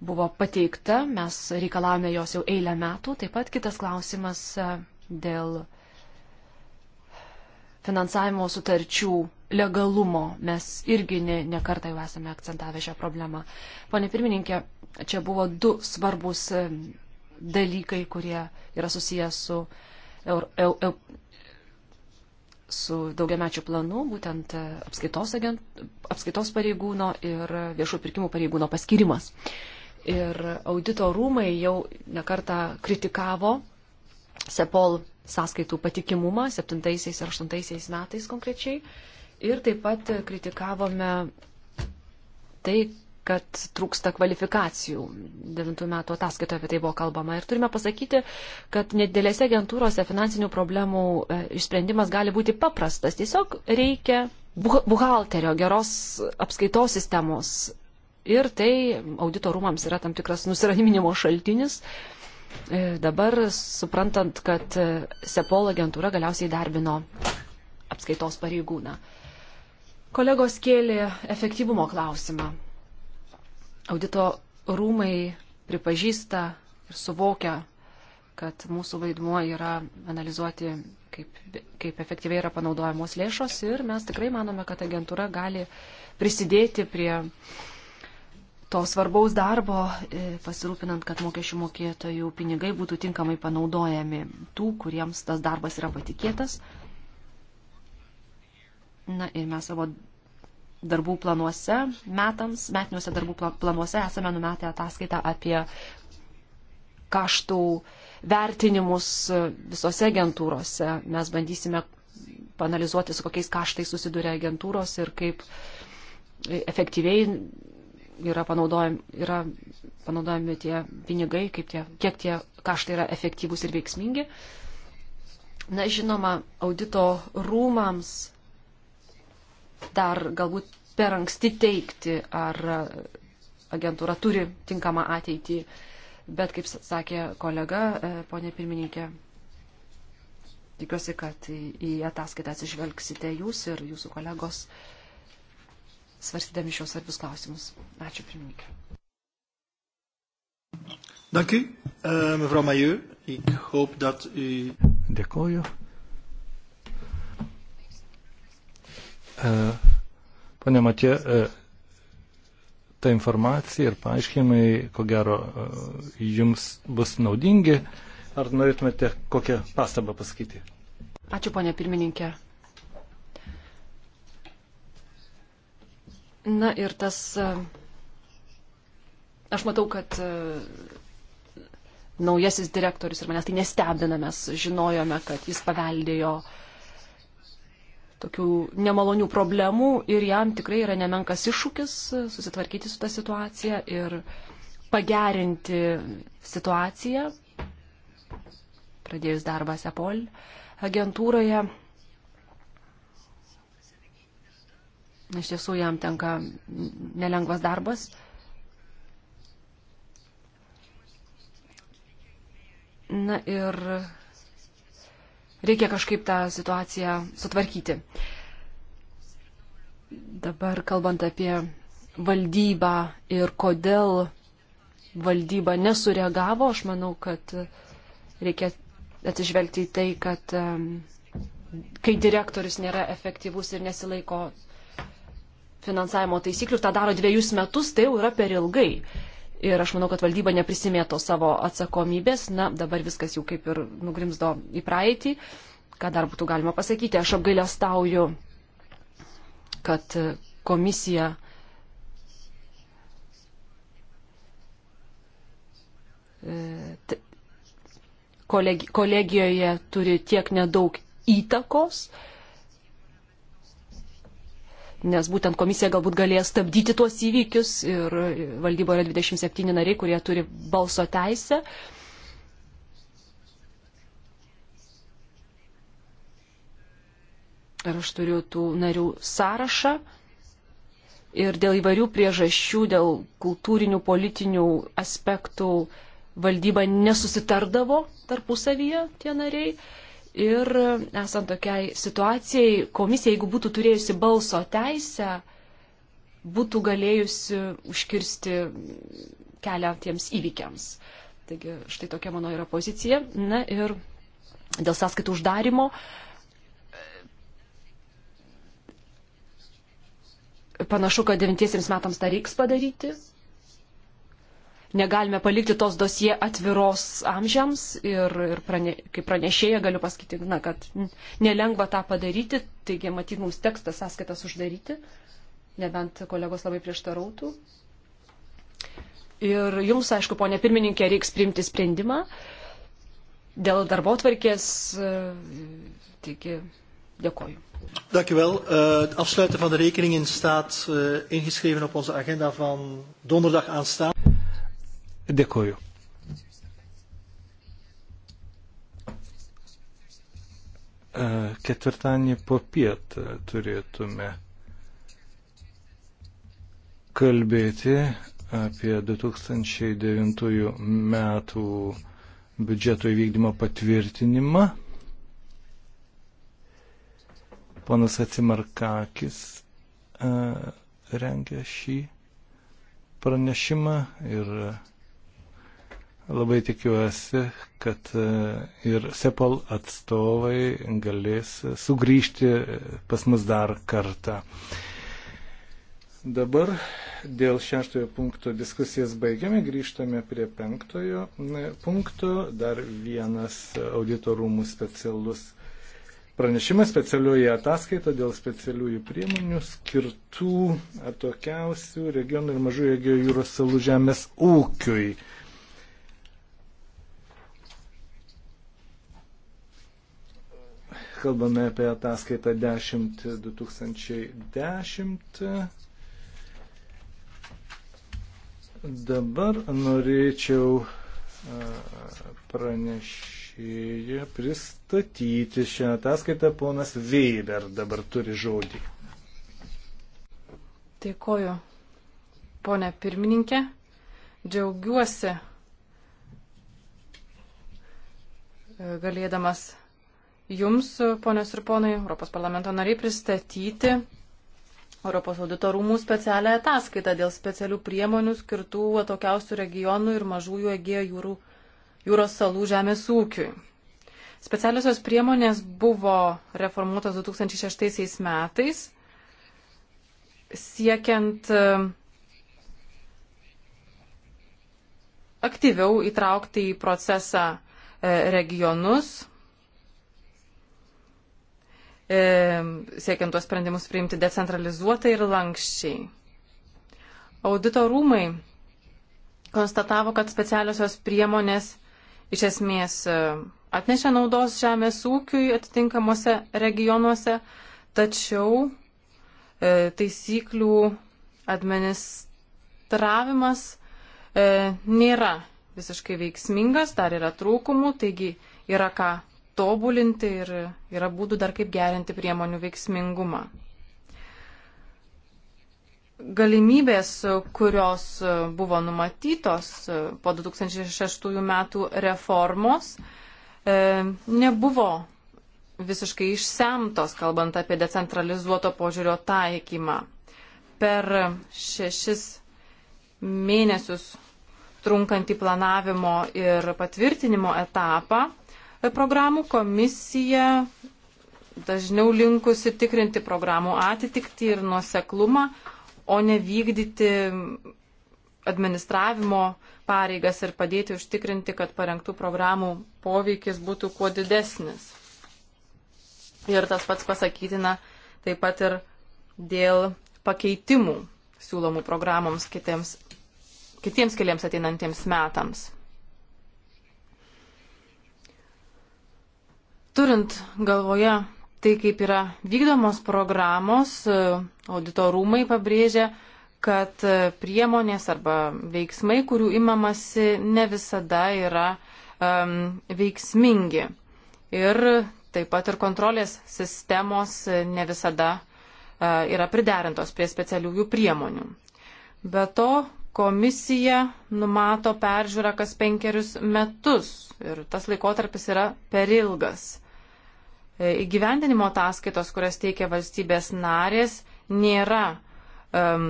buvo pateikta, mes reikalavome jos jau eilę metų. Taip pat kitas klausimas e, dėl finansavimo sutarčių legalumo. Mes irgi ne, ne kartą jau esame akcentavę šią problemą. Pone pirmininkė, čia buvo du svarbus e, dalykai, kurie yra susijęs su Eur, Eur, Eur, su daugiamečiu planu, būtent apskaitos, agent, apskaitos pareigūno ir viešų pirkimų pareigūno paskirimas. Ir audito rūmai jau nekarta kritikavo Sepol sąskaitų patikimumą 7 ir 8 metais konkrečiai. Ir taip pat kritikavome tai, kad trūksta kvalifikacijų. Devintų metų ataskaitoje apie tai buvo kalbama. Ir turime pasakyti, kad nedėlėse agentūrose finansinių problemų e, išsprendimas gali būti paprastas. Tiesiog reikia buhalterio, geros apskaitos sistemos. Ir tai auditorumams yra tam tikras nusiraminimo šaltinis. E, dabar suprantant, kad e, Sepol agentūra galiausiai darbino apskaitos pareigūną. Kolegos kėlė efektyvumo klausimą. Audito rūmai pripažįsta ir suvokia, kad mūsų vaidmuo yra analizuoti, kaip, kaip efektyviai yra panaudojamos lėšos ir mes tikrai manome, kad agentūra gali prisidėti prie to svarbaus darbo, e, pasirūpinant, kad mokesčių mokėtojų pinigai būtų tinkamai panaudojami tų, kuriems tas darbas yra patikėtas. Na ir mes savo darbų planuose metams, metiniuose darbų planuose esame numetę ataskaitą apie kaštų vertinimus visose agentūrose. Mes bandysime panalizuoti, su kokiais kaštais susiduria agentūros ir kaip efektyviai yra panaudojami, yra panaudojami tie pinigai, tie, kiek tie kaštai yra efektyvūs ir veiksmingi. Na, žinoma, audito rūmams dar galbūt per anksti teikti, ar agentūra turi tinkamą ateitį. Bet, kaip sakė kolega, e, ponė pirmininkė, tikiuosi, kad į ataskaitą atsižvelgsite jūs ir jūsų kolegos svarstydami šios svarbius klausimus. Ačiū pirmininkė. Dank u, eh, mevrouw Majeur. Ik hoop dat u. Dėkoju. E, Pane Matė, e, ta informacija ir paaiškinimai, ko gero, e, jums bus naudingi. Ar norėtumėte kokią pastabą pasakyti? Ačiū, ponė pirmininkė. Na ir tas. Aš matau, kad naujasis direktorius ir manęs tai nestebina, mes žinojome, kad jis paveldėjo uh, tokių nemalonių problemų ir jam tikrai yra nemenkas iššūkis e, susitvarkyti su tą situacija ir pagerinti situaciją, pradėjus darbą Sepol agentūroje. Iš tiesų jam tenka nelengvas darbas. Na ir reikia kažkaip tą situaciją sutvarkyti. Dabar kalbant apie valdybą ir kodėl valdyba nesureagavo, aš manau, kad reikia atsižvelgti į tai, kad kai direktorius nėra efektyvus ir nesilaiko finansavimo taisyklių, tą daro dviejus metus, tai jau yra per ilgai. Ir aš manau, kad valdyba neprisimėto savo atsakomybės. Na, dabar viskas jau kaip ir nugrimzdo į praeitį. Ką dar būtų galima pasakyti? Aš apgailestauju, kad komisija e, kolegijoje turi tiek nedaug įtakos. E, nes būtent komisija galbūt galės stabdyti tuos įvykius ir valdyboje yra 27 nariai, kurie turi balso teisę. Ir aš turiu tų narių sąrašą. Ir dėl įvairių priežasčių, dėl kultūrinių, politinių aspektų valdyba nesusitardavo tarpusavyje tie nariai. Ir esant tokiai situacijai, komisija, jeigu būtų turėjusi balso teisę, būtų galėjusi užkirsti kelią tiems įvykiams. Taigi štai tokia mano yra pozicija. Na ir dėl sąskaitų uždarimo. Panašu, kad devintiesiems metams tą reiks padaryti negalime palikti tos dosie atviros amžiams ir, ir prane, kaip pranešėja galiu pasakyti, na, kad nelengva tą padaryti, taigi matyt mums tekstą sąskaitas uždaryti, nebent kolegos labai prieštarautų. Ir jums, aišku, ponė pirmininkė, reiks priimti sprendimą dėl darbo tvarkės. Taigi, dėkoju. Dank u wel. Uh, eh, het afsluiten van de rekeningen staat uh, ingeschreven op onze agenda van donderdag aanstaande. Dėkuoju. E, ketvirtadienį po pietą turėtume kalbėti apie 2009 metų biudžeto įvykdymo patvirtinimą. Ponas Atsimarkakis e, rengia šį pranešimą ir Labai tikiuosi, kad e, ir Sepal atstovai galės sugrįžti e, pas mus dar kartą. Dabar dėl šeštojo punkto diskusijas baigiame, grįžtame prie penktojo e, punkto. Dar vienas auditorumų specialus pranešimas, specialioji ataskaita dėl specialiųjų priemonių skirtų atokiausių regionų ir mažų Egėjo jūros salų žemės ūkiui. Kalbame apie ataskaitą 10-2010. Dabar norėčiau pranešėją pristatyti šią ataskaitą. Ponas Weber dabar turi žodį. Dėkoju, ponė pirmininkė. Džiaugiuosi e, galėdamas Jums, ponios ir ponai, Europos parlamento nariai, pristatyti Europos audito rūmų specialią ataskaitą dėl specialių priemonių skirtų atokiausių regionų ir mažųjų Egėjo jūrų, jūros salų žemės ūkiui. Specialiosios priemonės buvo reformuotos 2006 metais, siekiant e, aktyviau įtraukti į procesą e, regionus, E, siekiant tuos sprendimus priimti decentralizuotai ir lankščiai. Audito rūmai konstatavo, kad specialiosios priemonės iš esmės e, atnešė naudos žemės ūkiui atitinkamuose regionuose, tačiau e, taisyklių administravimas nėra visiškai veiksmingas, dar yra trūkumų, taigi yra ką tobulinti ir yra būdų dar kaip gerinti priemonių veiksmingumą. Galimybės, kurios buvo numatytos po 2006 metų reformos, e, nebuvo visiškai išsemtos, kalbant apie decentralizuoto požiūrio taikymą. Per šešis mėnesius trunkantį planavimo ir patvirtinimo etapą programų. Komisija dažniau linkusi tikrinti programų atitikti ir nuoseklumą, o ne vykdyti administravimo pareigas ir padėti užtikrinti, kad parengtų programų poveikis būtų kuo didesnis. Ir tas pats pasakytina taip pat ir dėl pakeitimų siūlomų programoms kitiems, kitiems keliams ateinantiems metams. Turint galvoje tai, kaip yra vykdomos programos, auditorumai pabrėžia, kad priemonės arba veiksmai, kurių imamasi, ne visada yra um, veiksmingi. Ir taip pat ir kontrolės sistemos ne visada uh, yra priderintos prie specialiųjų priemonių. Be to, komisija numato peržiūrą kas penkerius metus ir tas laikotarpis yra per ilgas. E, įgyvendinimo ataskaitos, kurias teikia valstybės narės, nėra um,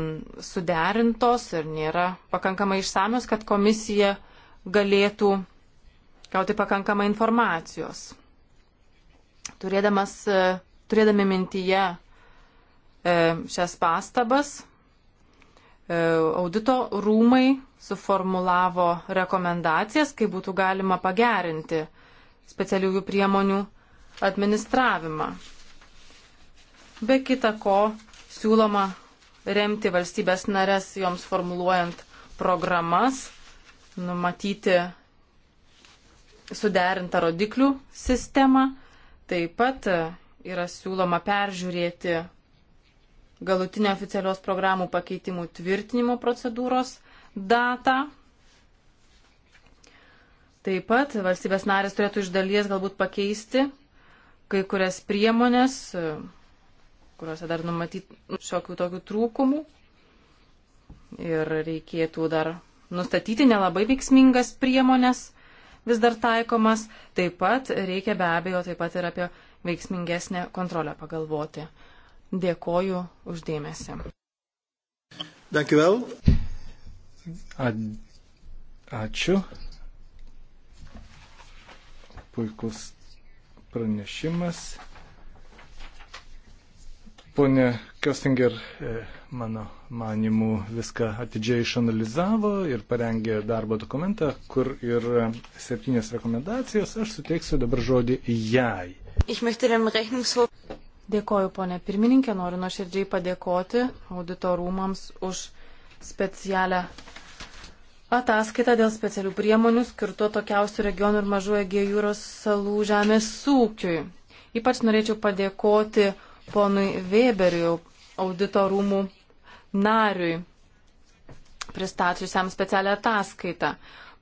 suderintos ir nėra pakankamai išsamios, kad komisija galėtų gauti pakankamai informacijos. Turėdamas, e, turėdami mintyje e, šias pastabas, audito rūmai suformulavo rekomendacijas, kaip būtų galima pagerinti specialiųjų priemonių administravimą. Be kita ko, siūloma remti valstybės narės joms formuluojant programas, numatyti suderintą rodiklių sistemą. Taip pat e, yra siūloma peržiūrėti galutinio oficialios programų pakeitimų tvirtinimo procedūros datą. Taip pat valstybės narės turėtų iš dalies galbūt pakeisti kai kurias priemonės, e, kuriuose dar numatyti šiokių tokių trūkumų ir reikėtų dar nustatyti nelabai veiksmingas priemonės vis dar taikomas. Taip pat reikia be abejo taip pat ir apie veiksmingesnę kontrolę pagalvoti. Dėkoju uždėmesi. Dėkuvel. Ačiū. Puikus pranešimas. Pone Köstinger, e, mano manimų, viską atidžiai išanalizavo ir parengė darbo dokumentą, kur ir septynės rekomendacijos. Aš suteiksiu dabar žodį jai. Dėkoju, ponė pirmininkė, noriu nuoširdžiai padėkoti auditorumams už specialią ataskaitą dėl specialių priemonių skirto tokiausių regionų ir mažų Egejūros salų žemės ūkiui. Ypač norėčiau padėkoti ponui Weberiu, audito rūmų nariui, pristačiusiam specialią ataskaitą.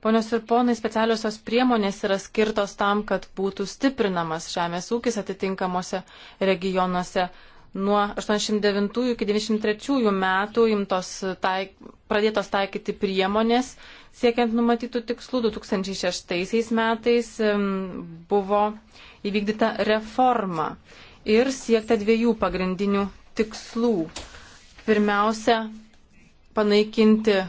Ponios ir ponai, specialiosios priemonės yra skirtos tam, kad būtų stiprinamas žemės ūkis atitinkamuose regionuose Nuo 89 iki 93 metų imtos taik, pradėtos taikyti priemonės siekiant numatytų tikslų. 2006 metais buvo įvykdyta reforma ir siekta dviejų pagrindinių tikslų. Pirmiausia, panaikinti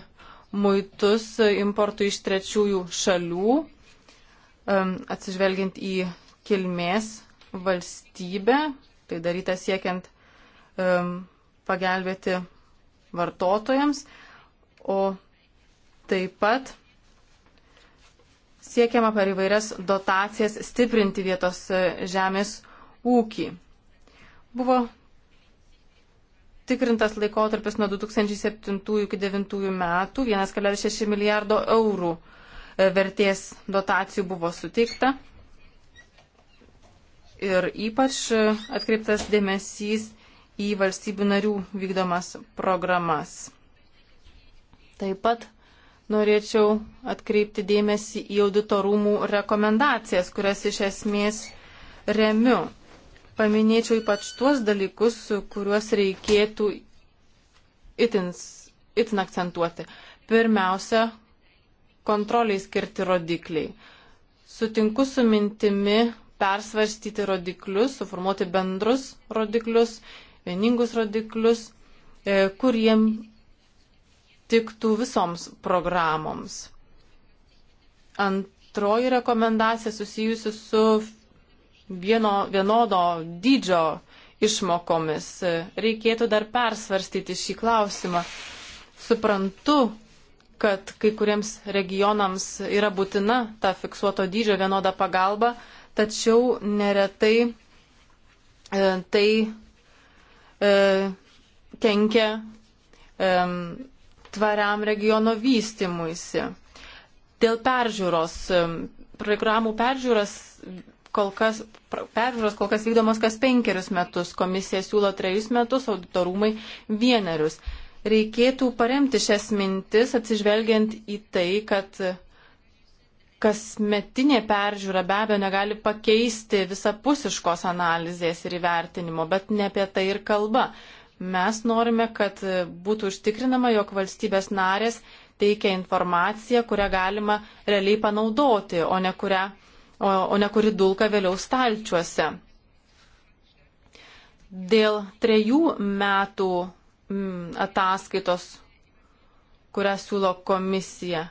muitus importų iš trečiųjų šalių, atsižvelgiant į kilmės valstybę, tai daryta siekiant pagelbėti vartotojams, o taip pat siekiama per įvairias dotacijas stiprinti vietos e, žemės ūkį. Buvo tikrintas laikotarpis nuo 2007 iki 2009 metų, 1,6 milijardo eurų e, vertės dotacijų buvo suteikta. Ir ypač e, atkreiptas dėmesys į valstybių narių vykdomas programas. Taip pat norėčiau atkreipti dėmesį į auditorumų rekomendacijas, kurias iš esmės remiu. Paminėčiau ypač tuos dalykus, kuriuos reikėtų itin, itin akcentuoti. Pirmiausia, kontroliai skirti rodikliai. Sutinku su mintimi persvarstyti rodiklius, suformuoti bendrus rodiklius vieningus rodiklius, e, kur jiem tiktų visoms programoms. Antroji rekomendacija susijusi su vieno, vienodo dydžio išmokomis. E, reikėtų dar persvarstyti šį klausimą. Suprantu, kad kai kuriems regionams yra būtina ta fiksuoto dydžio vienoda pagalba, tačiau neretai e, tai E, kenkia e, tvariam regiono vystimuisi. Dėl peržiūros, e, programų peržiūros kol kas, peržiūros kol kas vykdomos kas penkerius metus, komisija siūlo trejus metus, auditorumai vienerius. Reikėtų paremti šias mintis, atsižvelgiant į tai, kad kasmetinė peržiūra be abejo negali pakeisti visapusiškos analizės ir įvertinimo, bet ne apie tai ir kalba. Mes norime, kad būtų užtikrinama, jog valstybės narės teikia informaciją, kurią galima realiai panaudoti, o ne, kurią, o, o ne kuri dulka vėliau stalčiuose. Dėl trejų metų m, mm, ataskaitos, kurią siūlo komisija,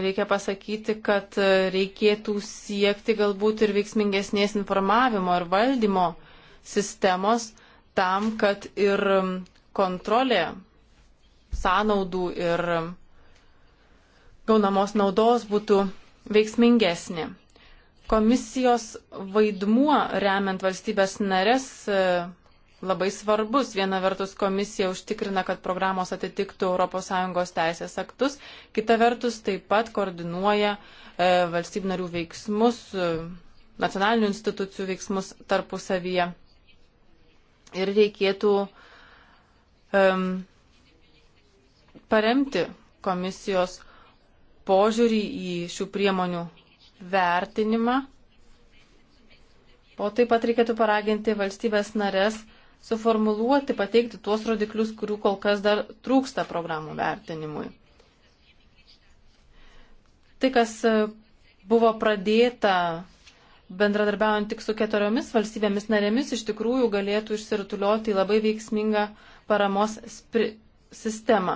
reikia pasakyti, kad reikėtų siekti galbūt ir veiksmingesnės informavimo ir valdymo sistemos tam, kad ir kontrolė sąnaudų ir gaunamos naudos būtų veiksmingesnė. Komisijos vaidmuo remiant valstybės nares labai svarbus. Viena vertus komisija užtikrina, kad programos atitiktų ES teisės aktus, kita vertus taip pat koordinuoja e, valstybių narių veiksmus, e, nacionalinių institucijų veiksmus tarpusavyje. Ir reikėtų e, paremti komisijos požiūrį į šių priemonių vertinimą. O taip pat reikėtų paraginti valstybės narės suformuluoti, pateikti tuos rodiklius, kurių kol kas dar trūksta programų vertinimui. Tai, kas e, buvo pradėta bendradarbiaujant tik su keturiomis valstybėmis narėmis, iš tikrųjų galėtų išsirutulioti į labai veiksmingą paramos sistemą.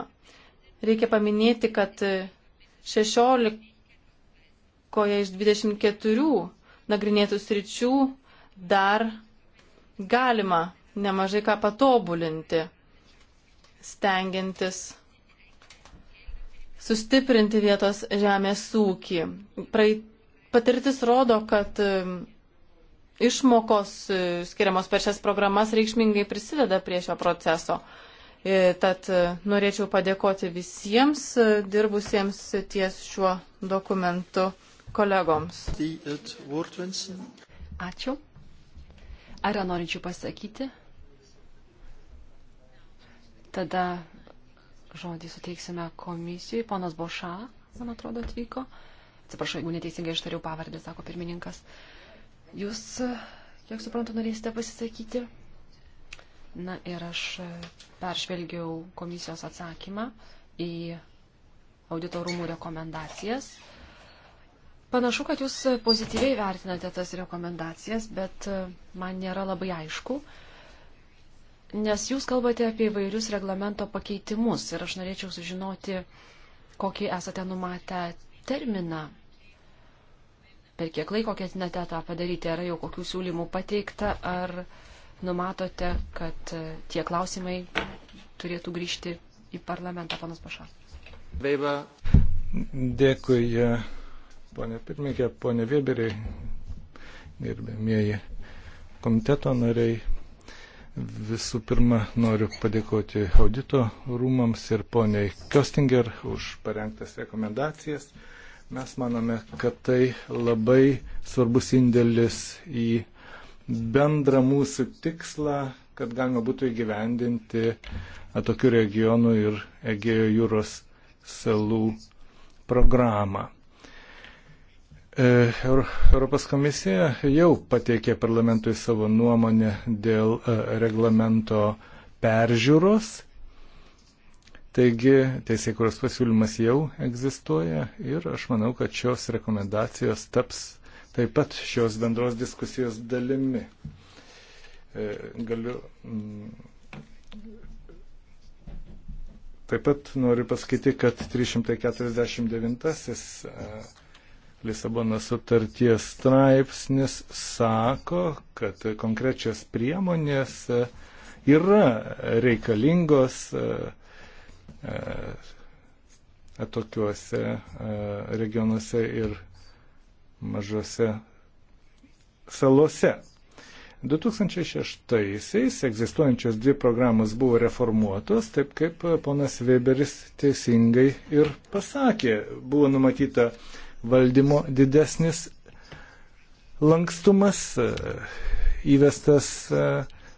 Reikia paminėti, kad 16 e, iš 24 nagrinėtų sričių dar galima nemažai ką patobulinti, stengiantis sustiprinti vietos žemės ūkį. Praeit, patirtis rodo, kad um, išmokos e, skiriamos per šias programas reikšmingai prisideda prie šio proceso. E, tad e, norėčiau padėkoti visiems dirbusiems ties šiuo dokumentu kolegoms. Ačiū. Ar norinčių pasakyti? Tada žodį suteiksime komisijai. Ponas Boša, man atrodo, atvyko. Atsiprašau, jeigu neteisingai ištariau pavardę, sako pirmininkas. Jūs, kiek suprantu, norėsite pasisakyti. Na ir aš peržvelgiau komisijos atsakymą į auditorumų rekomendacijas. Panašu, kad jūs pozityviai vertinate tas rekomendacijas, bet man nėra labai aišku, nes jūs kalbate apie įvairius reglamento pakeitimus ir aš norėčiau sužinoti, kokį esate numatę terminą, per kiek laiko ketinate tą padaryti, ar jau kokių siūlymų pateikta, ar numatote, kad e, tie klausimai turėtų grįžti į parlamentą, panas Paša. Veiva. Dėkui, e, ponė pirmininkė, ponė Weberiai, gerbėmieji komiteto nariai. Visų pirma, noriu padėkoti audito rūmams ir poniai Kostinger už parengtas rekomendacijas. Mes manome, kad tai labai svarbus indėlis į bendrą mūsų tikslą, kad galima būtų įgyvendinti atokių regionų ir Egėjo jūros salų programą. E, Europos komisija jau pateikė parlamentui savo nuomonę dėl e, reglamento peržiūros. Taigi teisėkuros pasiūlymas jau egzistuoja ir aš manau, kad šios rekomendacijos taps taip pat šios bendros diskusijos dalimi. E, galiu. Mm, taip pat noriu pasakyti, kad 349 Lisabono sutarties straipsnis sako, kad konkrečios priemonės e, yra reikalingos e, e, atokiuose regionuose ir mažose salose. 2006-aisiais egzistuojančios dvi programos buvo reformuotos, taip kaip ponas Weberis teisingai ir pasakė. Buvo numatyta valdymo didesnis lankstumas, e, įvestas e,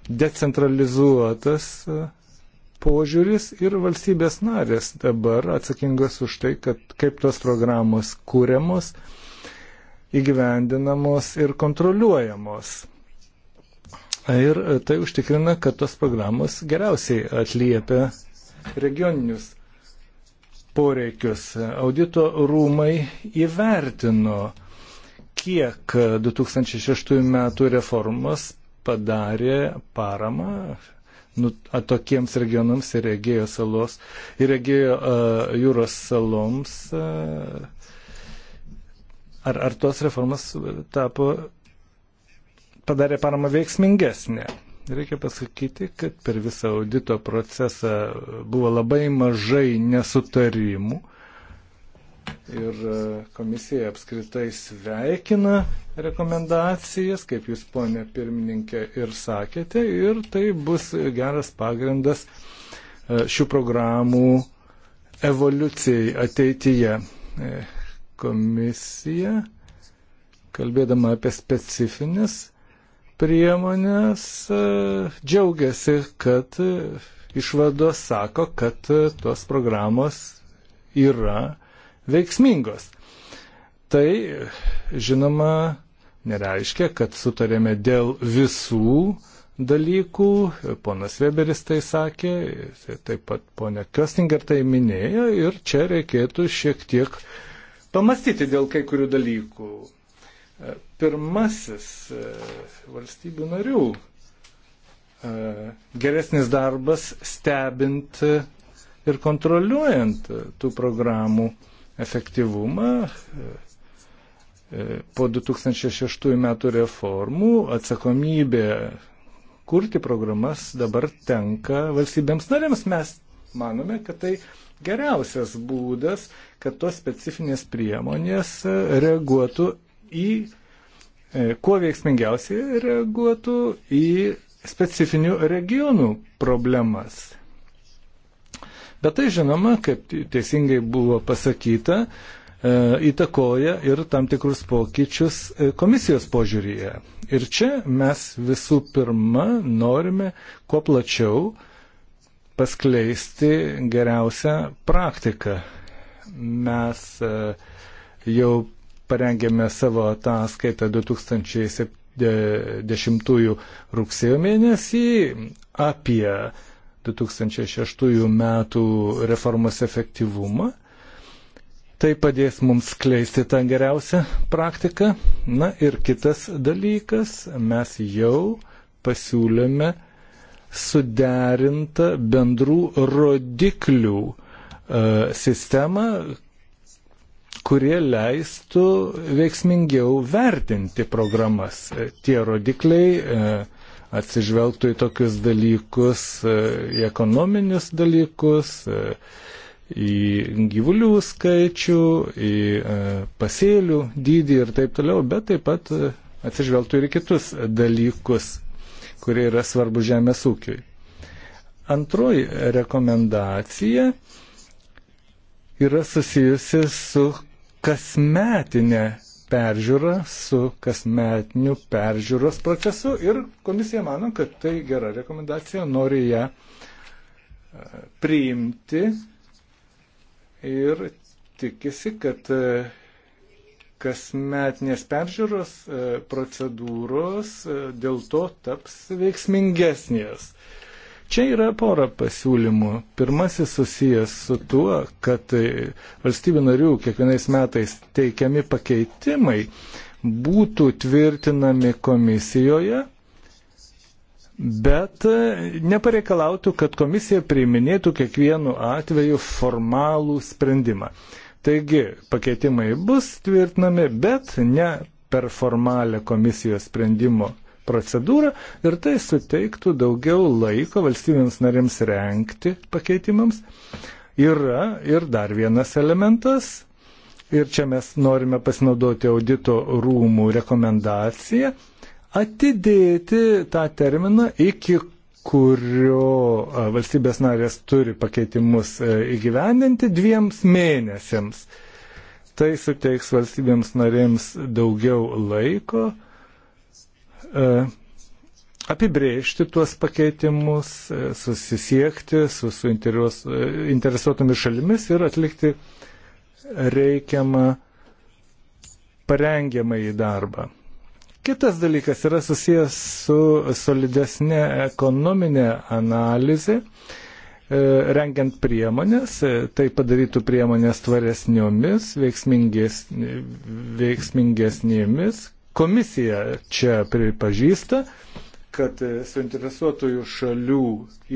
decentralizuotas e, požiūris ir valstybės narės dabar atsakingos už tai, kad kaip tos programos kūriamos, įgyvendinamos ir kontroliuojamos. Ir tai užtikrina, kad tos programos geriausiai atliepia regioninius poreikius. Audito rūmai įvertino, kiek 2006 metų reformos padarė paramą nu, atokiems regionams ir Egėjo salos, ir Egėjo uh, jūros saloms. Uh, ar, ar tos reformas tapo, padarė paramą veiksmingesnė? Reikia pasakyti, kad per visą audito procesą buvo labai mažai nesutarimų ir e, komisija apskritai sveikina rekomendacijas, kaip jūs, ponė pirmininkė, ir sakėte, ir tai bus geras pagrindas e, šių programų evoliucijai ateityje. E, komisija, kalbėdama apie specifinis priemonės, e, džiaugiasi, kad e, išvados sako, kad e, tos programos yra veiksmingos. Tai, žinoma, nereiškia, kad sutarėme dėl visų dalykų. Ponas Weberis tai sakė, taip pat ponė Köstinger tai minėjo ir čia reikėtų šiek tiek pamastyti dėl kai kurių dalykų pirmasis e, valstybių narių e, geresnis darbas stebint ir kontroliuojant tų programų efektyvumą. E, po 2006 metų reformų atsakomybė kurti programas dabar tenka valstybėms narėms. Mes manome, kad tai geriausias būdas, kad tos specifinės priemonės reaguotų į E, kuo veiksmingiausiai reaguotų į specifinių regionų problemas. Bet tai žinoma, kaip teisingai buvo pasakyta, e, įtakoja ir tam tikrus pokyčius e, komisijos požiūryje. Ir čia mes visų pirma norime kuo plačiau paskleisti geriausią praktiką. Mes jau parengėme savo ataskaitą 2010 rugsėjo mėnesį apie 2006 metų reformos efektyvumą. Tai padės mums skleisti tą geriausią praktiką. Na ir kitas dalykas, mes jau pasiūlėme suderintą bendrų rodiklių e, sistemą, kurie leistų veiksmingiau vertinti programas. E, tie rodikliai e, atsižvelgtų į tokius dalykus, e, į ekonominius dalykus, į gyvulių skaičių, į pasėlių dydį ir taip toliau, bet taip pat atsižvelgtų ir kitus dalykus, kurie yra svarbu žemės ūkiui. Antroji rekomendacija yra susijusi su kasmetinę peržiūrą su kasmetiniu peržiūros procesu ir komisija mano, kad tai gera rekomendacija, nori ją e, priimti ir tikisi, kad e, kasmetinės peržiūros e, procedūros dėl to taps veiksmingesnės. Čia yra pora pasiūlymų. Pirmasis susijęs su tuo, kad valstybių narių kiekvienais metais teikiami pakeitimai būtų tvirtinami komisijoje, bet nepareikalautų, kad komisija priiminėtų kiekvienu atveju formalų sprendimą. Taigi pakeitimai bus tvirtinami, bet ne per formalę komisijos sprendimo procedūrą ir tai suteiktų daugiau laiko valstybėms narėms renkti pakeitimams. Yra ir dar vienas elementas, ir čia mes norime pasinaudoti audito rūmų rekomendaciją, atidėti tą terminą iki kurio valstybės narės turi pakeitimus e, įgyvendinti dviems mėnesiams. Tai suteiks valstybėms narėms daugiau laiko E, apibrėžti tuos pakeitimus, e, susisiekti su suinteresuotomis e, šalimis ir atlikti reikiamą parengiamą į darbą. Kitas dalykas yra susijęs su solidesnė ekonominė analizė, rengiant priemonės, tai padarytų priemonės tvaresniomis, veiksmingesnėmis, Komisija čia pripažįsta, kad e, suinteresuotųjų šalių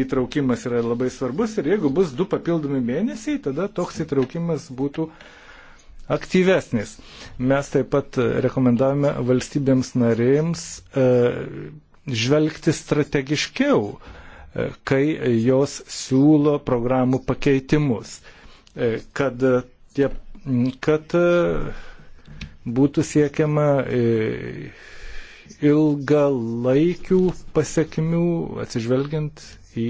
įtraukimas yra labai svarbus ir jeigu bus du papildomi mėnesiai, tada toks įtraukimas būtų aktyvesnis. Mes taip pat rekomendavome valstybėms narėms e, žvelgti strategiškiau, e, kai jos siūlo programų pakeitimus, e, kad, e, tie, kad e, būtų siekiama e, ilgalaikių pasiekmių atsižvelgiant į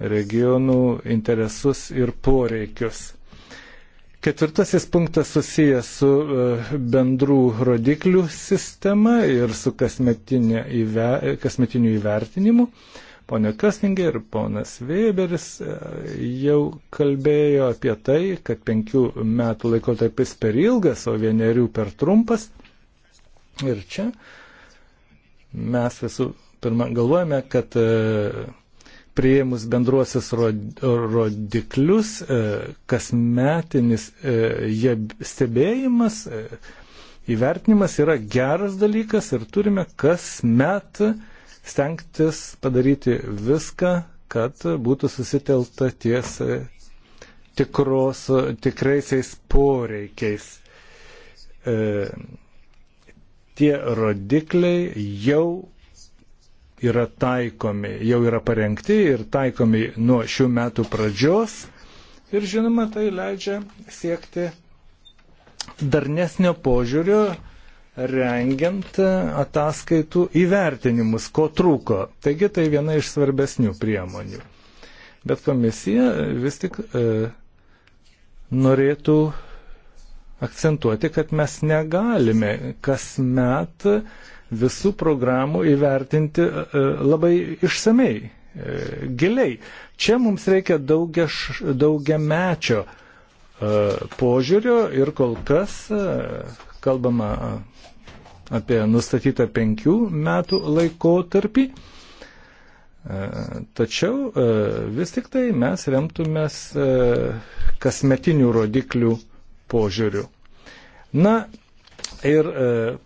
regionų interesus ir poreikius. Ketvirtasis punktas susijęs su e, bendrų rodiklių sistema ir su kasmetiniu įvertinimu. Pone Kastingė ir ponas Weberis e, jau kalbėjo apie tai, kad penkių metų laikotarpis per ilgas, o vienerių per trumpas. Ir čia mes visų pirma galvojame, kad e, prieimus bendruosius rodiklius, e, kasmetinis stebėjimas, įvertinimas yra geras dalykas ir turime kasmet met stengtis padaryti viską, kad būtų susitelta ties tikros, tikraisiais poreikiais. E, tie rodikliai jau yra taikomi, jau yra parengti ir taikomi nuo šių metų pradžios. Ir žinoma, tai leidžia siekti darnesnio požiūrio rengiant ataskaitų įvertinimus, ko trūko. Taigi tai viena iš svarbesnių priemonių. Bet komisija vis tik e, norėtų akcentuoti, kad mes negalime kasmet visų programų įvertinti e, e labai išsamei, e, giliai. Čia mums reikia daugia, daugia mečio e, E, požiūrio ir kol kas e, kalbama apie nustatytą penkių metų laikotarpį. E, tačiau vis tik tai mes remtumės kasmetinių rodiklių požiūrių. Na ir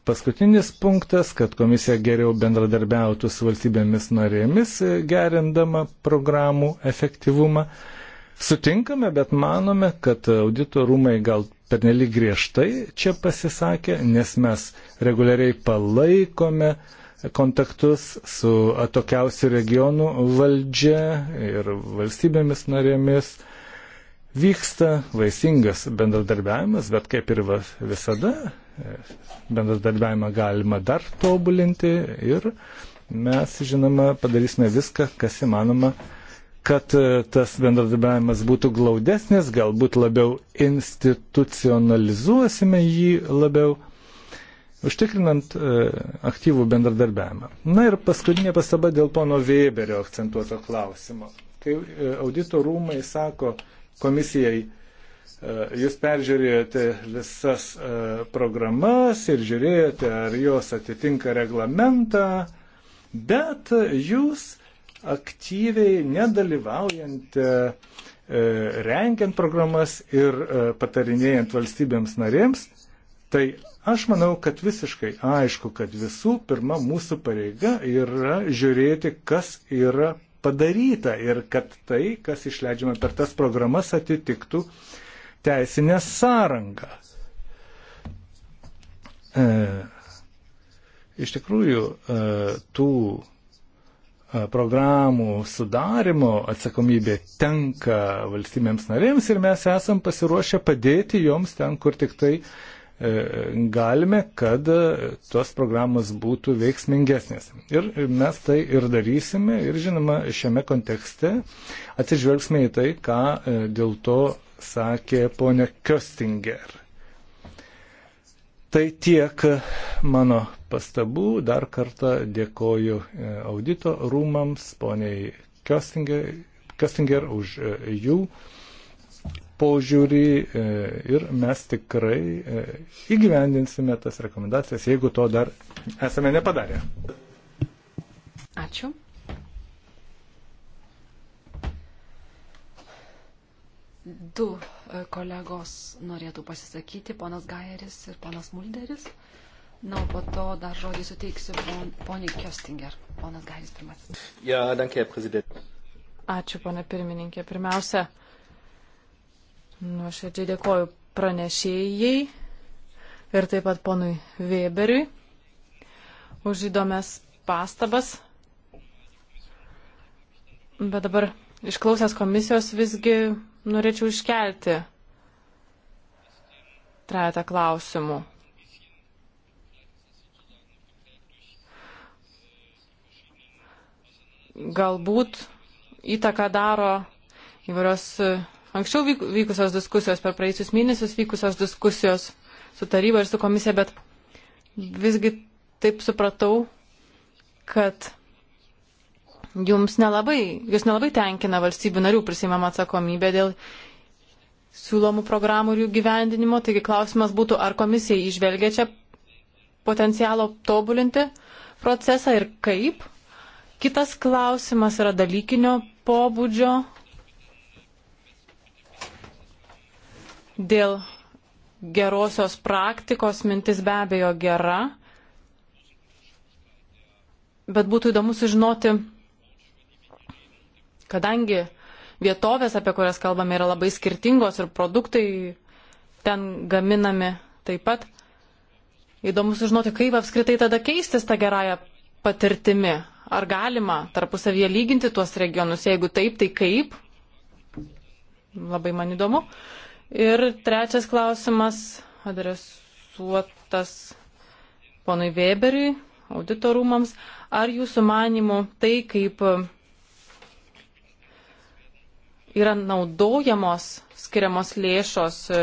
paskutinis punktas, kad komisija geriau bendradarbiautų su valstybėmis narėmis, gerindama programų efektyvumą sutinkame, bet manome, kad audito rūmai gal pernelyg griežtai čia pasisakė, nes mes reguliariai palaikome kontaktus su atokiausių regionų valdžia ir valstybėmis narėmis. Vyksta vaisingas bendradarbiavimas, bet kaip ir visada, bendradarbiavimą galima dar tobulinti ir mes, žinoma, padarysime viską, kas įmanoma, kad e, tas bendradarbiavimas būtų glaudesnis, galbūt labiau institucionalizuosime jį labiau, užtikrinant e, aktyvų bendradarbiavimą. Na ir paskutinė pastaba dėl pono Weberio akcentuoto klausimo. Kai e, audito rūmai sako komisijai, Jūs peržiūrėjote visas programas ir žiūrėjote, ar jos atitinka reglamentą, bet jūs aktyviai nedalyvaujant e, e, rengiant programas ir e, patarinėjant valstybėms narėms, tai aš manau, kad visiškai aišku, kad visų pirma mūsų pareiga yra žiūrėti, kas yra padaryta ir kad tai, kas išleidžiama per tas programas, atitiktų teisinę sąrangą. E, iš tikrųjų, e, tų programų sudarimo atsakomybė tenka valstybėms narėms ir mes esam pasiruošę padėti joms ten, kur tik tai e, galime, kad e, tos programos būtų veiksmingesnės. Ir mes tai ir darysime ir žinoma šiame kontekste atsižvelgsime į tai, ką e, dėl to sakė ponia Köstinger. Tai tiek mano pastabų. Dar kartą dėkoju e, audito rūmams, poniai Köstinger, Köstinger už e, jų požiūrį e, ir mes tikrai įgyvendinsime tas rekomendacijas, jeigu to dar esame nepadarę. Ačiū. Du kolegos norėtų pasisakyti, ponas Gajeris ir ponas Mulderis. Na, o po to dar žodį suteiksiu pon, poniai Kjostinger. Ponas Gajeris pirmasis. Ja, dankė, prezidentė. Ačiū, ponė pirmininkė. Pirmiausia, nuoširdžiai dėkoju pranešėjai ir taip pat ponui Weberiui už įdomias pastabas. Bet dabar išklausęs komisijos visgi norėčiau iškelti trejata klausimų. Galbūt įtaką daro įvairios e, anksčiau vykusios diskusijos, per praeisius mėnesius vykusios diskusijos su taryba ir su komisija, bet visgi taip supratau, kad jums nelabai, jūs nelabai tenkina valstybių narių prisimama atsakomybė dėl siūlomų programų ir jų gyvendinimo. Taigi klausimas būtų, ar komisija išvelgia čia potencialo tobulinti procesą ir kaip. Kitas klausimas yra dalykinio pobūdžio dėl gerosios praktikos mintis be abejo gera, bet būtų įdomu sužinoti, Kadangi vietovės, apie kurias kalbame, yra labai skirtingos ir produktai ten gaminami taip pat, įdomu sužinoti, kaip apskritai tada keistis tą gerąją patirtimi. Ar galima tarpusavyje lyginti tuos regionus? Jeigu taip, tai kaip? Labai man įdomu. Ir trečias klausimas adresuotas ponui Weberiui, auditorumams. Ar jūsų manimų tai, kaip yra naudojamos skiriamos lėšos e,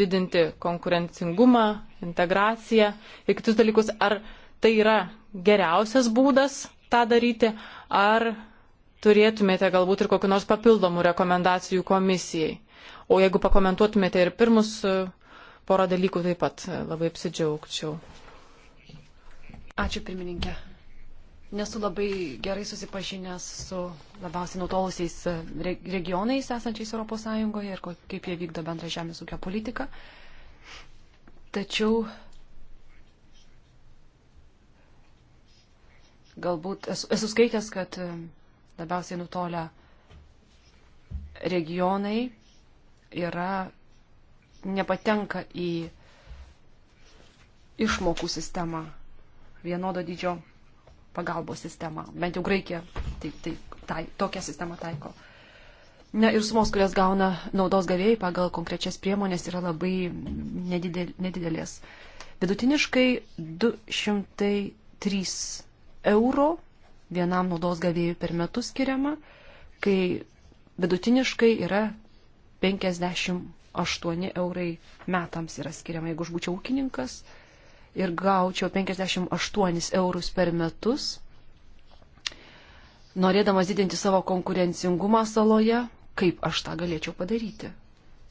didinti konkurencingumą, integraciją ir kitus dalykus, ar tai yra geriausias būdas tą daryti, ar turėtumėte galbūt ir kokiu nors papildomų rekomendacijų komisijai. O jeigu pakomentuotumėte ir pirmus e, porą dalykų taip pat e, labai apsidžiaugčiau. Ačiū pirmininkė nesu labai gerai susipažinęs su labiausiai nutolusiais e, regionais esančiais ES ir kaip jie vykdo bendrą žemės ūkio politiką. Tačiau galbūt esu, esu skaitęs, kad e, labiausiai nutolę regionai yra nepatenka į išmokų sistemą vienodo dydžio pagalbos sistemą. Bent jau Graikija tai, tai, tai, tokią sistemą taiko. Na ir sumos, kurias gauna naudos gavėjai pagal konkrečias priemonės, yra labai nedidel, nedidelės. Vidutiniškai 203 eurų vienam naudos gavėjui per metus skiriama, kai vidutiniškai yra 58 eurai metams yra skiriama, jeigu aš būčiau ūkininkas, ir gaučiau 58 eurus per metus. Norėdamas didinti savo konkurencingumą saloje, kaip aš tą galėčiau padaryti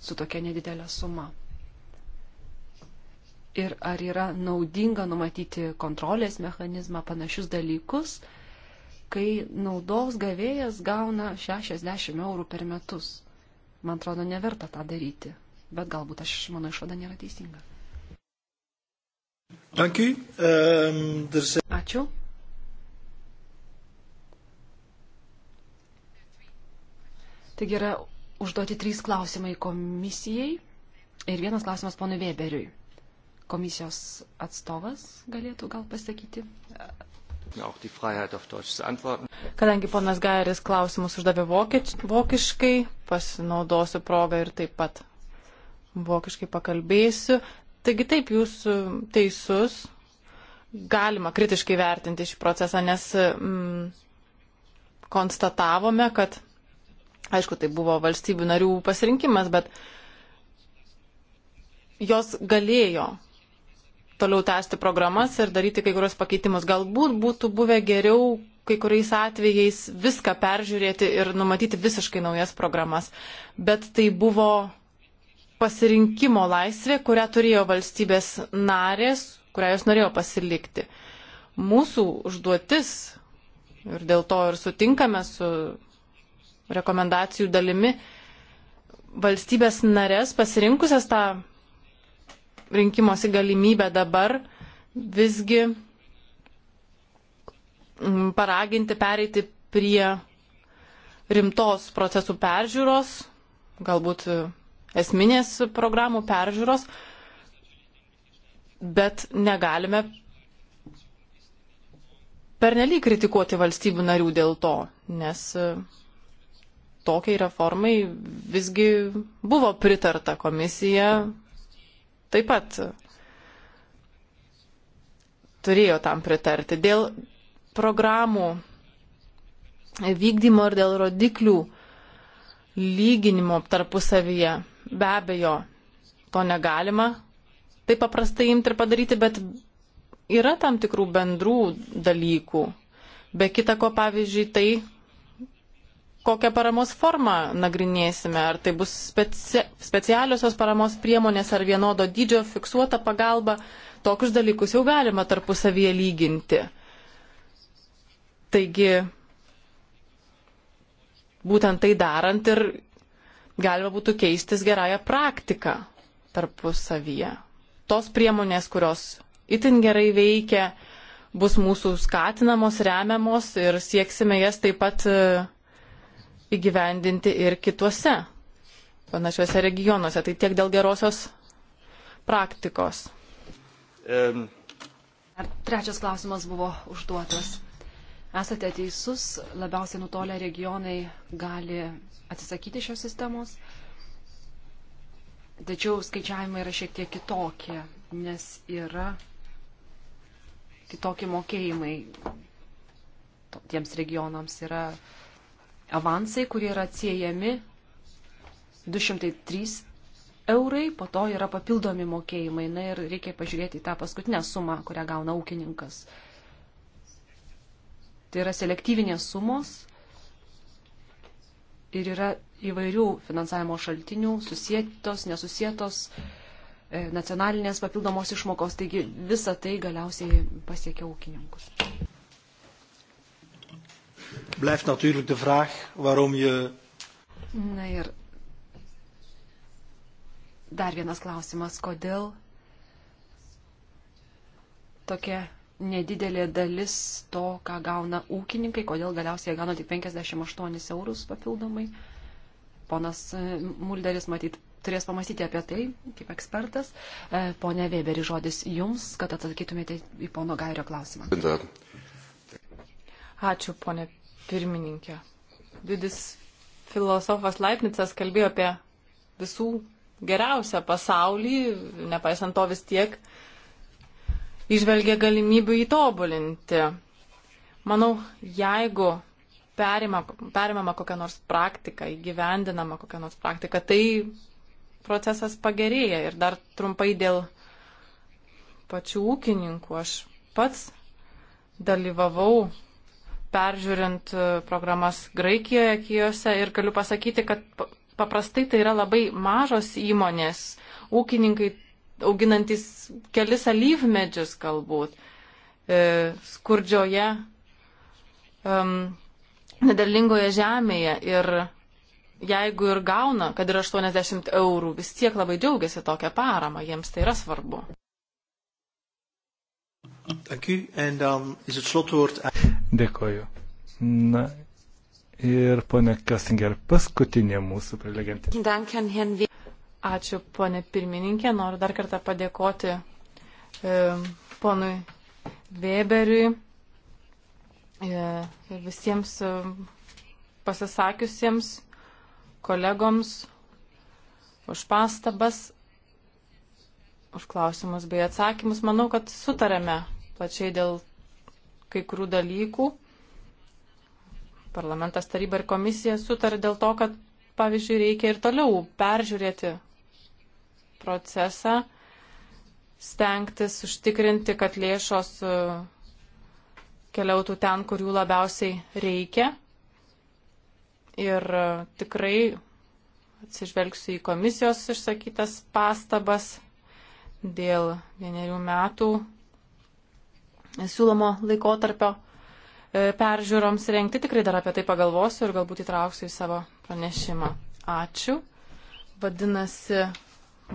su tokia nedidelė suma. Ir ar yra naudinga numatyti kontrolės mechanizmą panašius dalykus, kai naudos gavėjas gauna 60 eurų per metus. Man atrodo, neverta tą daryti, bet galbūt aš, mano išvada nėra teisinga. Um, Ačiū. Taigi yra užduoti trys klausimai komisijai ir vienas klausimas ponui Weberiui. Komisijos atstovas galėtų gal pasakyti. Kadangi ponas Gairis klausimus uždavė vokieč, vokiškai, pasinaudosiu progą ir taip pat vokiškai pakalbėsiu. Taigi taip, jūs e, teisus, galima kritiškai vertinti šį procesą, nes mm, konstatavome, kad, aišku, tai buvo valstybių narių pasirinkimas, bet jos galėjo toliau tęsti programas ir daryti kai kurios pakeitimus. Galbūt būtų buvę geriau kai kuriais atvejais viską peržiūrėti ir numatyti visiškai naujas programas, bet tai buvo pasirinkimo laisvė, kurią turėjo valstybės narės, kurią jos norėjo pasilikti. Mūsų užduotis, ir dėl to ir sutinkame su rekomendacijų dalimi, valstybės narės pasirinkusias tą rinkimosi galimybę dabar visgi mm, paraginti pereiti prie rimtos procesų peržiūros, galbūt esminės programų peržiūros, bet negalime pernelyg kritikuoti valstybių narių dėl to, nes e, tokiai reformai visgi buvo pritarta komisija taip pat turėjo tam pritarti. Dėl programų vykdymo ir dėl rodiklių lyginimo tarpusavyje Be abejo, to negalima taip paprastai imti ir padaryti, bet yra tam tikrų bendrų dalykų. Be kita ko, pavyzdžiui, tai, kokią paramos formą nagrinėsime, ar tai bus speci specialiosios paramos priemonės, ar vienodo dydžio fiksuota pagalba, tokius dalykus jau galima tarpusavyje lyginti. Taigi, būtent tai darant ir galima būtų keistis gerąją praktiką tarpusavyje. Tos priemonės, kurios itin gerai veikia, bus mūsų skatinamos, remiamos ir sieksime jas taip pat e, įgyvendinti ir kituose panašiuose regionuose. Tai tiek dėl gerosios praktikos. Um. Trečias klausimas buvo užduotas. Esate teisus, labiausiai nutolę regionai gali atsisakyti šios sistemos, tačiau skaičiavimai yra šiek tiek kitokie, nes yra kitokie mokėjimai tiems regionams yra avansai, kurie yra atsiejami 203 eurai, po to yra papildomi mokėjimai. Na ir reikia pažiūrėti tą paskutinę sumą, kurią gauna ūkininkas. Tai yra selektyvinės sumos ir yra įvairių finansavimo šaltinių, susietos, nesusietos, e, nacionalinės papildomos išmokos, taigi visa tai galiausiai pasiekia ūkininkus. Blijft natuurlijk de vraag waarom je. Na ir dar vienas klausimas, kodėl tokia nedidelė dalis to, ką gauna ūkininkai, kodėl galiausiai jie gauna tik 58 eurus papildomai. Ponas e, Mulderis, matyt, turės pamastyti apie tai, kaip ekspertas. E, Pone Weberi, žodis jums, kad atsakytumėte į pono Gairio klausimą. Ačiū, ponė pirmininkė. Didis filosofas Leibnicas kalbėjo apie visų geriausią pasaulį, nepaisant to vis tiek uh, išvelgia galimybių įtobulinti. Manau, jeigu perima, perimama kokia nors praktika, įgyvendinama kokia nors praktika, tai procesas pagerėja. Ir dar trumpai dėl pačių ūkininkų. Aš pats dalyvavau peržiūrint e, programas Graikijoje, Kijose ir galiu pasakyti, kad paprastai tai yra labai mažos įmonės. Ūkininkai auginantis kelis alyvmedžius galbūt e, skurdžioje, um, nederlingoje žemėje ir jeigu ir gauna, kad ir 80 eurų, vis tiek labai džiaugiasi tokią paramą, jiems tai yra svarbu. Um, Dėkoju. Na ir ponia Kastinger, paskutinė mūsų prelegentė. Ačiū, ponė pirmininkė. Noriu dar kartą padėkoti e, ponui Weberiui e, ir visiems e, pasisakiusiems kolegoms už pastabas, už klausimus bei atsakymus. Manau, kad sutarėme plačiai dėl kai kurių dalykų. Parlamentas, taryba ir komisija sutarė dėl to, kad pavyzdžiui, reikia ir toliau peržiūrėti procesą, stengtis užtikrinti, kad lėšos e, keliautų ten, kur jų labiausiai reikia. Ir e, tikrai atsižvelgsiu į komisijos išsakytas pastabas dėl vienerių metų siūlomo laikotarpio e, peržiūroms rengti. Tikrai dar apie tai pagalvosiu ir galbūt įtrauksiu į savo pranešimą. Ačiū. Vadinasi,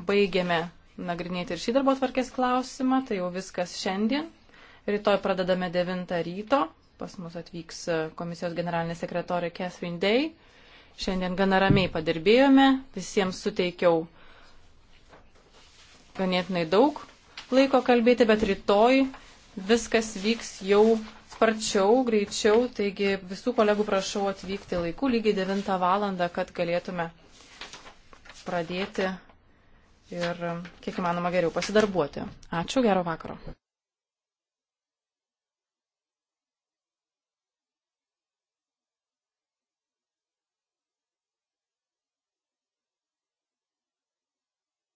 baigėme nagrinėti ir šį darbo tvarkės klausimą, tai jau viskas šiandien. Rytoj pradedame 9 ryto, pas mus atvyks komisijos generalinė sekretorė Catherine Day. Šiandien gana ramiai padirbėjome, visiems suteikiau ganėtinai daug laiko kalbėti, bet rytoj viskas vyks jau sparčiau, greičiau, taigi visų kolegų prašau atvykti laiku lygiai 9 valandą, kad galėtume pradėti ir kiek įmanoma geriau pasidarbuoti. Ačiū, gero vakaro.